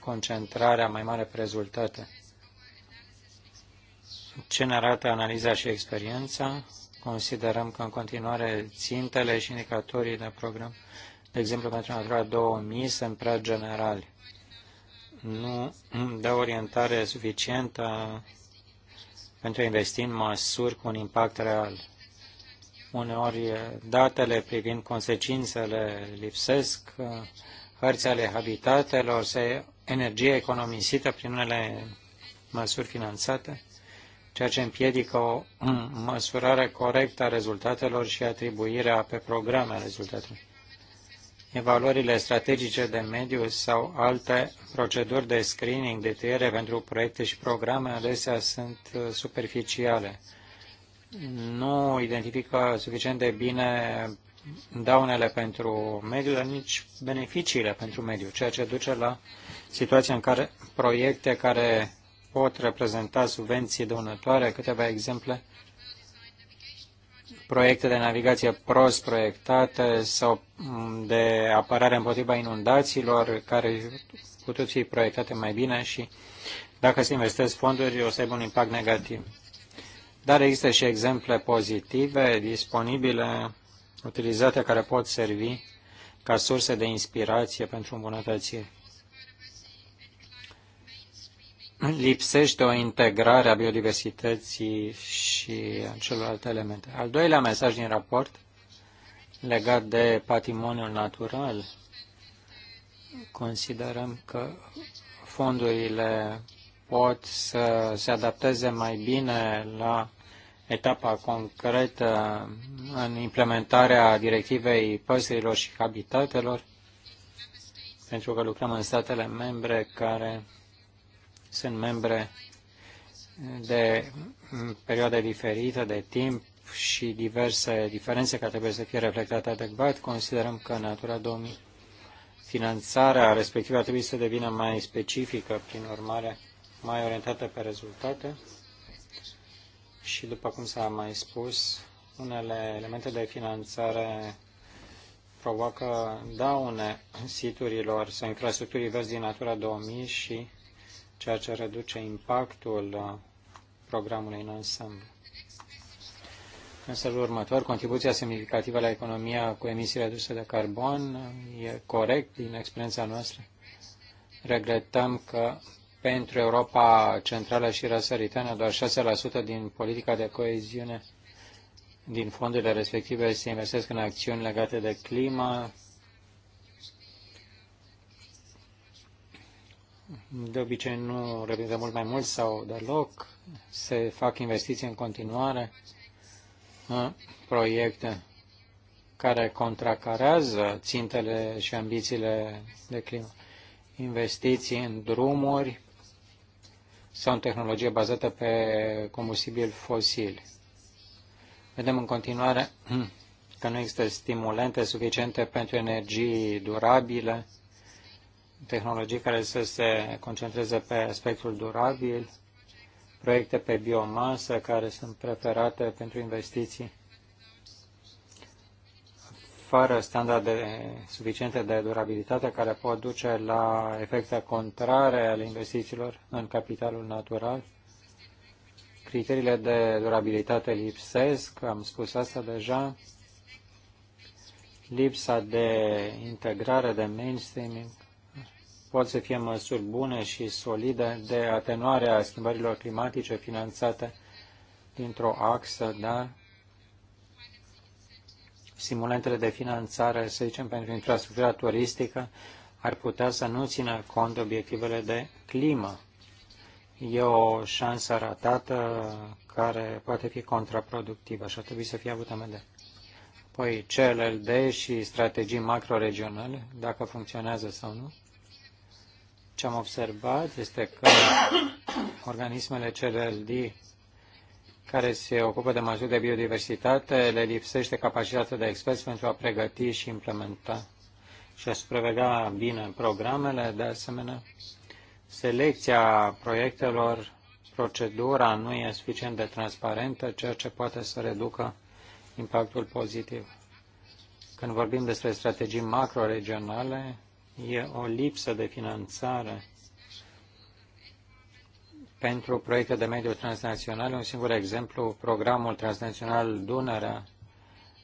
concentrarea mai mare pe rezultate. Ce ne arată analiza și experiența? Considerăm că în continuare țintele și indicatorii de program de exemplu, pentru Natura 2000 sunt prea generali. Nu dă orientare suficientă pentru a investi în măsuri cu un impact real. Uneori datele privind consecințele lipsesc, hărți ale habitatelor, se energie economisită prin unele măsuri finanțate, ceea ce împiedică o măsurare corectă a rezultatelor și atribuirea pe programe a rezultatelor evaluările strategice de mediu sau alte proceduri de screening, de tăiere pentru proiecte și programe adesea sunt uh, superficiale. Nu identifică suficient de bine daunele pentru mediu, dar nici beneficiile pentru mediu, ceea ce duce la situația în care proiecte care pot reprezenta subvenții dăunătoare, câteva exemple, proiecte de navigație prost proiectate sau de apărare împotriva inundațiilor, care cu tot fi proiectate mai bine și dacă se investesc fonduri, o să aibă un impact negativ. Dar există și exemple pozitive disponibile, utilizate, care pot servi ca surse de inspirație pentru îmbunătățiri lipsește o integrare a biodiversității și a celorlalte elemente. Al doilea mesaj din raport legat de patrimoniul natural, considerăm că fondurile pot să se adapteze mai bine la etapa concretă în implementarea directivei păsărilor și habitatelor, pentru că lucrăm în statele membre care sunt membre de perioade diferite de timp și diverse diferențe care trebuie să fie reflectate adecvat, considerăm că Natura 2000 finanțarea respectivă ar trebui să devină mai specifică, prin urmare, mai orientată pe rezultate și, după cum s-a mai spus, unele elemente de finanțare provoacă daune siturilor sau infrastructurii verzi din Natura 2000 și ceea ce reduce impactul uh, programului în ansamblu. În felul următor, contribuția semnificativă la economia cu emisii reduse de carbon um, e corect din experiența noastră. Regretăm că pentru Europa Centrală și Răsăritană doar 6% din politica de coeziune din fondurile respective se investesc în acțiuni legate de climă, de obicei nu reprezintă mult mai mult sau deloc. Se fac investiții în continuare în proiecte care contracarează țintele și ambițiile de climă. Investiții în drumuri sau în tehnologie bazată pe combustibil fosil. Vedem în continuare că nu există stimulente suficiente pentru energii durabile, tehnologii care să se concentreze pe aspectul durabil, proiecte pe biomasă care sunt preferate pentru investiții fără standarde suficiente de durabilitate care pot duce la efecte contrare ale investițiilor în capitalul natural. Criteriile de durabilitate lipsesc, am spus asta deja, lipsa de integrare, de mainstreaming, pot să fie măsuri bune și solide de atenuare a schimbărilor climatice finanțate dintr-o axă, da? Simulentele de finanțare, să zicem, pentru infrastructura turistică ar putea să nu țină cont de obiectivele de climă. E o șansă ratată care poate fi contraproductivă și ar trebui să fie avută în vedere. Păi CLLD și strategii macroregionale, dacă funcționează sau nu. Ce am observat este că organismele CLLD care se ocupă de măsuri de biodiversitate le lipsește capacitatea de experți pentru a pregăti și implementa și a supraveghea bine programele, de asemenea, selecția proiectelor, procedura nu e suficient de transparentă, ceea ce poate să reducă impactul pozitiv. Când vorbim despre strategii macroregionale, E o lipsă de finanțare pentru proiecte de mediu transnațional. Un singur exemplu, programul transnațional Dunărea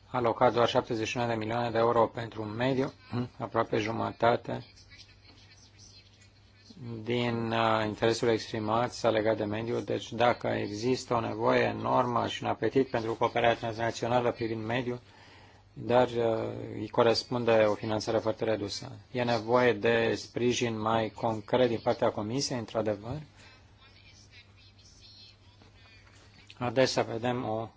alocat doar 71 de milioane de euro pentru mediu, aproape jumătate din uh, interesul exprimat s-a legat de mediu, deci dacă există o nevoie enormă și un apetit pentru cooperarea transnațională privind mediu, dar uh, îi corespunde o finanțare foarte redusă. E nevoie de sprijin mai concret din partea Comisiei, într-adevăr. Adesea vedem o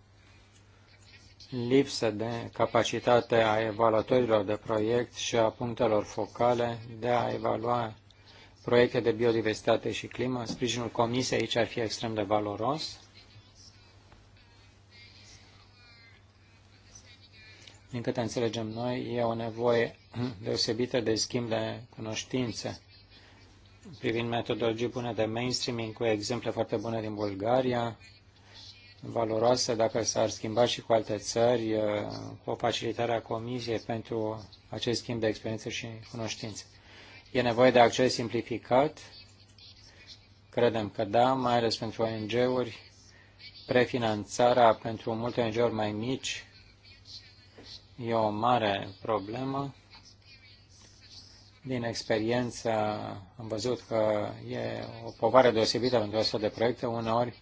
lipsă de capacitate a evaluatorilor de proiect și a punctelor focale de a evalua proiecte de biodiversitate și climă. Sprijinul Comisiei aici ar fi extrem de valoros din câte înțelegem noi, e o nevoie deosebită de schimb de cunoștințe privind metodologii bune de mainstreaming, cu exemple foarte bune din Bulgaria, valoroase dacă s-ar schimba și cu alte țări, cu o facilitare a comisiei pentru acest schimb de experiențe și cunoștințe. E nevoie de acces simplificat? Credem că da, mai ales pentru ONG-uri, prefinanțarea pentru multe ONG-uri mai mici, E o mare problemă. Din experiență am văzut că e o povară deosebită pentru astfel de proiecte. Uneori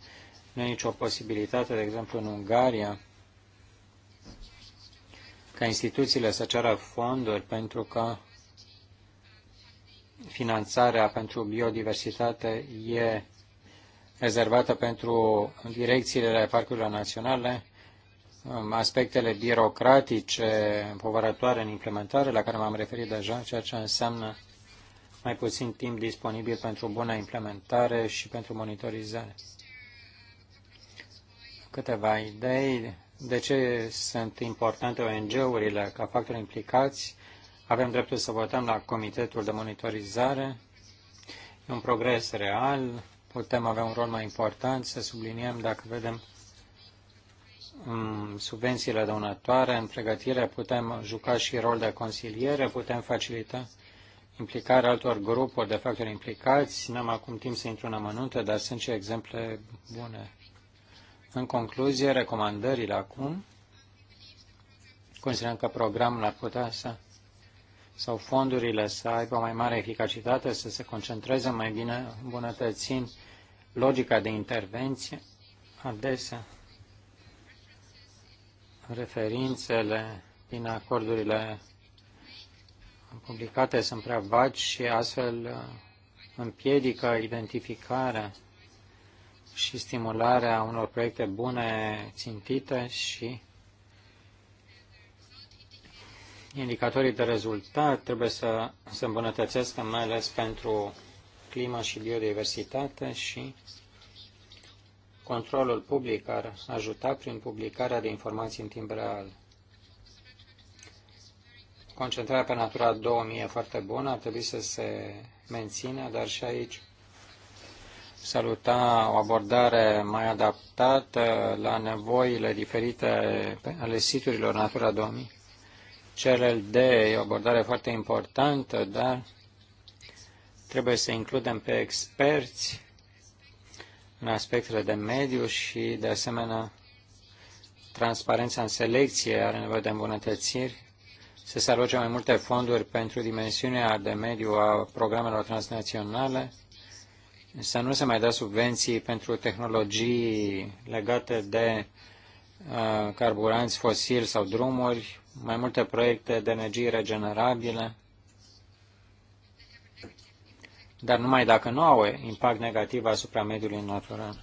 nu e nicio posibilitate, de exemplu în Ungaria, ca instituțiile să ceară fonduri pentru că finanțarea pentru biodiversitate e rezervată pentru direcțiile parcurilor naționale, aspectele birocratice împovărătoare în implementare, la care m-am referit deja, ceea ce înseamnă mai puțin timp disponibil pentru bună implementare și pentru monitorizare. Câteva idei de ce sunt importante ONG-urile ca factori implicați. Avem dreptul să votăm la Comitetul de Monitorizare. E un progres real. Putem avea un rol mai important, să subliniem dacă vedem Mm, subvențiile donatoare, în pregătire putem juca și rol de consiliere, putem facilita implicarea altor grupuri de factori implicați. N-am acum timp să intru în amănunte, dar sunt și exemple bune. În concluzie, recomandările acum. Considerăm că programul ar putea să sau fondurile să aibă mai mare eficacitate, să se concentreze mai bine, îmbunătățind logica de intervenție, adesea referințele din acordurile publicate sunt prea vagi și astfel uh, împiedică identificarea și stimularea unor proiecte bune țintite și indicatorii de rezultat trebuie să se îmbunătățească mai ales pentru climă și biodiversitate și Controlul public ar ajuta prin publicarea de informații în timp real. Concentrarea pe Natura 2000 e foarte bună, ar trebui să se mențină, dar și aici saluta o abordare mai adaptată la nevoile diferite ale siturilor Natura 2000. CLD e o abordare foarte importantă, dar trebuie să includem pe experți în aspectele de mediu și, de asemenea, transparența în selecție are nevoie de îmbunătățiri, să se aloce mai multe fonduri pentru dimensiunea de mediu a programelor transnaționale, să nu se mai dea subvenții pentru tehnologii legate de uh, carburanți fosili sau drumuri, mai multe proiecte de energie regenerabile, dar numai dacă nu au impact negativ asupra mediului natural.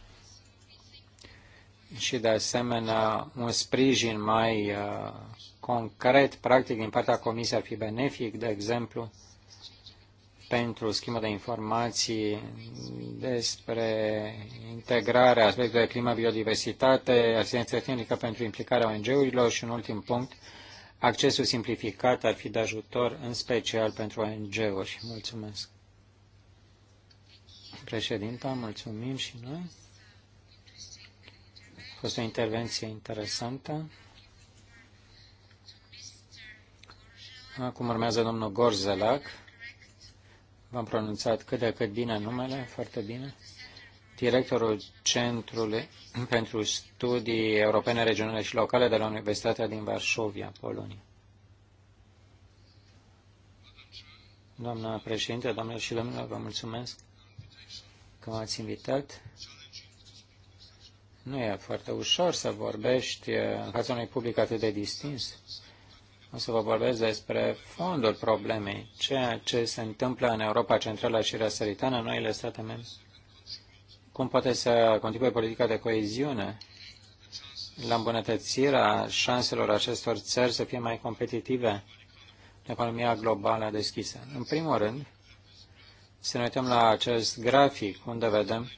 Și, de asemenea, un sprijin mai uh, concret, practic, din partea Comisiei ar fi benefic, de exemplu, pentru schimbul de informații despre integrarea aspectului de climă, biodiversitate, asistență tehnică pentru implicarea ONG-urilor și, un ultim punct, accesul simplificat ar fi de ajutor, în special pentru ONG-uri. Mulțumesc! președinta, mulțumim și noi. A fost o intervenție interesantă. Acum urmează domnul Gorzelac. V-am pronunțat cât de cât bine numele, foarte bine. Directorul Centrului pentru Studii Europene, Regionale și Locale de la Universitatea din Varșovia, Polonia. Doamna președinte, doamnelor și domnilor, vă mulțumesc că m-ați invitat. Nu e foarte ușor să vorbești în fața unui public atât de distins. O să vă vorbesc despre fondul problemei, ceea ce se întâmplă în Europa Centrală și Răsăritană, în noile state membre. Cum poate să continue politica de coeziune la îmbunătățirea șanselor acestor țări să fie mai competitive în economia globală deschisă. În primul rând, să ne uităm la acest grafic unde vedem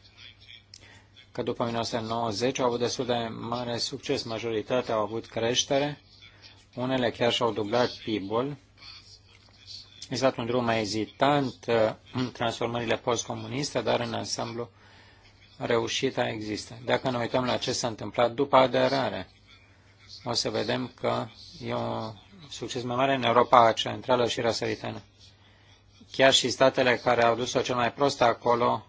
că după 1990 au avut destul de mare succes. Majoritatea au avut creștere, unele chiar și-au dublat PIB-ul. Exact un drum mai ezitant uh, în transformările postcomuniste, dar în ansamblu reușita există. Dacă ne uităm la ce s-a întâmplat după aderare, o să vedem că e un succes mai mare în Europa Centrală și Răsăritană chiar și statele care au dus-o cel mai prost acolo,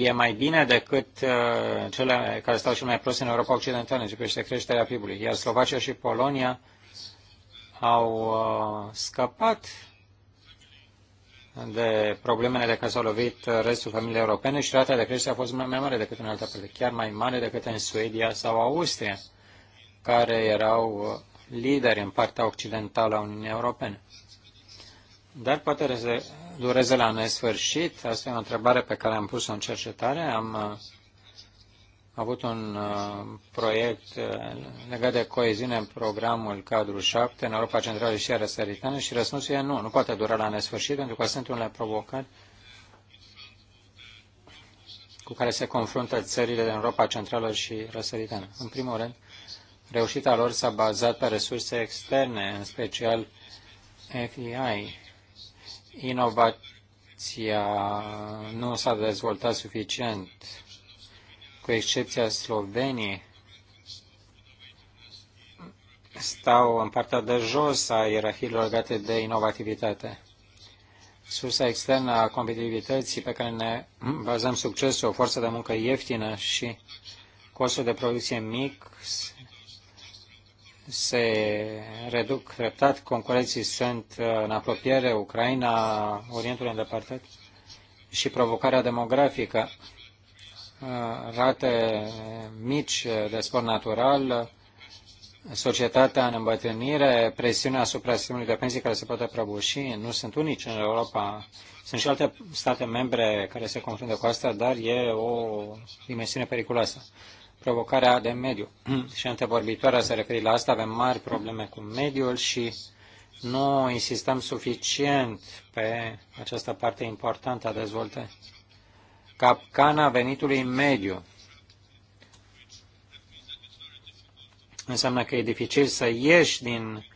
e mai bine decât uh, cele care stau cel mai prost în Europa Occidentală în ce privește creșterea PIB-ului. Iar Slovacia și Polonia au uh, scăpat de problemele de care s-au lovit restul familiei europene și rata de creștere a fost mai mare decât în alte părți, chiar mai mare decât în Suedia sau Austria, care erau uh, lideri în partea occidentală a Uniunii Europene dar poate dureze la nesfârșit. Asta e o întrebare pe care am pus-o în cercetare. Am uh, avut un uh, proiect uh, legat de coeziune în programul cadru 7 în Europa Centrală și Răsăritană și răspunsul e nu, nu poate dura la nesfârșit pentru că sunt unele provocări cu care se confruntă țările din Europa Centrală și Răsăritană. În primul rând, reușita lor s-a bazat pe resurse externe, în special FEI, inovația nu s-a dezvoltat suficient, cu excepția Sloveniei, stau în partea de jos a ierarhiilor legate de inovativitate. Sursa externă a competitivității pe care ne bazăm succesul, o forță de muncă ieftină și costul de producție mic se reduc treptat, concurenții sunt uh, în apropiere, Ucraina, Orientul îndepărtat și provocarea demografică, uh, rate mici de spor natural, societatea în îmbătrânire, presiunea asupra sistemului de pensii care se poate prăbuși, nu sunt unici în Europa. Sunt și alte state membre care se confruntă cu asta, dar e o dimensiune periculoasă provocarea de mediu. și întrevorbitoarea se referi la asta, avem mari probleme cu mediul și nu insistăm suficient pe această parte importantă a dezvoltării. Capcana venitului mediu. Înseamnă că e dificil să ieși din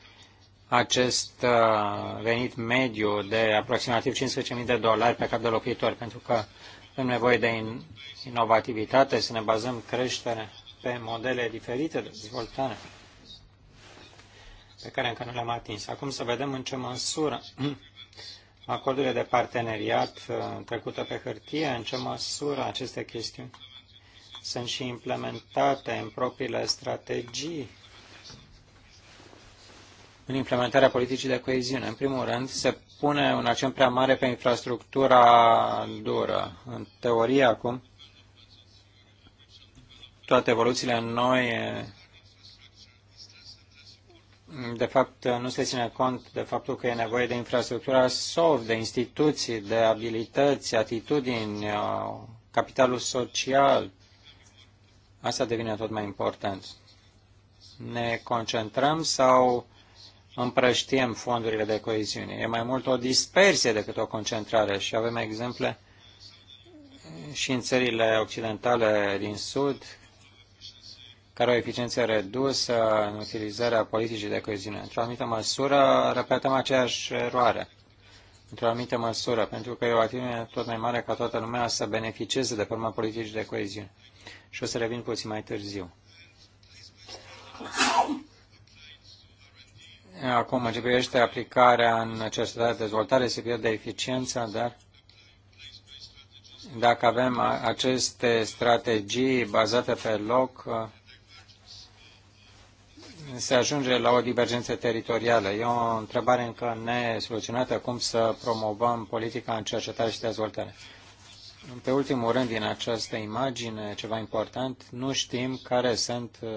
acest uh, venit mediu de aproximativ 15.000 de dolari pe cap de locuitor, pentru că avem nevoie de in, inovativitate, să ne bazăm creștere pe modele diferite de dezvoltare pe care încă nu le-am atins. Acum să vedem în ce măsură acordurile de parteneriat uh, trecute pe hârtie, în ce măsură aceste chestiuni sunt și implementate în propriile strategii în implementarea politicii de coeziune. În primul rând, se pune un accent prea mare pe infrastructura dură. În teorie, acum, toate evoluțiile noi, de fapt, nu se ține cont de faptul că e nevoie de infrastructura soft, de instituții, de abilități, atitudini, capitalul social. Asta devine tot mai important. Ne concentrăm sau uh, împrăștiem fondurile de coeziune. E mai mult o dispersie decât o concentrare și avem exemple și în țările occidentale din Sud, care au eficiență redusă în utilizarea politicii de coeziune. Într-o anumită măsură, repetăm aceeași eroare. Într-o anumită măsură, pentru că e o atitudine tot mai mare ca toată lumea să beneficieze de forma politicii de coeziune. Și o să revin puțin mai târziu. Acum, în ce privește aplicarea în cercetare de dezvoltare, se pierde eficiența, dar dacă avem aceste strategii bazate pe loc, se ajunge la o divergență teritorială. E o întrebare încă nesoluționată, cum să promovăm politica în cercetare și dezvoltare. Pe ultimul rând, din această imagine, ceva important, nu știm care sunt uh,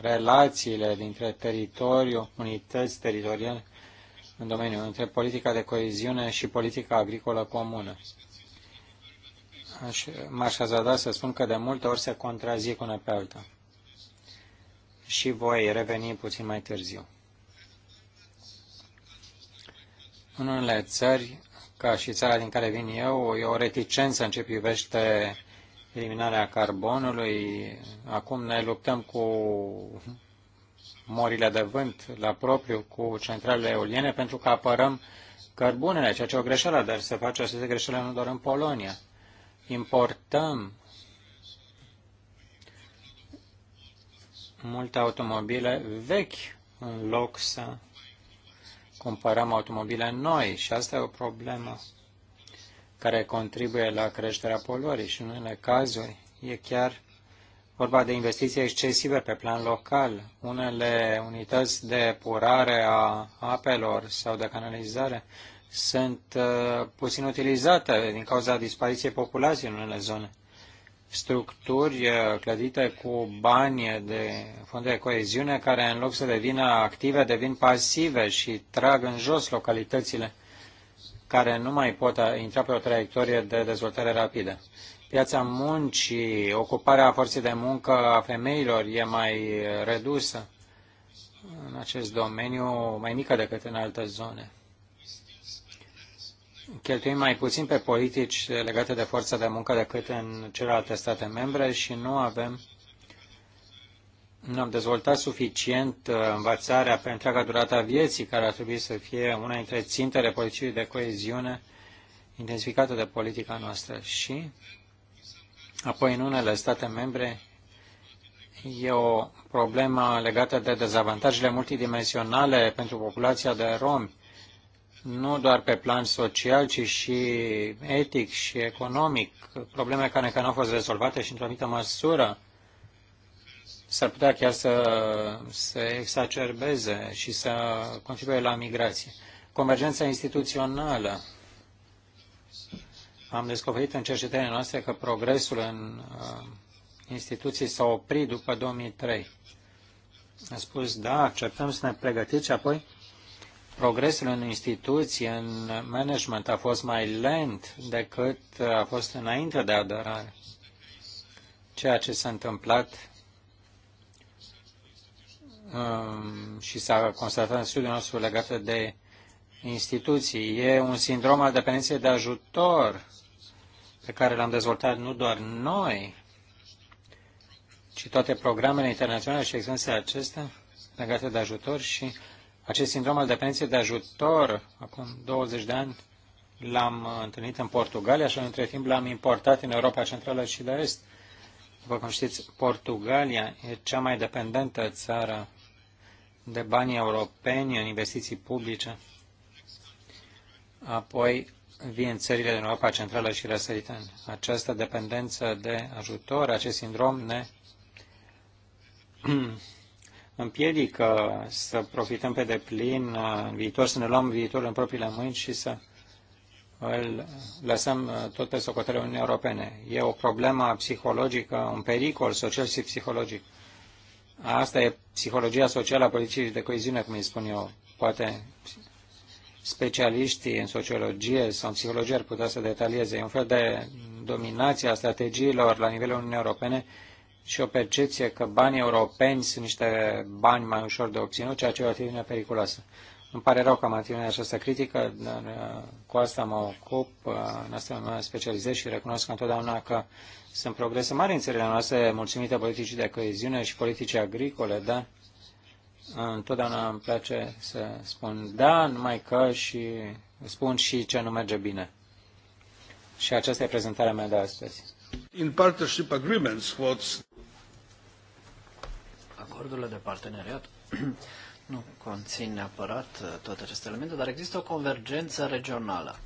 relațiile dintre teritoriu, unități teritoriale în domeniu, între politica de coeziune și politica agricolă comună. Aș, m-aș hazarda să spun că de multe ori se contrazic una pe alta. Și voi reveni puțin mai târziu. În unele țări, ca și țara din care vin eu, e o reticență în ce privește eliminarea carbonului. Acum ne luptăm cu morile de vânt la propriu, cu centralele eoliene, pentru că apărăm cărbunele, ceea ce e o greșeală, dar se face aceste greșeală nu doar în Polonia. Importăm multe automobile vechi în loc să cumpărăm automobile noi și asta e o problemă care contribuie la creșterea poluării și în unele cazuri e chiar vorba de investiții excesive pe plan local. Unele unități de purare a apelor sau de canalizare sunt uh, puțin utilizate din cauza dispariției populației în unele zone structuri eh, clădite cu bani de fonduri de coeziune care în loc să devină active devin pasive și trag în jos localitățile care nu mai pot eh, intra pe o traiectorie de dezvoltare rapidă. Piața muncii, ocuparea forței de muncă a femeilor e mai eh, redusă în acest domeniu, mai mică decât în alte zone cheltuim mai puțin pe politici legate de forța de muncă decât în celelalte state membre și nu avem nu am dezvoltat suficient uh, învățarea pe întreaga durată a vieții, care ar trebui să fie una dintre țintele politicii de coeziune intensificată de politica noastră. Și apoi în unele state membre e o problemă legată de dezavantajele multidimensionale pentru populația de romi nu doar pe plan social, ci și etic și economic, probleme care încă nu au fost rezolvate și într-o anumită măsură s-ar putea chiar să se exacerbeze și să contribuie la migrație. Convergența instituțională. Am descoperit în cercetările noastre că progresul în uh, instituții s-a oprit după 2003. A spus, da, acceptăm să ne pregătiți și apoi progresul în instituție, în management a fost mai lent decât a fost înainte de aderare. Ceea ce s-a întâmplat um, și s-a constatat în studiul nostru legat de instituții. E un sindrom al dependenței de ajutor pe care l-am dezvoltat nu doar noi, ci toate programele internaționale și exemplele acestea legate de ajutor și acest sindrom al dependenței de ajutor, acum 20 de ani, l-am uh, întâlnit în Portugalia și între timp l-am importat în Europa Centrală și de Est. După cum știți, Portugalia e cea mai dependentă țară de bani europeni în investiții publice. Apoi vin țările din Europa Centrală și răsăritan. Această dependență de ajutor, acest sindrom ne împiedică să profităm pe deplin uh, în viitor, să ne luăm viitorul în propriile mâini și să îl lăsăm uh, tot pe socotele Uniunii Europene. E o problemă psihologică, un pericol social și psihologic. Asta e psihologia socială a politicii de coeziune, cum îi spun eu. Poate specialiștii în sociologie sau în psihologie ar putea să detalieze. E un fel de dominație a strategiilor la nivelul Uniunii Europene și o percepție că banii europeni sunt niște bani mai ușor de obținut, ceea ce e o atitudine periculoasă. Îmi pare rău că am atitudine această critică, dar uh, cu asta mă ocup, uh, în asta mă specializez și recunosc întotdeauna că sunt progrese mari în țările noastre, mulțumită politicii de coeziune și politicii agricole, da? întotdeauna îmi place să spun da, numai că și spun și ce nu merge bine. Și aceasta e prezentarea mea de astăzi. In partnership agreements, what's acordurile de parteneriat nu conțin neapărat uh, toate aceste elemente, dar există o convergență regională.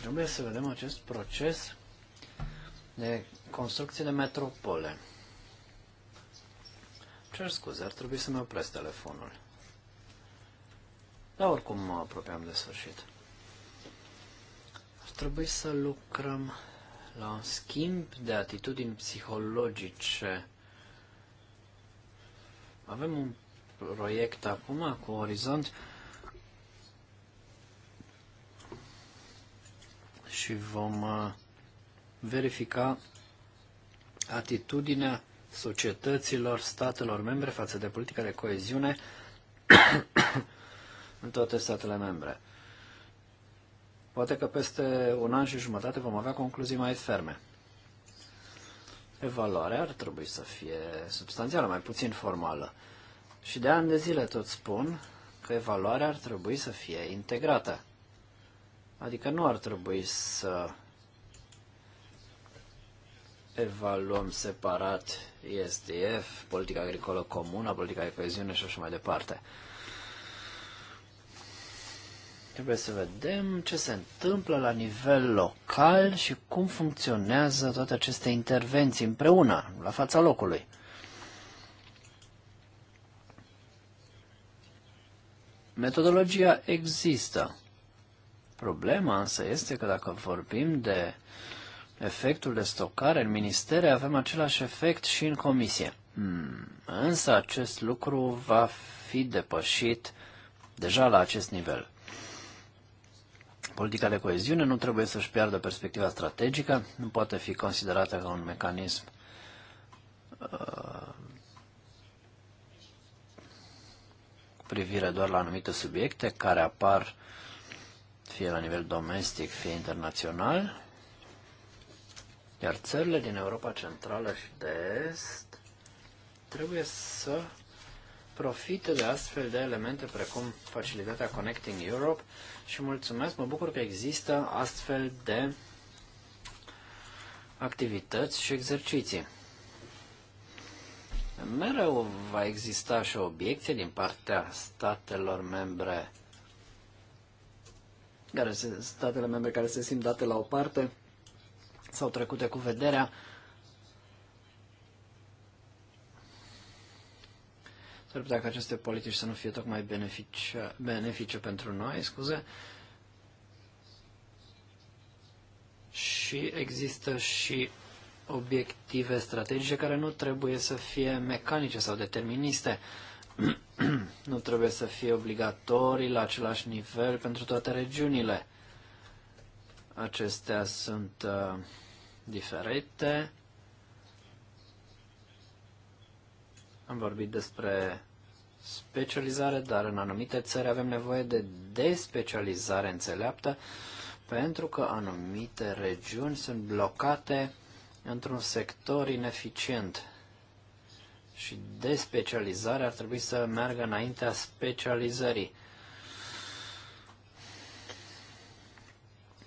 Trebuie să vedem acest proces de construcție de metropole. Cer scuze, ar trebui să-mi opresc telefonul. Dar oricum mă apropiam de sfârșit. Ar trebui să lucrăm la un schimb de atitudini psihologice. Avem un proiect acum cu Orizont și vom uh, verifica atitudinea societăților, statelor membre față de politica de coeziune în toate statele membre. Poate că peste un an și jumătate vom avea concluzii mai ferme. Evaluarea ar trebui să fie substanțială, mai puțin formală. Și de ani de zile tot spun că evaluarea ar trebui să fie integrată. Adică nu ar trebui să evaluăm separat ISDF, politica agricolă comună, politica de coeziune și așa mai departe. Trebuie să vedem ce se întâmplă la nivel local și cum funcționează toate aceste intervenții împreună, la fața locului. Metodologia există. Problema însă este că dacă vorbim de efectul de stocare în ministere, avem același efect și în comisie. Hmm. Însă acest lucru va fi depășit deja la acest nivel. Politica de coeziune nu trebuie să-și piardă perspectiva strategică, nu poate fi considerată ca un mecanism uh, cu privire doar la anumite subiecte care apar fie la nivel domestic, fie internațional, iar țările din Europa Centrală și de Est trebuie să profită de astfel de elemente precum facilitatea Connecting Europe și mulțumesc, mă bucur că există astfel de activități și exerciții. Mereu va exista și o obiecție din partea statelor membre care se, statele membre care se simt date la o parte sau trecute cu vederea S-ar putea ca aceste politici să nu fie tocmai beneficiu beneficiu pentru noi, scuze. Și există și obiective strategice care nu trebuie să fie mecanice sau deterministe. nu trebuie să fie obligatorii la același nivel pentru toate regiunile. Acestea sunt uh, diferite Am vorbit despre specializare, dar în anumite țări avem nevoie de despecializare înțeleaptă pentru că anumite regiuni sunt blocate într-un sector ineficient și despecializarea ar trebui să meargă înaintea specializării.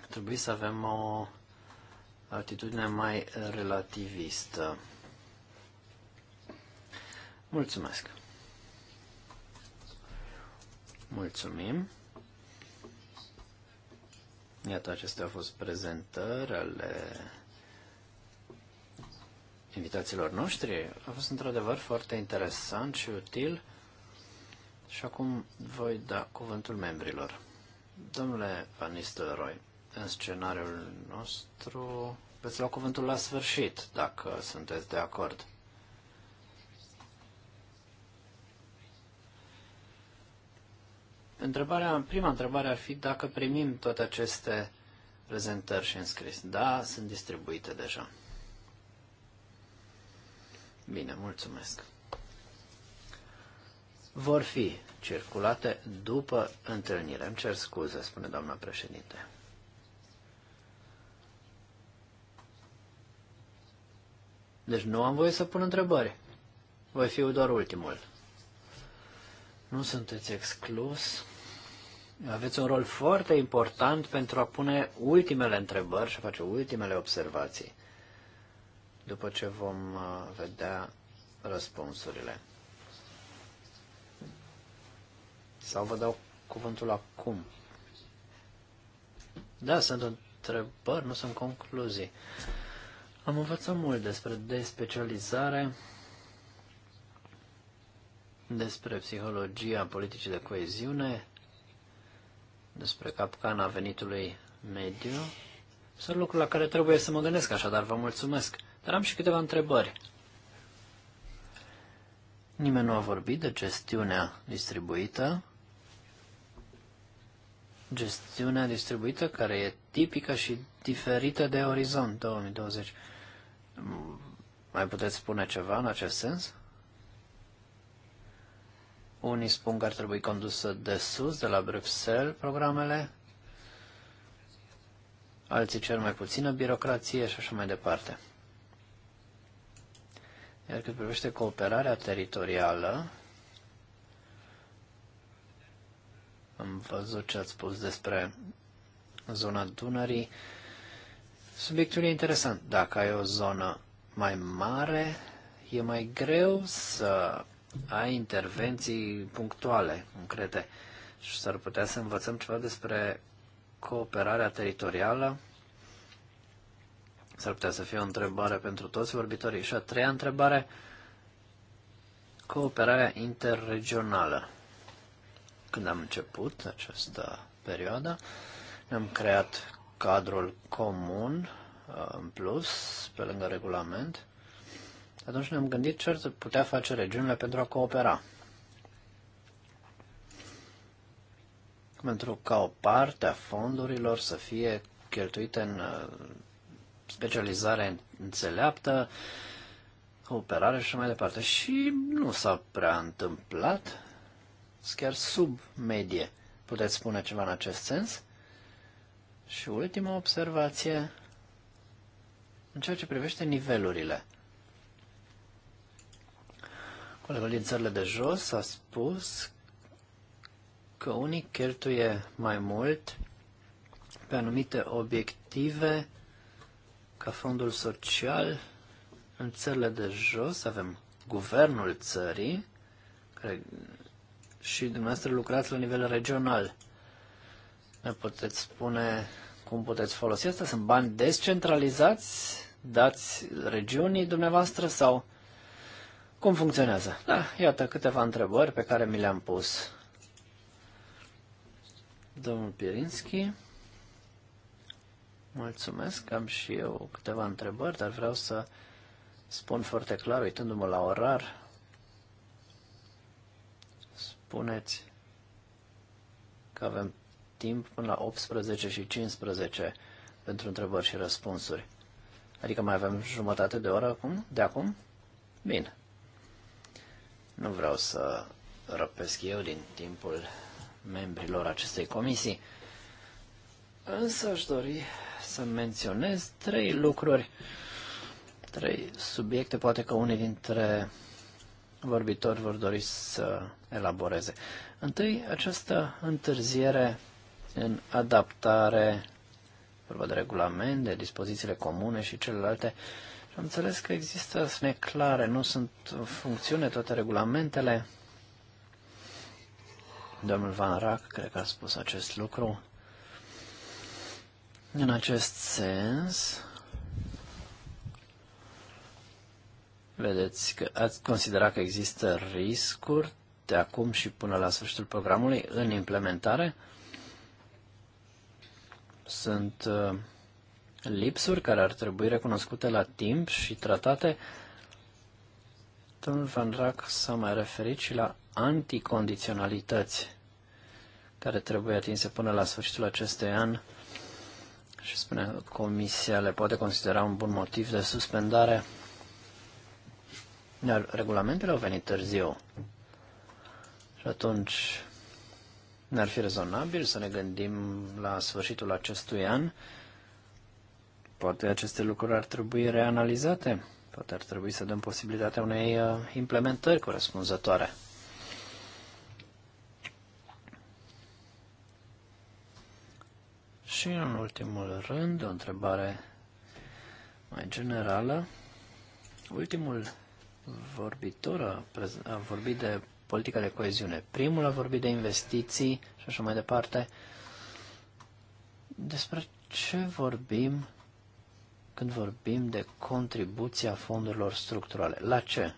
Ar trebui să avem o atitudine mai relativistă. Mulțumesc! Mulțumim! Iată, acestea au fost prezentări ale invitațiilor noștri. A fost într-adevăr foarte interesant și util. Și acum voi da cuvântul membrilor. Domnule Van Nistelrooy, în scenariul nostru veți lua cuvântul la sfârșit, dacă sunteți de acord. Întrebarea, prima întrebare ar fi dacă primim toate aceste prezentări și înscris. Da, sunt distribuite deja. Bine, mulțumesc. Vor fi circulate după întâlnire. Îmi cer scuze, spune doamna președinte. Deci nu am voie să pun întrebări. Voi fi doar ultimul. Nu sunteți exclus. Aveți un rol foarte important pentru a pune ultimele întrebări și a face ultimele observații. După ce vom uh, vedea răspunsurile. Sau vă dau cuvântul acum. Da, sunt întrebări, nu sunt concluzii. Am învățat mult despre despecializare despre psihologia politicii de coeziune, despre capcana venitului mediu. Sunt lucruri la care trebuie să mă gândesc așadar, vă mulțumesc. Dar am și câteva întrebări. Nimeni nu a vorbit de gestiunea distribuită. Gestiunea distribuită care e tipică și diferită de Orizont 2020. Mai puteți spune ceva în acest sens? Unii spun că ar trebui condusă de sus, de la Bruxelles, programele, alții cer mai puțină birocrație și așa mai departe. Iar cât privește cooperarea teritorială, am văzut ce ați spus despre zona Dunării. Subiectul e interesant. Dacă ai o zonă mai mare, e mai greu să ai intervenții punctuale, concrete. Și s-ar putea să învățăm ceva despre cooperarea teritorială. S-ar putea să fie o întrebare pentru toți vorbitorii. Și a treia întrebare, cooperarea interregională. Când am început această perioadă, ne-am creat cadrul comun uh, în plus, pe lângă regulament, atunci ne-am gândit ce ar putea face regiunile pentru a coopera. Pentru ca o parte a fondurilor să fie cheltuite în uh, specializare înțeleaptă, cooperare și mai departe. Și nu s-a prea întâmplat, chiar sub medie. Puteți spune ceva în acest sens? Și ultima observație, în ceea ce privește nivelurile. Colegul din țările de jos a spus că unii cheltuie mai mult pe anumite obiective ca fondul social. În țările de jos avem guvernul țării care și dumneavoastră lucrați la nivel regional. Ne puteți spune cum puteți folosi asta? Sunt bani descentralizați, dați regiunii dumneavoastră sau cum funcționează? Da, iată câteva întrebări pe care mi le-am pus. Domnul Pirinski, mulțumesc, am și eu câteva întrebări, dar vreau să spun foarte clar, uitându-mă la orar, spuneți că avem timp până la 18 și 15 pentru întrebări și răspunsuri. Adică mai avem jumătate de oră acum, de acum? Bine. Nu vreau să răpesc eu din timpul membrilor acestei comisii, însă aș dori să menționez trei lucruri, trei subiecte, poate că unii dintre vorbitori vor dori să elaboreze. Întâi, această întârziere în adaptare, vorba de regulament, de dispozițiile comune și celelalte, uh, Înțeles că există semne clare, nu sunt în funcțiune toate regulamentele. Domnul Van Rack cred că a spus acest lucru. În acest sens, vedeți că ați considera că există riscuri de acum și până la sfârșitul programului în implementare? Sunt uh, lipsuri care ar trebui recunoscute la timp și tratate. Domnul Van Rack s-a mai referit și la anticondiționalități care trebuie atinse până la sfârșitul acestui an și spune că Comisia le poate considera un bun motiv de suspendare. Iar regulamentele au venit târziu. Și atunci ne-ar fi rezonabil să ne gândim la sfârșitul acestui an Poate aceste lucruri ar trebui reanalizate. Poate ar trebui să dăm posibilitatea unei uh, implementări corespunzătoare. Și în ultimul rând, o întrebare mai generală. Ultimul vorbitor a, a vorbit de politica de coeziune. Primul a vorbit de investiții și așa mai departe. Despre ce vorbim când vorbim de contribuția fondurilor structurale. La ce?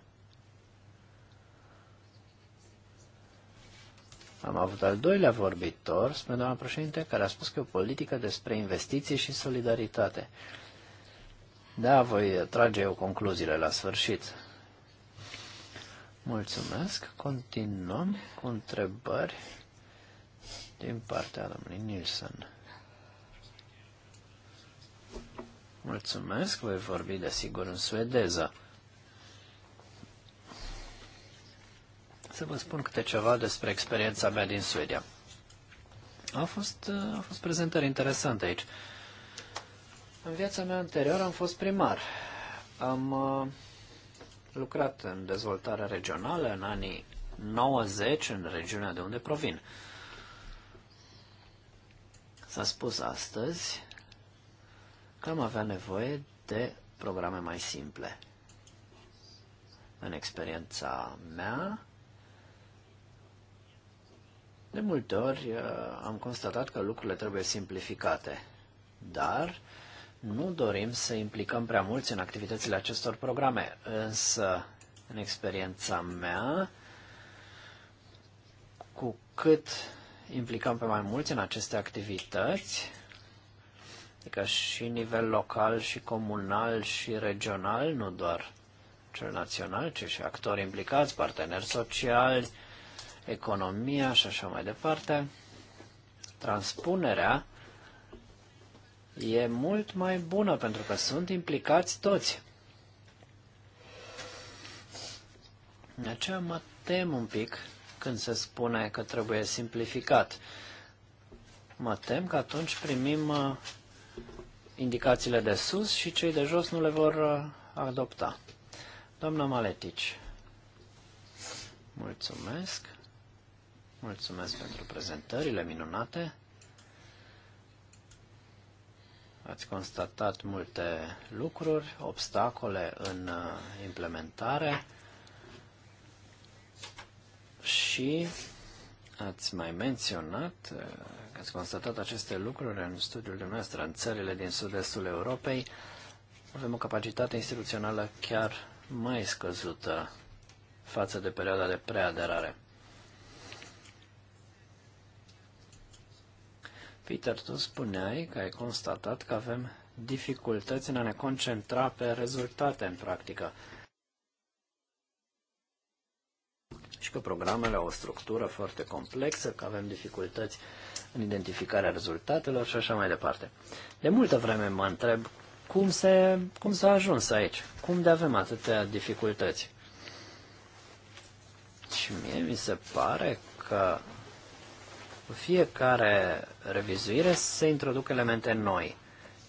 Am avut al doilea vorbitor, spune doamna președinte, care a spus că e o politică despre investiții și solidaritate. Da, voi trage eu concluziile la sfârșit. Mulțumesc. Continuăm cu întrebări din partea domnului Nilsson. Mulțumesc, voi vorbi desigur în suedeză. Să vă spun câte ceva despre experiența mea din Suedia. Au fost, uh, au fost prezentări interesante aici. În viața mea anterioară am fost primar. Am uh, lucrat în dezvoltarea regională în anii 90 în regiunea de unde provin. S-a spus astăzi că am avea nevoie de programe mai simple. În experiența mea, de multe ori uh, am constatat că lucrurile trebuie simplificate, dar nu dorim să implicăm prea mulți în activitățile acestor programe, însă în experiența mea, cu cât implicăm pe mai mulți în aceste activități, Adică și nivel local, și comunal, și regional, nu doar cel național, ci și actori implicați, parteneri sociali, economia și așa mai departe. Transpunerea e mult mai bună pentru că sunt implicați toți. De aceea mă tem un pic când se spune că trebuie simplificat. Mă tem că atunci primim uh, indicațiile de sus și cei de jos nu le vor uh, adopta. Doamna Maletici, mulțumesc. Mulțumesc pentru prezentările minunate. Ați constatat multe lucruri, obstacole în uh, implementare și ați mai menționat uh, Ați constatat aceste lucruri în studiul dumneavoastră în țările din sud-estul Europei. Avem o capacitate instituțională chiar mai scăzută față de perioada de preaderare. Peter, tu spuneai că ai constatat că avem dificultăți în a ne concentra pe rezultate în practică și că programele au o structură foarte complexă, că avem dificultăți în identificarea rezultatelor și așa mai departe. De multă vreme mă întreb cum, se, cum s-a ajuns aici, cum de avem atâtea dificultăți. Și mie mi se pare că cu fiecare revizuire se introduc elemente noi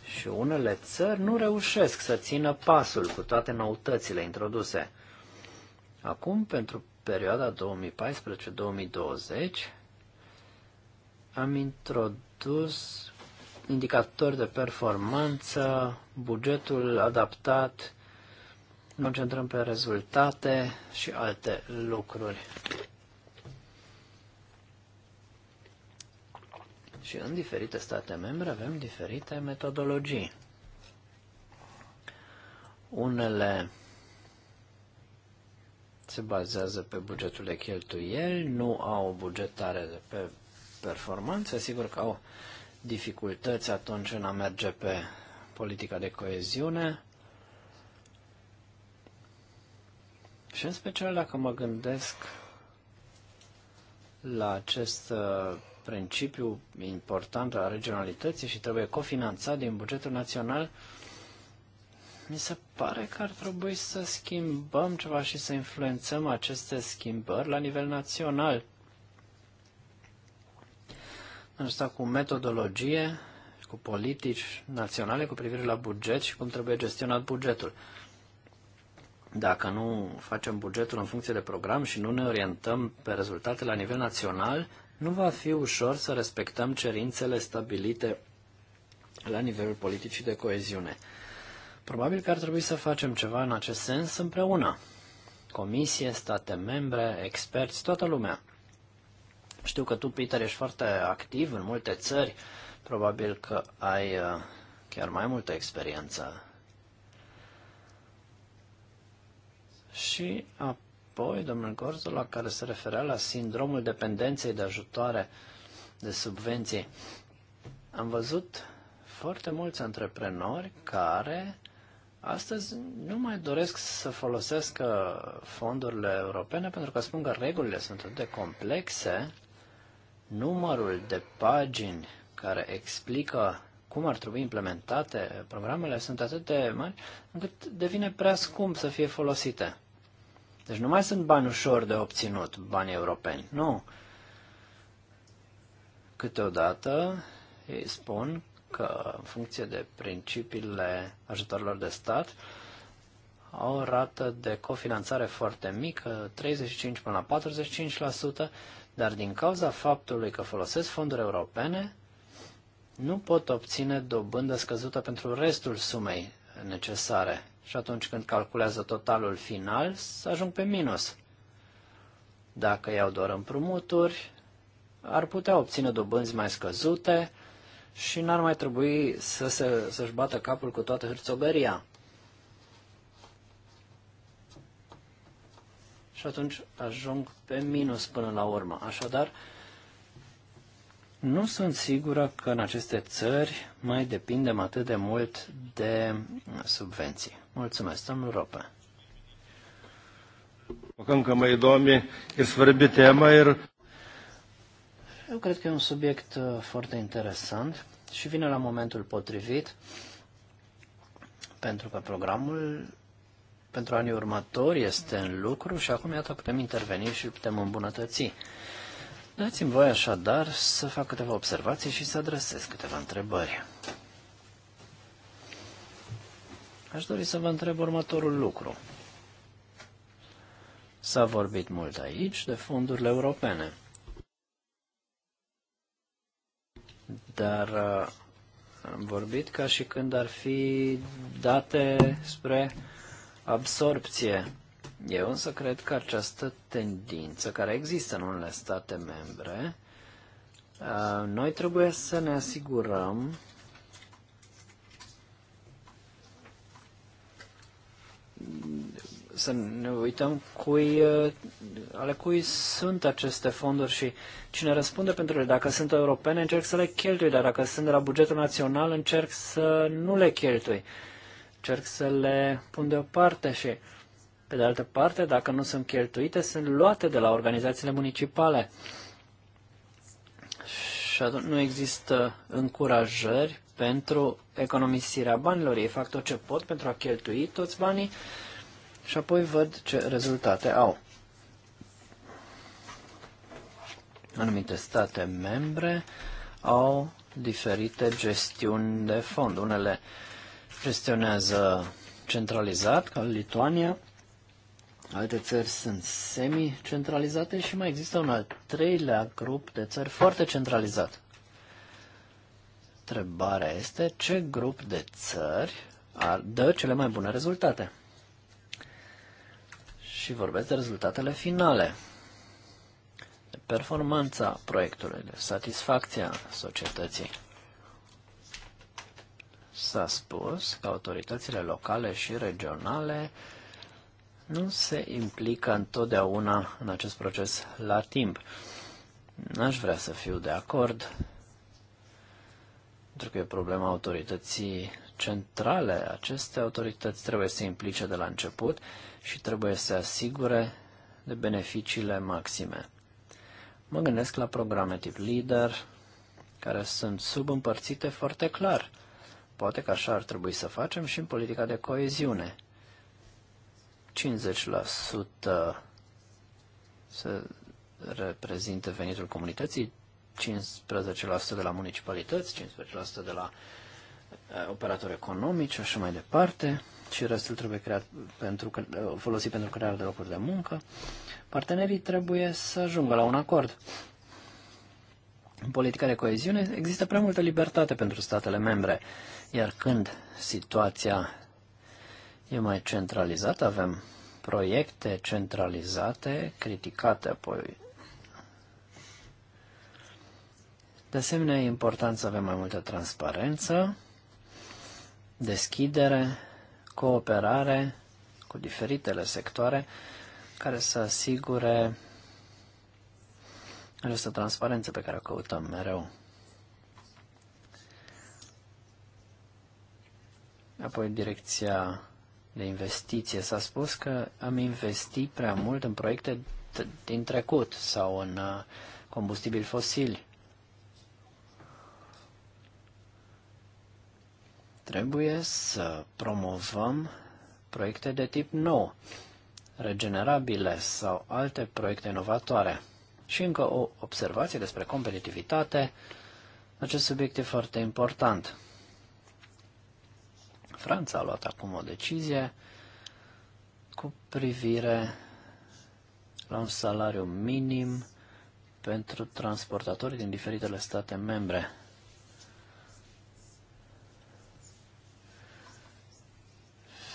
și unele țări nu reușesc să țină pasul cu toate noutățile introduse. Acum, pentru perioada 2014-2020, am introdus indicatori de performanță, bugetul adaptat, ne concentrăm pe rezultate și alte lucruri. Și în diferite state membre avem diferite metodologii. Unele se bazează pe bugetul de cheltuieli, nu au bugetare de pe performanțe, sigur că au dificultăți atunci în a merge pe politica de coeziune și în special dacă mă gândesc la acest uh, principiu important al regionalității și trebuie cofinanțat din bugetul național, mi se pare că ar trebui să schimbăm ceva și să influențăm aceste schimbări la nivel național însă cu metodologie cu politici naționale cu privire la buget și cum trebuie gestionat bugetul. Dacă nu facem bugetul în funcție de program și nu ne orientăm pe rezultate la nivel național, nu va fi ușor să respectăm cerințele stabilite la nivelul politicii de coeziune. Probabil că ar trebui să facem ceva în acest sens împreună. Comisie, state membre, experți, toată lumea. Știu că tu, Peter, ești foarte activ în multe țări. Probabil că ai uh, chiar mai multă experiență. Și apoi, domnul Gorzola, care se referea la sindromul dependenței de ajutoare de subvenții. Am văzut foarte mulți antreprenori care astăzi nu mai doresc să folosească fondurile europene pentru că spun că regulile sunt atât de complexe numărul de pagini care explică cum ar trebui implementate programele sunt atât de mari încât devine prea scump să fie folosite. Deci nu mai sunt bani ușor de obținut, bani europeni, nu. Câteodată ei spun că în funcție de principiile ajutorilor de stat au o rată de cofinanțare foarte mică, 35 până la 45%, dar din cauza faptului că folosesc fonduri europene, nu pot obține dobândă scăzută pentru restul sumei necesare. Și atunci când calculează totalul final, să ajung pe minus. Dacă iau doar împrumuturi, ar putea obține dobânzi mai scăzute și n-ar mai trebui să se, să-și bată capul cu toată hârțogăria. și atunci ajung pe minus până la urmă. Așadar, nu sunt sigură că în aceste țări mai depindem atât de mult de subvenții. Mulțumesc, domnul Rope. Pakankamai įdomi ir svarbi tema ir. Eu cred că e un subiect uh, foarte interesant și vine la momentul potrivit, pentru că programul pentru anii următori este în lucru și acum, iată, putem interveni și putem îmbunătăți. Dați-mi voi așadar să fac câteva observații și să adresez câteva întrebări. Aș dori să vă întreb următorul lucru. S-a vorbit mult aici de fondurile europene. Dar uh, am vorbit ca și când ar fi date spre absorpție. Eu însă cred că această tendință care există în unele state membre, noi trebuie să ne asigurăm să ne uităm cui, ale cui sunt aceste fonduri și cine răspunde pentru ele. Dacă sunt europene, încerc să le cheltui, dar dacă sunt de la bugetul național, încerc să nu le cheltui încerc să le pun deoparte și, pe de altă parte, dacă nu sunt cheltuite, sunt luate de la organizațiile municipale. Și atunci nu există încurajări pentru economisirea banilor. Ei fac tot ce pot pentru a cheltui toți banii și apoi văd ce rezultate au. Anumite state membre au diferite gestiuni de fond. Unele uh, gestionează centralizat, ca Lituania. Alte țări sunt semi-centralizate și mai există un al treilea grup de țări foarte centralizat. Întrebarea este ce grup de țări ar dă cele mai bune rezultate. Și vorbesc de rezultatele finale, de performanța proiectului, de satisfacția societății s-a spus că autoritățile locale și regionale nu se implică întotdeauna în acest proces la timp. N-aș vrea să fiu de acord, pentru că e problema autorității centrale. Aceste autorități trebuie să se implice de la început și trebuie să se asigure de beneficiile maxime. Mă gândesc la programe tip LEADER, care sunt subîmpărțite foarte clar – Poate că așa ar trebui să facem și în politica de coeziune. 50% să reprezinte venitul comunității, 15% de la municipalități, 15% de la eh, operatori economici și așa mai departe și restul trebuie creat pentru, eh, folosit pentru crearea de locuri de muncă, partenerii trebuie să ajungă la un acord. În politica de coeziune există prea multă libertate pentru statele membre iar când situația e mai centralizată, avem proiecte centralizate, criticate apoi. De asemenea, e important să avem mai multă transparență, deschidere, cooperare cu diferitele sectoare care să asigure această transparență pe care o căutăm mereu. Apoi direcția de investiție. S-a spus că am investit prea mult în proiecte din trecut sau în uh, combustibili fosili. Trebuie să promovăm proiecte de tip nou, regenerabile sau alte proiecte inovatoare. Și încă o observație despre competitivitate. Acest subiect e foarte important. Franța a luat acum o decizie cu privire la un salariu minim pentru transportatorii din diferitele state membre.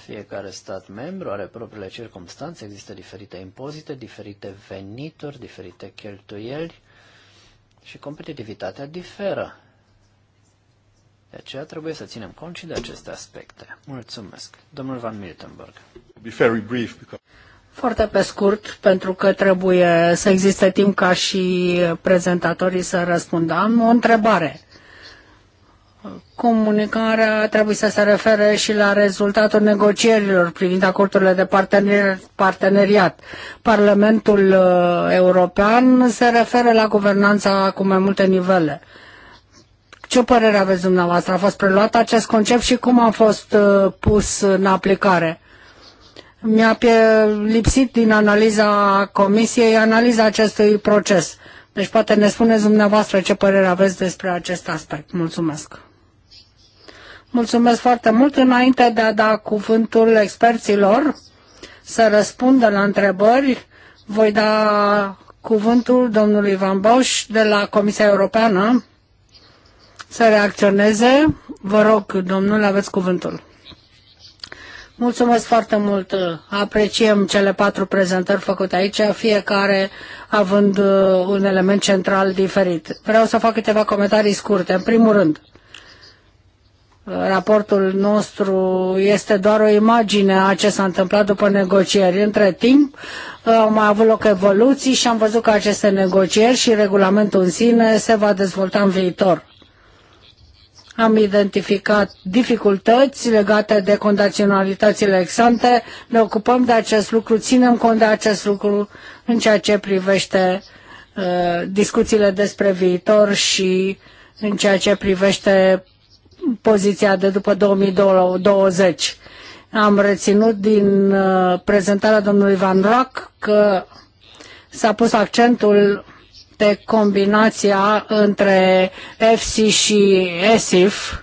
Fiecare stat membru are propriile circumstanțe, există diferite impozite, diferite venituri, diferite cheltuieli și competitivitatea diferă. De aceea trebuie să ținem cont și de aceste aspecte. Mulțumesc. Domnul Van Miltenberg. Foarte pe scurt, pentru că trebuie să existe timp ca și prezentatorii să răspundă. Am o întrebare. Comunicarea trebuie să se refere și la rezultatul negocierilor privind acordurile de parteneriat. Parlamentul uh, European se referă la guvernanța cu mai multe nivele. Ce părere aveți dumneavoastră? A fost preluat acest concept și cum a fost uh, pus în aplicare? Mi-a lipsit din analiza comisiei analiza acestui proces. Deci poate ne spuneți dumneavoastră ce părere aveți despre acest aspect. Mulțumesc! Mulțumesc foarte mult. Înainte de a da cuvântul experților să răspundă la întrebări, voi da cuvântul domnului Van Bosch de la Comisia Europeană să reacționeze. Vă rog, domnul, aveți cuvântul. Mulțumesc foarte mult. Apreciem cele patru prezentări făcute aici, fiecare având uh, un element central diferit. Vreau să fac câteva comentarii scurte. În primul rând, raportul nostru este doar o imagine a ce s-a întâmplat după negocieri. Între timp, uh, au mai avut loc evoluții și am văzut că aceste negocieri și regulamentul în sine se va dezvolta în viitor. Am identificat dificultăți legate de condaționalitățile exante. Ne ocupăm de acest lucru, ținem cont de acest lucru în ceea ce privește uh, discuțiile despre viitor și în ceea ce privește poziția de după 2020. Am reținut din uh, prezentarea domnului Van Rock că s-a pus accentul de combinația între EFSI și ESIF.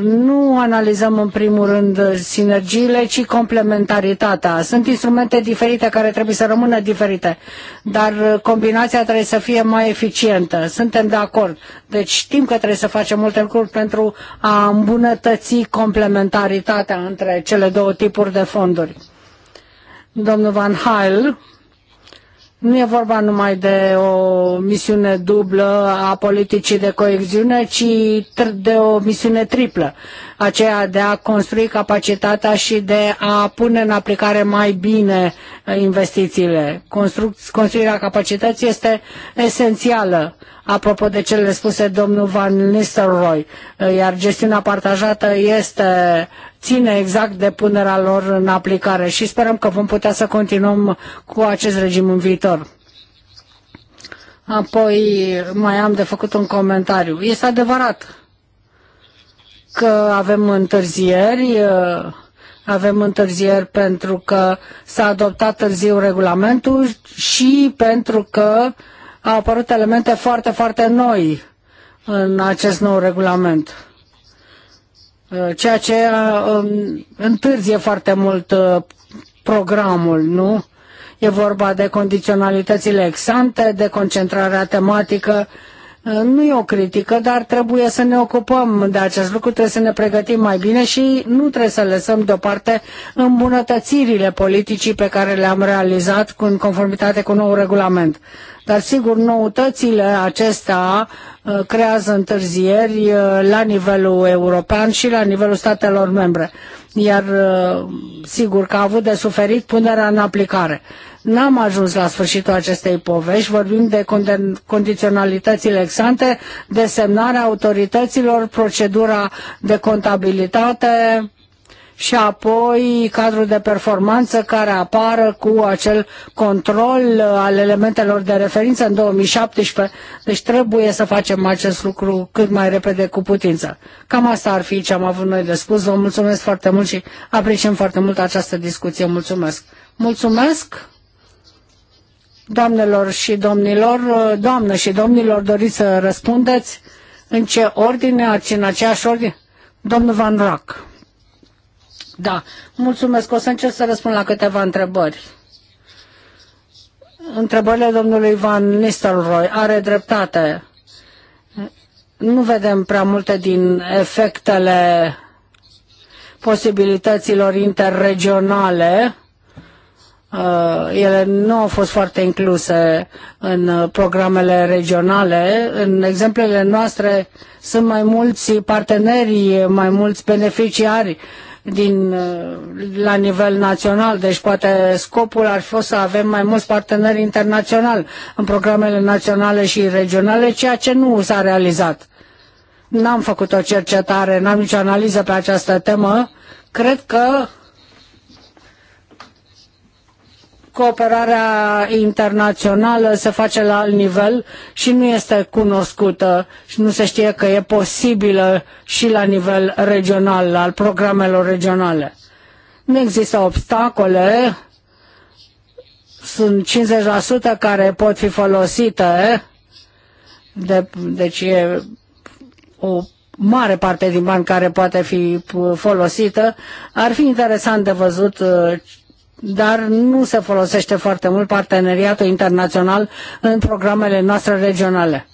Nu analizăm în primul rând sinergiile, ci complementaritatea. Sunt instrumente diferite care trebuie să rămână diferite, dar combinația trebuie să fie mai eficientă. Suntem de acord. Deci știm că trebuie să facem multe lucruri pentru a îmbunătăți complementaritatea între cele două tipuri de fonduri. Domnul Van Heil, nu e vorba numai de o misiune dublă a politicii de coeziune, ci de o misiune triplă, aceea de a construi capacitatea și de a pune în aplicare mai bine uh, investițiile. construirea capacității este esențială apropo de cele spuse domnul Van Nistelrooy, eh, iar gestiunea partajată este ține exact de punerea lor în aplicare și sperăm că vom putea să continuăm cu acest regim în viitor. Apoi mai am de făcut un comentariu. Este adevărat că avem întârzieri, eh, avem întârzieri pentru că s-a adoptat târziu regulamentul și pentru că uh, au apărut elemente foarte, foarte noi în acest nou regulament, uh, ceea ce uh, um, întârzie foarte mult uh, programul, nu? E vorba de condiționalitățile exante, de concentrarea tematică, Uh, nu e o critică, dar trebuie să ne ocupăm de acest lucru, trebuie să ne pregătim mai bine și nu trebuie să lăsăm deoparte îmbunătățirile politicii pe care le-am realizat în conformitate cu nou regulament. Dar sigur, noutățile acestea uh, creează întârzieri uh, la nivelul european și la nivelul statelor membre. Iar sigur că a avut de suferit punerea în aplicare. N-am ajuns la sfârșitul acestei povești, vorbim de condiționalitățile exante, semnarea autorităților, procedura de contabilitate și apoi cadrul de performanță care apară cu acel control al elementelor de referință în 2017. Deci trebuie să facem acest lucru cât mai repede cu putință. Cam asta ar fi ce am avut noi de spus. Vă mulțumesc foarte mult și apreciem foarte mult această discuție. Mulțumesc! Mulțumesc! Doamnelor și domnilor, doamnă și domnilor, doriți să răspundeți în ce ordine, în aceeași ordine? Domnul Van Rock. Da, mulțumesc. O să încerc să răspund la câteva întrebări. Întrebările domnului Van Nistelrooy are dreptate. Nu vedem prea multe din efectele posibilităților interregionale Uh, ele nu au fost foarte incluse în uh, programele regionale. În exemplele noastre sunt mai mulți parteneri, mai mulți beneficiari din, uh, la nivel național, deci poate scopul ar fi fost să avem mai mulți parteneri internaționali în programele naționale și regionale, ceea ce nu s-a realizat. N-am făcut o cercetare, n-am nicio analiză pe această temă. Cred că cooperarea internațională se face la alt nivel și nu este cunoscută și nu se știe că e posibilă și la nivel regional, al programelor regionale. Nu există obstacole, sunt 50% care pot fi folosite, de, deci e o mare parte din bani care poate fi folosită. Ar fi interesant de văzut dar nu se folosește foarte mult parteneriatul internațional în programele noastre regionale.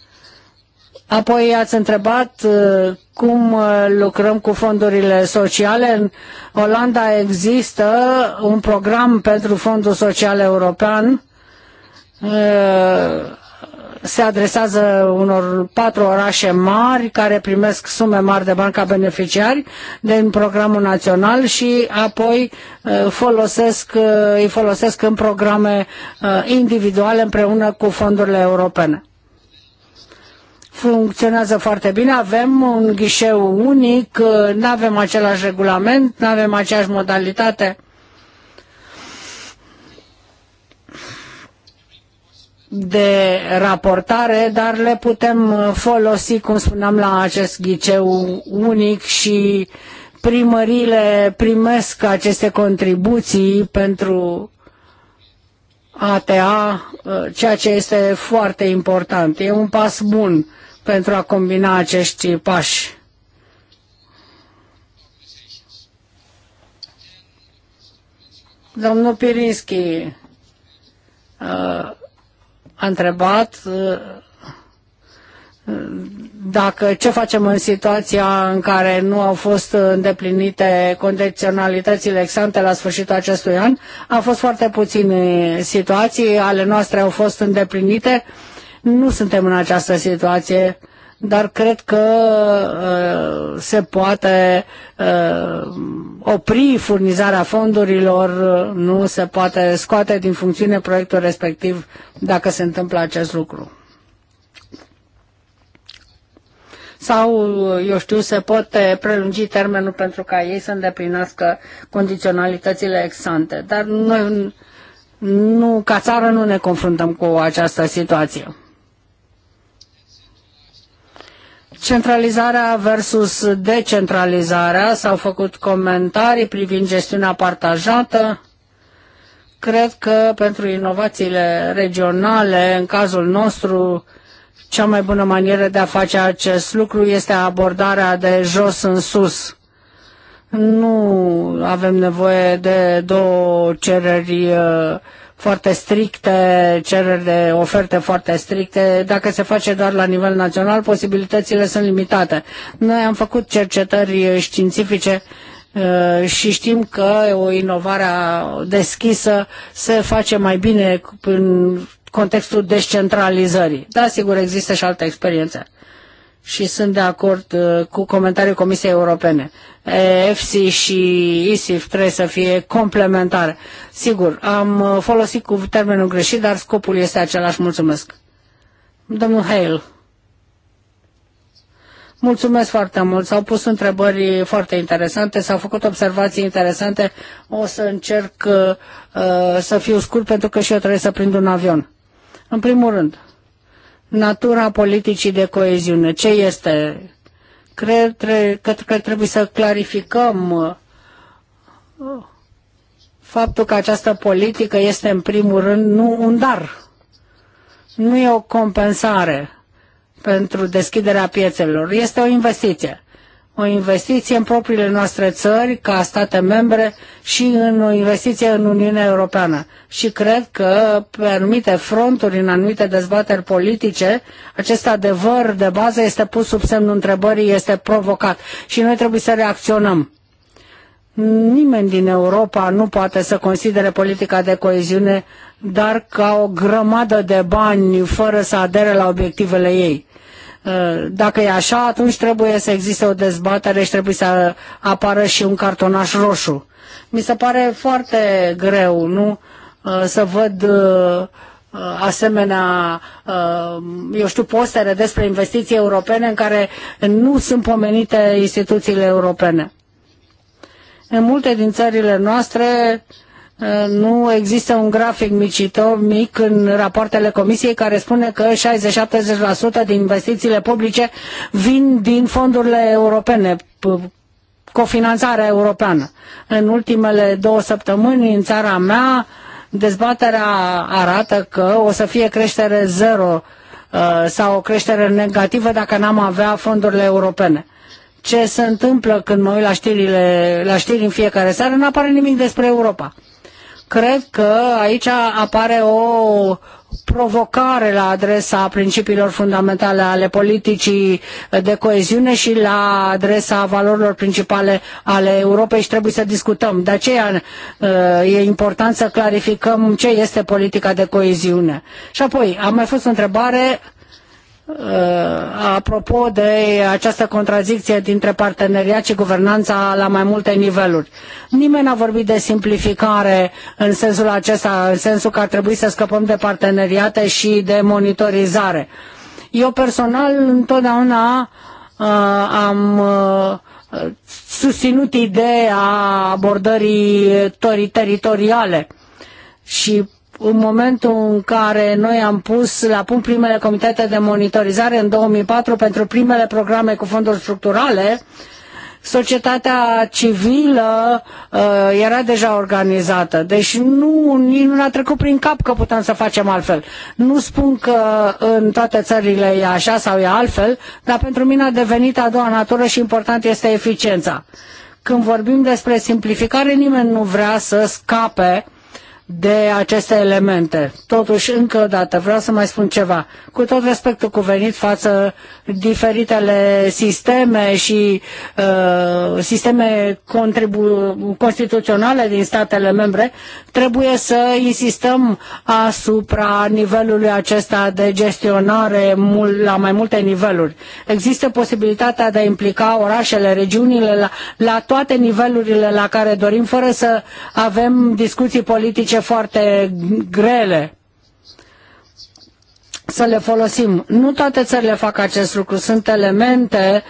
Apoi ați întrebat uh, cum uh, lucrăm cu fondurile sociale. În Olanda există un program pentru Fondul Social European uh, se adresează unor patru orașe mari care primesc sume mari de bani ca beneficiari din programul național și apoi uh, folosesc, uh, îi folosesc în programe uh, individuale împreună cu fondurile europene funcționează foarte bine, avem un ghișeu unic, nu avem același regulament, nu avem aceeași modalitate de raportare, dar le putem uh, folosi, cum spuneam, la acest ghiceu unic și primările primesc aceste contribuții pentru ATA, uh, ceea ce este foarte important. E un pas bun pentru a combina acești pași. Domnul Pirinski, a întrebat uh, dacă ce facem în situația în care nu au fost îndeplinite condiționalitățile exante la sfârșitul acestui an. Au fost foarte puține situații, ale noastre au fost îndeplinite. Nu suntem în această situație dar cred că uh, se poate uh, opri furnizarea fondurilor, uh, nu se poate scoate din funcțiune proiectul respectiv dacă se întâmplă acest lucru. Sau, eu știu, se poate prelungi termenul pentru ca ei să îndeplinească condiționalitățile exante. Dar noi, nu, ca țară, nu ne confruntăm cu această situație. Centralizarea versus decentralizarea, s-au făcut comentarii privind gestiunea partajată. Cred că pentru inovațiile regionale, în cazul nostru, cea mai bună manieră de a face acest lucru este abordarea de jos în sus. Nu avem nevoie de două cereri uh, foarte stricte, cereri de oferte foarte stricte. Dacă se face doar la nivel național, posibilitățile sunt limitate. Noi am făcut cercetări științifice uh, și știm că o inovare deschisă se face mai bine în contextul descentralizării. Da, sigur, există și alte experiențe și sunt de acord uh, cu comentariul Comisiei Europene. EFSI și ISIF trebuie să fie complementare. Sigur, am uh, folosit cu termenul greșit, dar scopul este același. Mulțumesc. Domnul Hale. Mulțumesc foarte mult. S-au pus întrebări foarte interesante, s-au făcut observații interesante. O să încerc uh, să fiu scurt pentru că și eu trebuie să prind un avion. În primul rând, natura politicii de coeziune. Ce este? Cred că, că trebuie să clarificăm uh, faptul că această politică este în primul rând nu un dar, nu e o compensare pentru deschiderea piețelor, este o investiție o investiție în propriile noastre țări ca state membre și în o investiție în Uniunea Europeană. Și cred că pe anumite fronturi, în anumite dezbateri politice, acest adevăr de bază este pus sub semnul întrebării, este provocat și noi trebuie să reacționăm. Nimeni din Europa nu poate să considere politica de coeziune dar ca o grămadă de bani fără să adere la obiectivele ei. Eh, dacă e așa, atunci trebuie să existe o dezbatere și trebuie să apară și un cartonaș roșu. Mi se pare foarte greu, nu? Eh, să văd eh, asemenea, eu știu, postere despre investiții europene în care nu sunt pomenite instituțiile europene. În multe din țările noastre, uh, Uh, nu există un grafic micitor mic în rapoartele comisiei care spune că 60-70% din investițiile publice vin din fondurile europene, cofinanțarea europeană. În ultimele două săptămâni în țara mea dezbaterea arată că o să fie creștere zero uh, sau o creștere negativă dacă n-am avea fondurile europene ce se întâmplă când mă uit la știrile, la știri în fiecare seară, nu apare nimic despre Europa. Cred că aici apare o provocare la adresa principiilor fundamentale ale politicii de coeziune și la adresa valorilor principale ale Europei și trebuie să discutăm. De aceea uh, e important să clarificăm ce este politica de coeziune. Și apoi, a mai fost o întrebare Uh, apropo de această contradicție dintre parteneriat și guvernanța la mai multe niveluri. Nimeni n-a vorbit de simplificare în sensul acesta, în sensul că ar trebui să scăpăm de parteneriate și de monitorizare. Eu personal întotdeauna uh, am uh, susținut ideea abordării teritoriale și în momentul în care noi am pus la punct primele comitete de monitorizare în 2004 pentru primele programe cu fonduri structurale, societatea civilă uh, era deja organizată. Deci nu, nici nu ne-a trecut prin cap că putem să facem altfel. Nu spun că în toate țările e așa sau e altfel, dar pentru mine a devenit a doua natură și important este eficiența. Când vorbim despre simplificare, nimeni nu vrea să scape de aceste elemente. Totuși, încă o dată, vreau să mai spun ceva. Cu tot respectul cuvenit față diferitele sisteme și uh, sisteme constituționale din statele membre, trebuie să insistăm asupra nivelului acesta de gestionare mult, la mai multe niveluri. Există posibilitatea de a implica orașele, regiunile la, la toate nivelurile la care dorim, fără să avem discuții politice foarte grele să le folosim. Nu toate țările fac acest lucru. Sunt elemente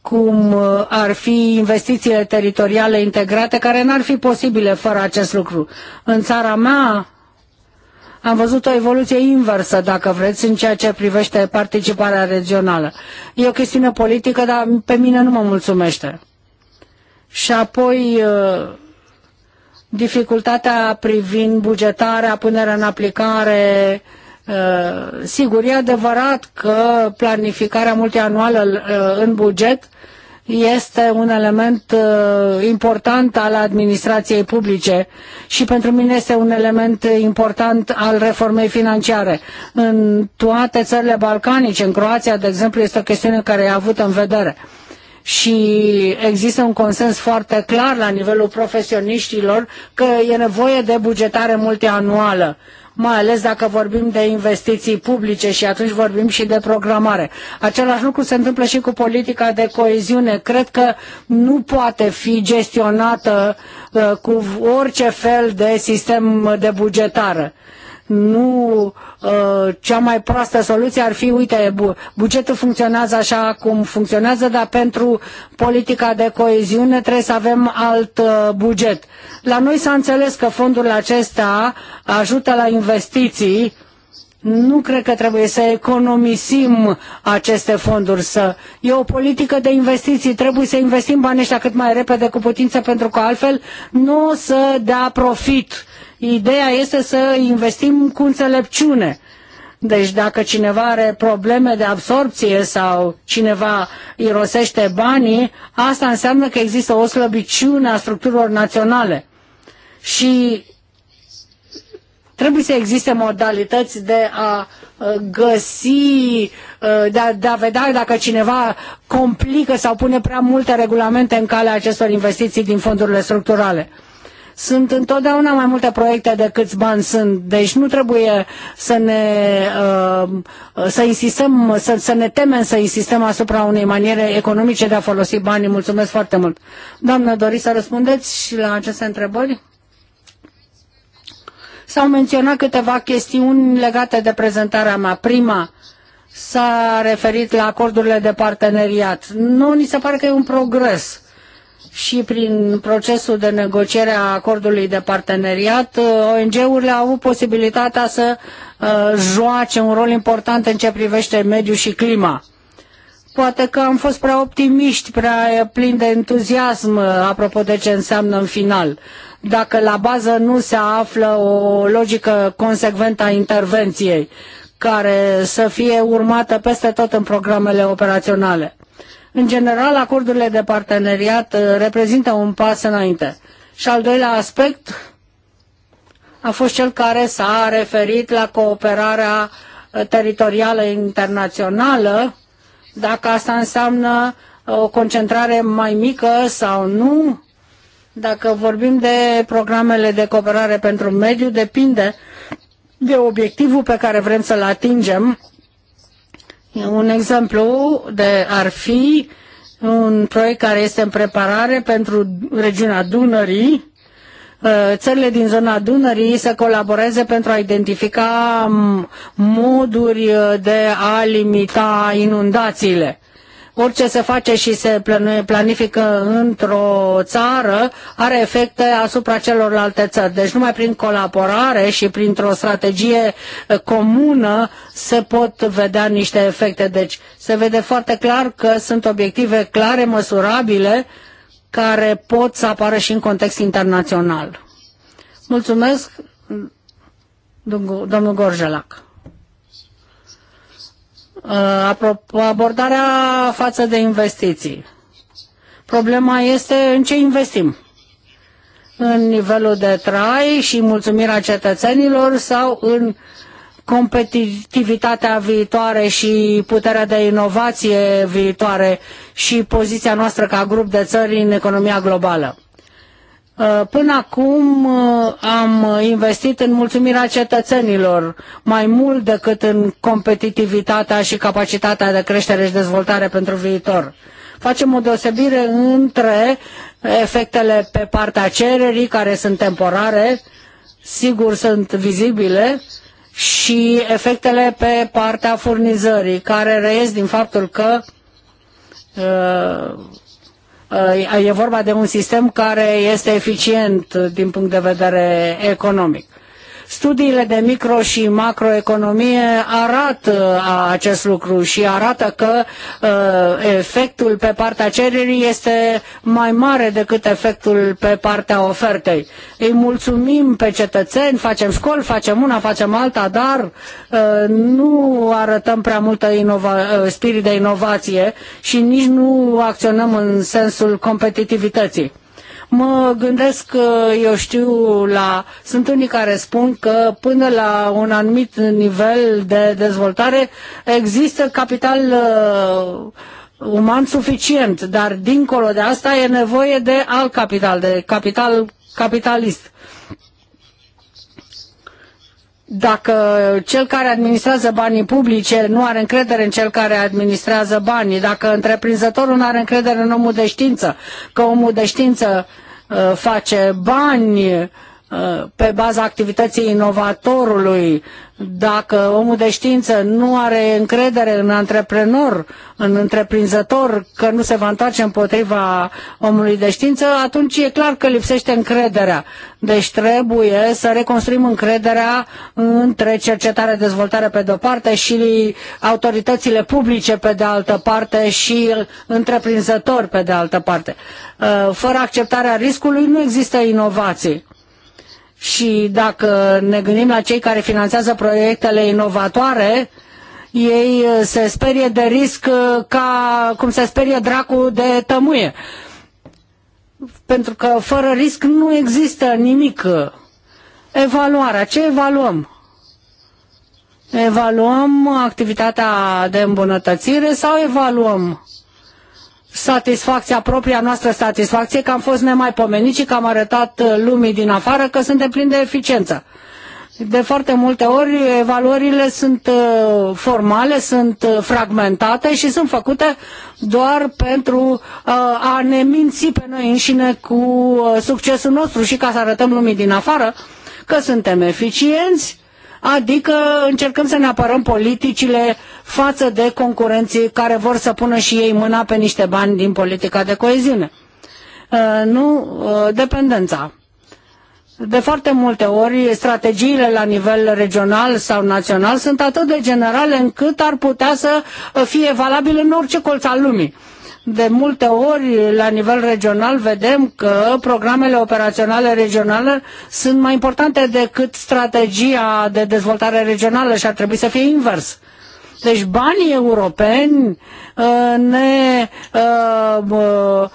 cum uh, ar fi investițiile teritoriale integrate, care n-ar fi posibile fără acest lucru. În țara mea am văzut o evoluție inversă, dacă vreți, în ceea ce privește participarea regională. E o chestiune politică, dar pe mine nu mă mulțumește. Și apoi uh, dificultatea privind bugetarea, punerea în aplicare. Uh, sigur, e adevărat că planificarea multianuală uh, în buget este un element uh, important al administrației publice și pentru mine este un element important al reformei financiare. În toate țările balcanice, în Croația, de exemplu, este o chestiune care e avută în vedere și există un consens foarte clar la nivelul profesioniștilor că e nevoie de bugetare multianuală mai ales dacă vorbim de investiții publice și atunci vorbim și de programare. Același lucru se întâmplă și cu politica de coeziune. Cred că nu poate fi gestionată uh, cu orice fel de sistem de bugetară. Uh, nu uh, cea mai proastă soluție ar fi, uite, bugetul funcționează așa cum funcționează, dar pentru politica de coeziune trebuie să avem alt uh, buget. La noi s-a înțeles că fondul acesta ajută la investiții, nu cred că trebuie să economisim aceste fonduri. Să... E o politică de investiții. Trebuie să investim banii ăștia cât mai repede cu putință, pentru că altfel nu o să dea profit Ideea este să investim cu înțelepciune. Deci dacă cineva are probleme de absorpție sau cineva irosește banii, asta înseamnă că există o slăbiciune a structurilor naționale. Și trebuie să existe modalități de a uh, găsi, uh, de a, de a vedea dacă cineva complică sau pune prea multe regulamente în calea acestor investiții din fondurile structurale. Sunt întotdeauna mai multe proiecte decât bani sunt, deci nu trebuie să ne uh, să insistăm, să, să ne temem să insistăm asupra unei maniere economice de a folosi banii. Mulțumesc foarte mult. Doamnă, doriți să răspundeți la aceste întrebări? S-au menționat câteva chestiuni legate de prezentarea mea. Prima, s-a referit la acordurile de parteneriat. Nu, ni se pare că e un progres și prin procesul de negociere a acordului de parteneriat, uh, ONG-urile au avut posibilitatea să uh, joace un rol important în ce privește mediul și clima. Poate că am fost prea optimiști, prea plini de entuziasm uh, apropo de ce înseamnă în final. Dacă la bază nu se află o logică consecventă a intervenției, care să fie urmată peste tot în programele operaționale. În general, acordurile de parteneriat uh, reprezintă un pas înainte. Și al doilea aspect a fost cel care s-a referit la cooperarea uh, teritorială internațională, dacă asta înseamnă uh, o concentrare mai mică sau nu. Dacă vorbim de programele de cooperare pentru mediu, depinde de obiectivul pe care vrem să-l atingem un exemplu de ar fi un proiect care este în preparare pentru regiunea Dunării, uh, țările din zona Dunării să colaboreze pentru a identifica moduri uh, de a limita inundațiile. Orice se face și se planifică într-o țară are efecte asupra celorlalte țări. Deci numai prin colaborare și printr-o strategie eh, comună se pot vedea niște efecte. Deci se vede foarte clar că sunt obiective clare, măsurabile, care pot să apară și în context internațional. Mulțumesc, domnul Gorjelac. Uh, abordarea față de investiții. Problema este în ce investim. În nivelul de trai și mulțumirea cetățenilor sau în competitivitatea viitoare și puterea de inovație viitoare și poziția noastră ca grup de țări în economia globală. Uh, până acum uh, am investit în mulțumirea cetățenilor mai mult decât în competitivitatea și capacitatea de creștere și dezvoltare pentru viitor. Facem o deosebire între efectele pe partea cererii, care sunt temporare, sigur sunt vizibile, și efectele pe partea furnizării, care reiesc din faptul că uh, Uh, e vorba de un sistem care este eficient din punct de vedere economic. Studiile de micro și macroeconomie arată uh, acest lucru și arată că uh, efectul pe partea cererii este mai mare decât efectul pe partea ofertei. Îi mulțumim pe cetățeni, facem școli, facem una, facem alta, dar uh, nu arătăm prea multă inova- spirit de inovație și nici nu acționăm în sensul competitivității. Mă gândesc, eu știu, la... Sunt unii care spun că până la un anumit nivel de dezvoltare există capital uh, uman suficient, dar dincolo de asta e nevoie de alt capital, de capital capitalist dacă cel care administrează banii publice nu are încredere în cel care administrează banii, dacă întreprinzătorul nu are încredere în omul de știință, că omul de știință Uh, face bani Uh, pe baza activității inovatorului, dacă omul de știință nu are încredere în antreprenor, în întreprinzător, că nu se va întoarce împotriva omului de știință, atunci e clar că lipsește încrederea. Deci trebuie să reconstruim încrederea între cercetare, dezvoltare pe de-o parte și autoritățile publice pe de altă parte și întreprinzători pe de altă parte. Uh, fără acceptarea riscului nu există inovații și dacă ne gândim la cei care finanțează proiectele inovatoare, ei uh, se sperie de risc uh, ca cum se sperie dracu de tămâie. Pentru că fără risc nu există nimic. Evaluarea. Ce evaluăm? Evaluăm activitatea de îmbunătățire sau evaluăm satisfacția, propria noastră satisfacție că am fost nemaipomeniți și că am arătat uh, lumii din afară că suntem plini de eficiență. De foarte multe ori evaluările sunt uh, formale, sunt uh, fragmentate și sunt făcute doar pentru a ne minți pe noi înșine cu succesul nostru și ca să arătăm lumii din afară că suntem eficienți adică încercăm să ne apărăm politicile față de concurenții care vor să pună și ei mâna pe niște bani din politica de coeziune. Uh, nu, uh, dependența. De foarte multe ori, strategiile la nivel regional sau național sunt atât de generale încât ar putea să fie valabile în orice colț al lumii. De multe ori, la nivel regional, vedem că programele operaționale regionale sunt mai importante decât strategia de dezvoltare regională și ar trebui să fie invers. Deci banii europeni uh, ne uh,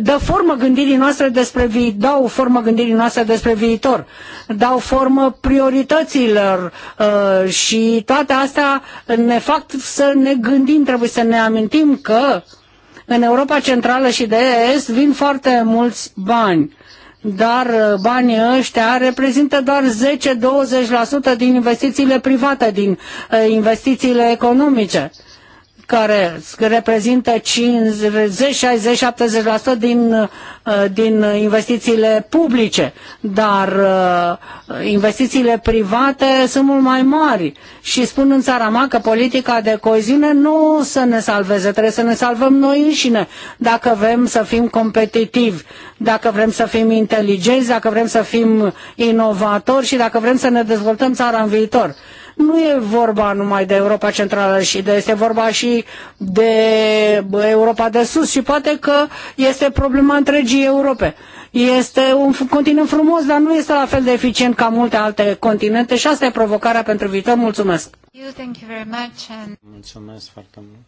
dă formă gândirii noastre despre viitor, dau formă gândirii noastre despre viitor, dau formă priorităților uh, și toate astea ne fac să ne gândim, trebuie să ne amintim că în Europa Centrală și de Est vin foarte mulți bani, dar uh, banii ăștia reprezintă doar 10-20% din investițiile private, din uh, investițiile economice care reprezintă 50, 60, 70% din, uh, din investițiile publice, dar uh, investițiile private sunt mult mai mari. Și spun în țara mea că politica de coeziune nu o să ne salveze, trebuie să ne salvăm noi înșine, dacă vrem să fim competitivi, dacă vrem să fim inteligenți, dacă vrem să fim inovatori și dacă vrem să ne dezvoltăm țara în viitor nu e vorba numai de Europa Centrală și de, este vorba și de Europa de Sus și poate că este problema întregii Europe. Este un continent frumos, dar nu este la fel de eficient ca multe alte continente și asta e provocarea pentru viitor. Mulțumesc! Mulțumesc foarte mult!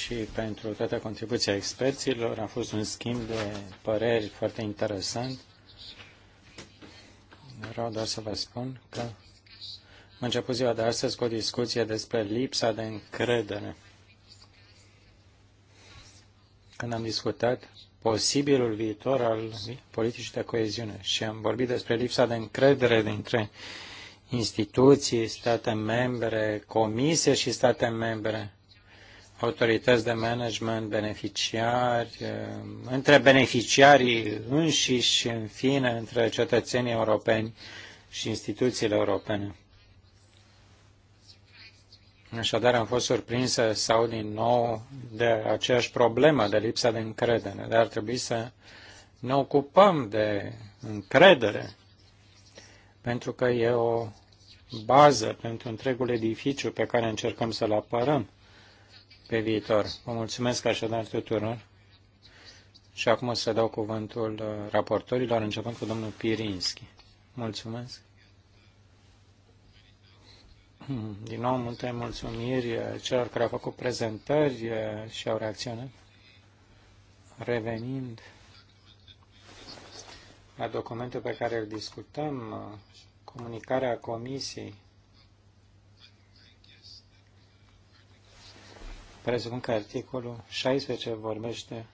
și pentru toată contribuția experților. A fost un schimb de păreri foarte interesant. Vreau doar să vă spun că am început ziua de astăzi cu o discuție despre lipsa de încredere. Când am discutat posibilul viitor al politicii de coeziune și am vorbit despre lipsa de încredere dintre instituții, state membre, comisie și state membre autorități de management, beneficiari, eh, între beneficiarii înșiși și, în fine, între cetățenii europeni și instituțiile europene. Așadar, am fost surprinsă sau din nou de aceeași problemă de lipsa de încredere, dar ar trebui să ne ocupăm de încredere, pentru că e o bază pentru întregul edificiu pe care încercăm să-l apărăm pe viitor. Vă mulțumesc așadar tuturor și acum o să dau cuvântul uh, raportorilor, începând cu domnul Pirinski. Mulțumesc. Din nou, multe mulțumiri uh, celor care au făcut prezentări uh, și au reacționat. Revenind la documentul pe care îl discutăm, comunicarea Comisiei Presupun că articolul 16 vorbește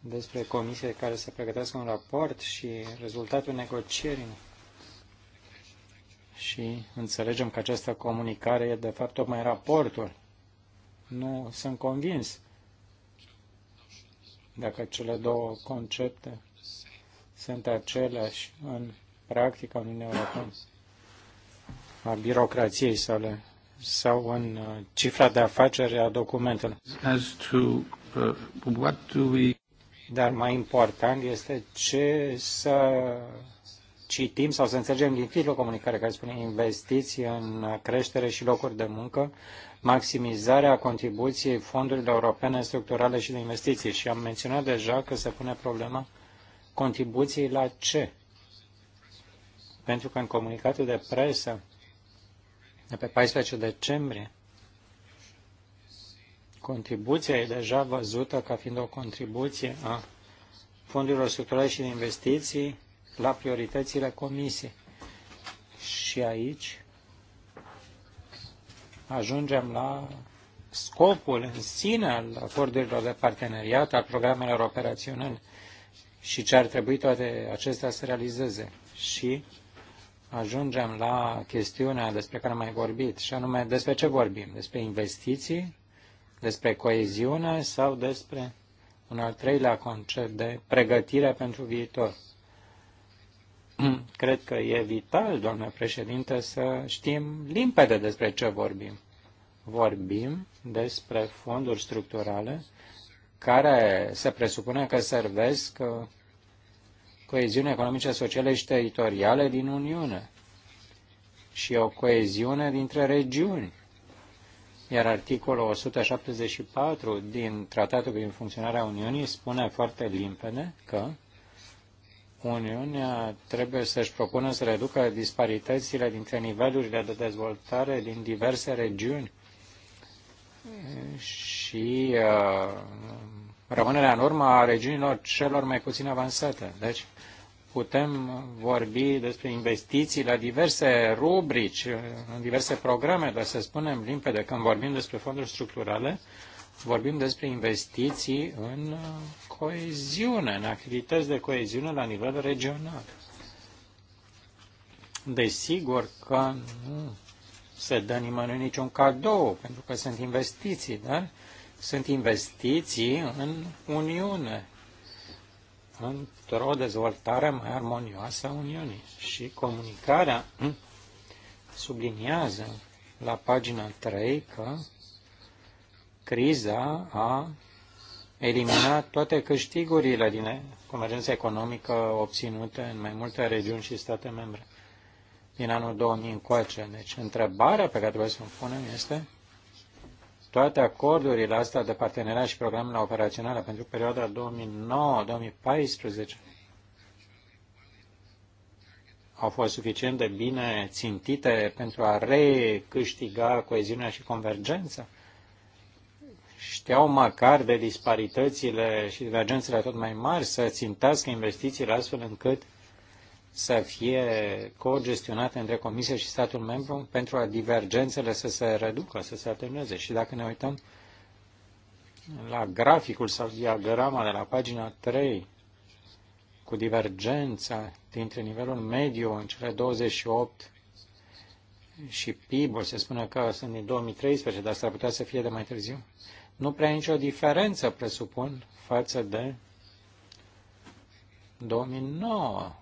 despre comisie care să pregătească un raport și rezultatul negocierii. Și înțelegem că această comunicare e de fapt tocmai raportul. Nu sunt convins dacă cele două concepte sunt aceleași în practica Uniunii Europene a birocrației sale sau în uh, cifra de afaceri a documentelor. As to, uh, what do we... Dar mai important este ce să citim sau să înțelegem din titlul comunicare care spune investiții în creștere și locuri de muncă, maximizarea contribuției fondurilor europene structurale și de investiții. Și am menționat deja că se pune problema contribuției la ce? Pentru că în comunicatul de presă de pe 14 decembrie, contribuția e deja văzută ca fiind o contribuție a fondurilor structurale și de investiții la prioritățile comisiei. Și aici ajungem la scopul în sine al acordurilor de parteneriat, al programelor operaționale și ce ar trebui toate acestea să realizeze. Și ajungem la chestiunea despre care am mai vorbit, și anume despre ce vorbim? Despre investiții, despre coeziune sau despre un al treilea concept de pregătire pentru viitor? Cred că e vital, doamnă președinte, să știm limpede despre ce vorbim. Vorbim despre fonduri structurale care se presupune că servesc coeziune economice, sociale și teritoriale din Uniune și o coeziune dintre regiuni. Iar articolul 174 din Tratatul prin funcționarea Uniunii spune foarte limpede că Uniunea trebuie să-și propună să reducă disparitățile dintre nivelurile de dezvoltare din diverse regiuni și uh, rămânerea în urmă a regiunilor celor mai puțin avansate. Deci putem vorbi despre investiții la diverse rubrici, în diverse programe, dar să spunem limpede, când vorbim despre fonduri structurale, vorbim despre investiții în coeziune, în activități de coeziune la nivel regional. Desigur că nu se dă nimănui niciun cadou, pentru că sunt investiții, dar sunt investiții în Uniune, într-o dezvoltare mai armonioasă a Uniunii. Și comunicarea subliniază la pagina 3 că criza a eliminat toate câștigurile din convergența economică obținute în mai multe regiuni și state membre din anul 2000 încoace. Deci întrebarea pe care trebuie să o punem este toate acordurile astea de parteneriat și programele operaționale pentru perioada 2009-2014 au fost suficient de bine țintite pentru a recâștiga coeziunea și convergența? Știau măcar de disparitățile și divergențele tot mai mari să țintească investițiile astfel încât să fie cogestionate între Comisie și statul membru pentru a divergențele să se reducă, să se atenueze. Și dacă ne uităm la graficul sau diagrama de la pagina 3 cu divergența dintre nivelul mediu în cele 28 și PIB-ul, se spune că sunt din 2013, dar s-ar putea să fie de mai târziu, nu prea nicio diferență, presupun, față de 2009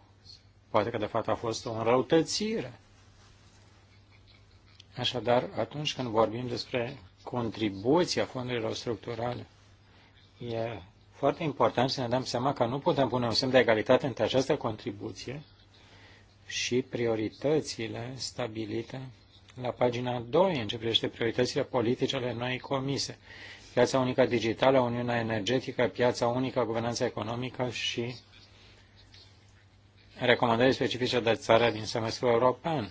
Poate că de fapt a fost o înrăutățire. Așadar, atunci când vorbim despre contribuția fondurilor structurale, e foarte important să ne dăm seama că nu putem pune un semn de egalitate între această contribuție și prioritățile stabilite la pagina 2 în ce privește prioritățile politice ale noi comise. Piața unică digitală, Uniunea energetică, piața unică, guvernanța economică și recomandări specifice de țară din semestrul european.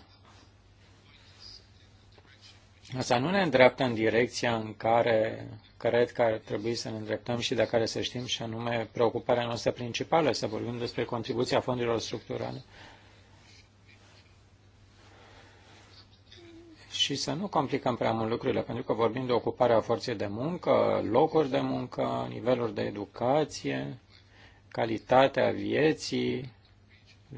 Asta nu ne îndreaptă în direcția în care cred că ar trebui să ne îndreptăm și de care să știm, și anume preocuparea noastră principală, să vorbim despre contribuția fondurilor structurale și să nu complicăm prea mult lucrurile, pentru că vorbim de ocuparea forței de muncă, locuri de muncă, niveluri de educație, calitatea vieții,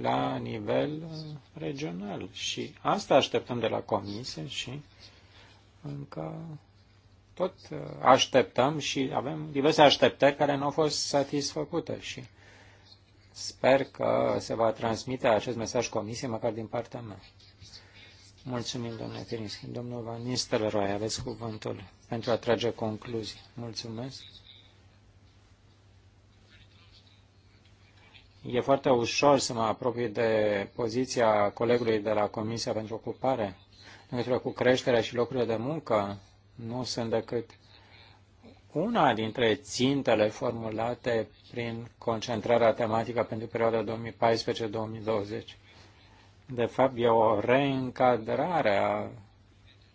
la nivel regional. Și asta așteptăm de la comisie și încă tot uh, așteptăm și avem diverse așteptări care nu au fost satisfăcute și sper că se va transmite acest mesaj comisiei, măcar din partea mea. Mulțumim, domnule Tirinski. Domnul Van Nistelrooy, aveți cuvântul pentru a trage concluzii. Mulțumesc. E foarte ușor să mă apropii de poziția colegului de la Comisia pentru Ocupare în legătură cu creșterea și locurile de muncă. Nu sunt decât una dintre țintele formulate prin concentrarea tematică pentru perioada 2014-2020. De fapt, e o reîncadrare a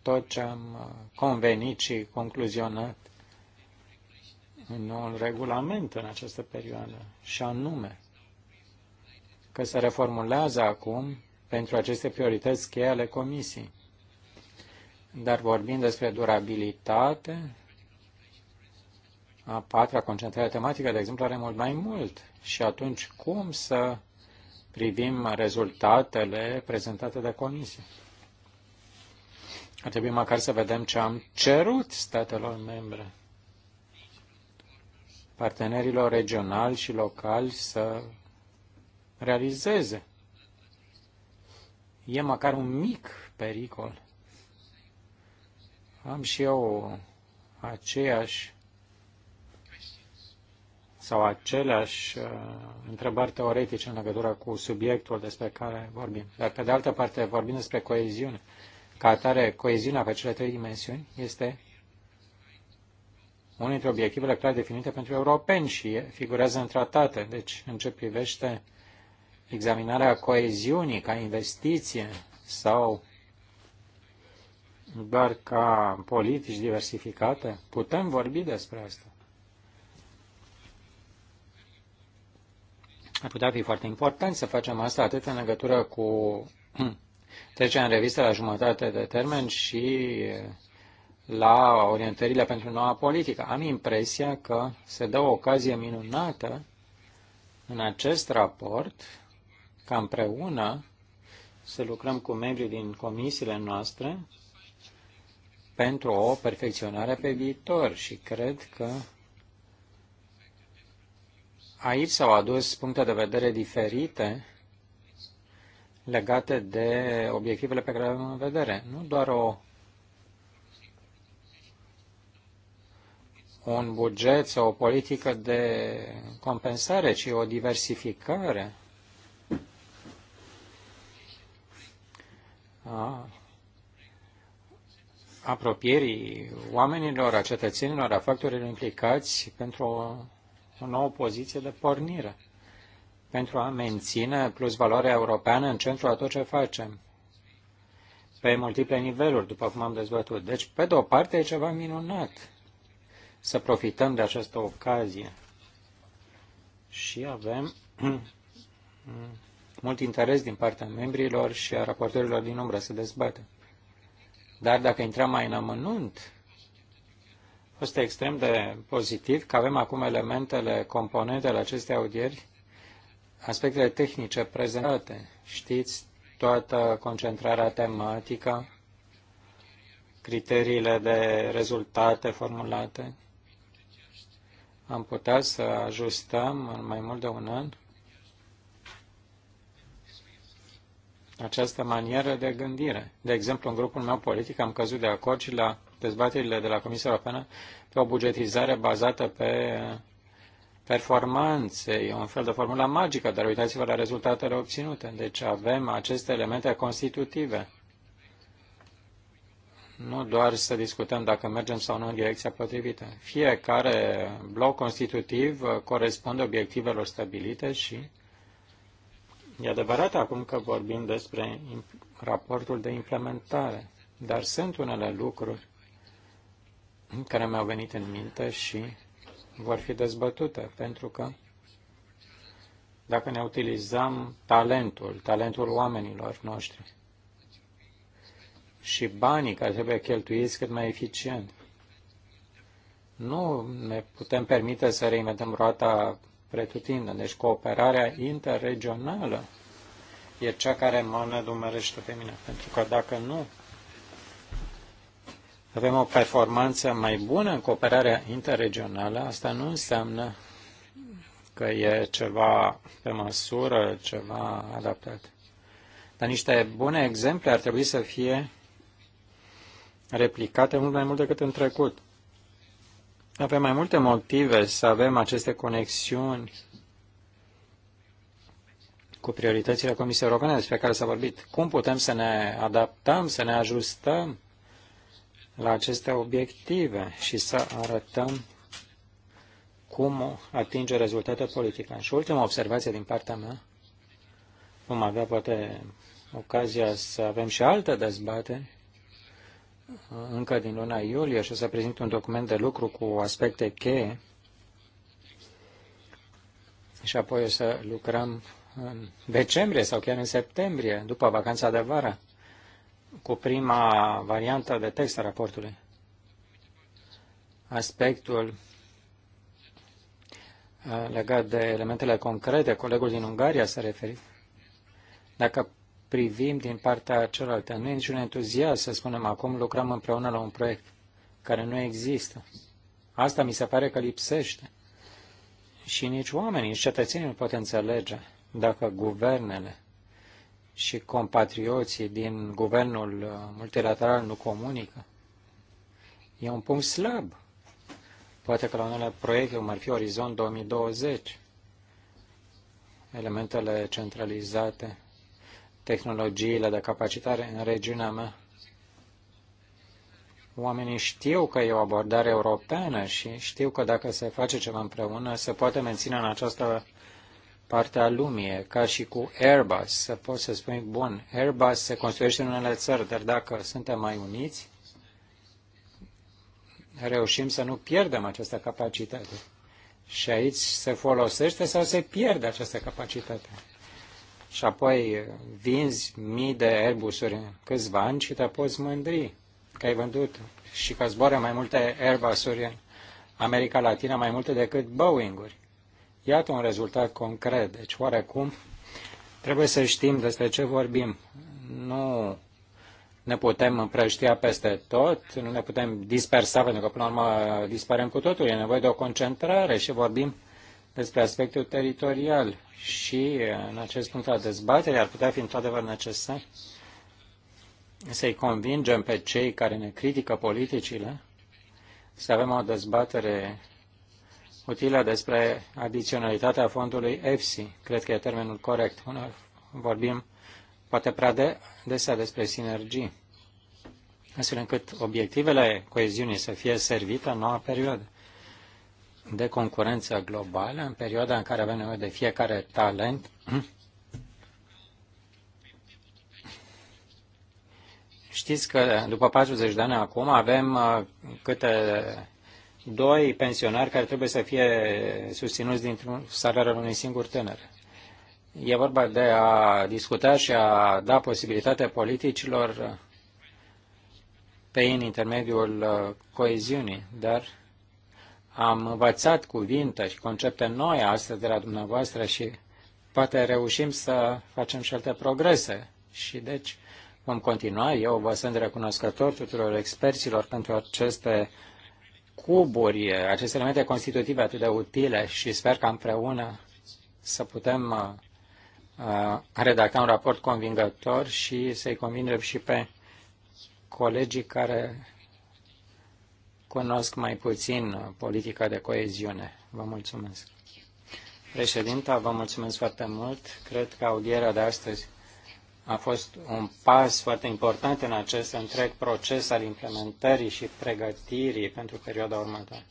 tot ce am convenit și concluzionat în noul regulament în această perioadă, și anume că se reformulează acum pentru aceste priorități cheie ale Comisiei. Dar vorbind despre durabilitate, a patra concentrare tematică, de exemplu, are mult mai mult. Și atunci, cum să privim rezultatele prezentate de Comisie? Ar trebui măcar să vedem ce am cerut statelor membre, partenerilor regionali și locali să realizeze. E măcar un mic pericol. Am și eu aceeași sau aceleași uh, întrebări teoretice în legătură cu subiectul despre care vorbim. Dar, pe de altă parte, vorbim despre coeziune. Ca atare, coeziunea pe cele trei dimensiuni este unul dintre obiectivele clar definite pentru europeni și figurează în tratate. Deci, în ce privește uh, examinarea coeziunii ca investiție sau doar ca politici diversificate? Putem vorbi despre asta. Ar putea fi foarte important să facem asta atât în legătură cu trecerea în revistă la jumătate de termen și la orientările pentru noua politică. Am impresia că se dă o ocazie minunată în acest raport ca împreună să lucrăm cu membrii din comisiile noastre pentru o perfecționare pe viitor și cred că aici s-au adus puncte de vedere diferite legate de obiectivele pe care le avem în vedere. Nu doar o, un buget sau o politică de compensare, ci o diversificare apropierii oamenilor, a cetățenilor, a factorilor implicați pentru o, o nouă poziție de pornire, pentru a menține plus valoarea europeană în centru a tot ce facem, pe multiple niveluri, după cum am dezbătut. Deci, pe de o parte, e ceva minunat să profităm de această ocazie. Și avem mult interes din partea membrilor și a raportorilor din umbră să dezbate. Dar dacă intrăm mai în amănunt, fost extrem de pozitiv că avem acum elementele, componentele acestei audieri, aspectele tehnice prezentate. Știți, toată concentrarea tematică, criteriile de rezultate formulate. Am putea să ajustăm în mai mult de un an această manieră de gândire. De exemplu, în grupul meu politic am căzut de acord și la dezbaterile de la Comisia Europeană pe o bugetizare bazată pe performanțe. E un fel de formulă magică, dar uitați-vă la rezultatele obținute. Deci avem aceste elemente constitutive. Nu doar să discutăm dacă mergem sau nu în direcția potrivită. Fiecare bloc constitutiv uh, corespunde obiectivelor stabilite și E adevărat acum că vorbim despre raportul de implementare, dar sunt unele lucruri care mi-au venit în minte și vor fi dezbătute, pentru că dacă ne utilizăm talentul, talentul oamenilor noștri și banii care trebuie cheltuiți cât mai eficient, nu ne putem permite să reinventăm roata pretutindă. Deci cooperarea interregională e cea care mă nedumerește pe mine. Pentru că dacă nu avem o performanță mai bună în cooperarea interregională, asta nu înseamnă că e ceva pe măsură, ceva adaptat. Dar niște bune exemple ar trebui să fie replicate mult mai mult decât în trecut. Avem mai multe motive să avem aceste conexiuni cu prioritățile Comisiei Europene despre care s-a vorbit. Cum putem să ne adaptăm, să ne ajustăm la aceste obiective și să arătăm cum atinge rezultate politice. Și ultima observație din partea mea, vom avea poate ocazia să avem și alte dezbateri încă din luna iulie și o să prezint un document de lucru cu aspecte cheie și apoi o să lucrăm în decembrie sau chiar în septembrie, după vacanța de vară, cu prima variantă de text a raportului. Aspectul uh, legat de elementele concrete, colegul din Ungaria s-a referit. Dacă privim din partea cealaltă. Nu e niciun entuziasm să spunem acum lucrăm împreună la un proiect care nu există. Asta mi se pare că lipsește. Și nici oamenii, nici cetățenii nu pot înțelege dacă guvernele și compatrioții din guvernul uh, multilateral nu comunică. E un punct slab. Poate că la unele proiecte, cum ar fi Orizont 2020, elementele centralizate tehnologiile de capacitare în regiunea mea. Oamenii știu că e o abordare europeană și știu că dacă se face ceva împreună, se poate menține în această parte a lumii, ca și cu Airbus. Să poți să spui, bun, Airbus se construiește în unele țări, dar dacă suntem mai uniți, reușim să nu pierdem această capacitate. Și aici se folosește sau se pierde această capacitate și apoi vinzi mii de Airbusuri în câțiva ani și te poți mândri că ai vândut și că zboară mai multe Airbusuri în America Latina, mai multe decât Boeing-uri. Iată un rezultat concret. Deci, oarecum, trebuie să știm despre ce vorbim. Nu ne putem împrăștia peste tot, nu ne putem dispersa, pentru că, până la urmă, dispărem cu totul. E nevoie de o concentrare și vorbim despre aspectul teritorial și în acest punct al dezbaterii ar putea fi într-adevăr necesar să-i convingem pe cei care ne critică politicile să avem o dezbatere utilă despre adiționalitatea fondului EFSI. Cred că e termenul corect. Unor vorbim poate prea de, desea despre sinergii, astfel încât obiectivele coeziunii să fie servite în noua perioadă de concurență globală, în perioada în care avem nevoie de fiecare talent, știți că după 40 de ani acum avem uh, câte doi pensionari care trebuie să fie susținuți dintr-un salariu unui singur tânăr. E vorba de a discuta și a da posibilitatea politicilor pe în intermediul uh, coeziunii, dar am învățat cuvinte și concepte noi astăzi de la dumneavoastră și poate reușim să facem și alte progrese. Și deci vom continua. Eu vă sunt recunoscător tuturor experților pentru aceste cuburi, aceste elemente constitutive atât de utile și sper că împreună să putem uh, uh, redacta un raport convingător și să-i convingem și pe colegii care cunosc mai puțin uh, politica de coeziune. Vă mulțumesc. Președinta, vă mulțumesc foarte mult. Cred că audierea de astăzi a fost un pas foarte important în acest întreg proces al implementării și pregătirii pentru perioada următoare.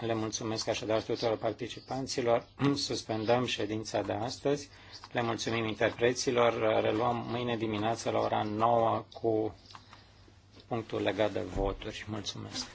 Le mulțumesc așadar tuturor participanților. Suspendăm ședința de astăzi. Le mulțumim interpreților. Reluăm mâine dimineață la ora 9 cu punctul legat de voturi. Mulțumesc.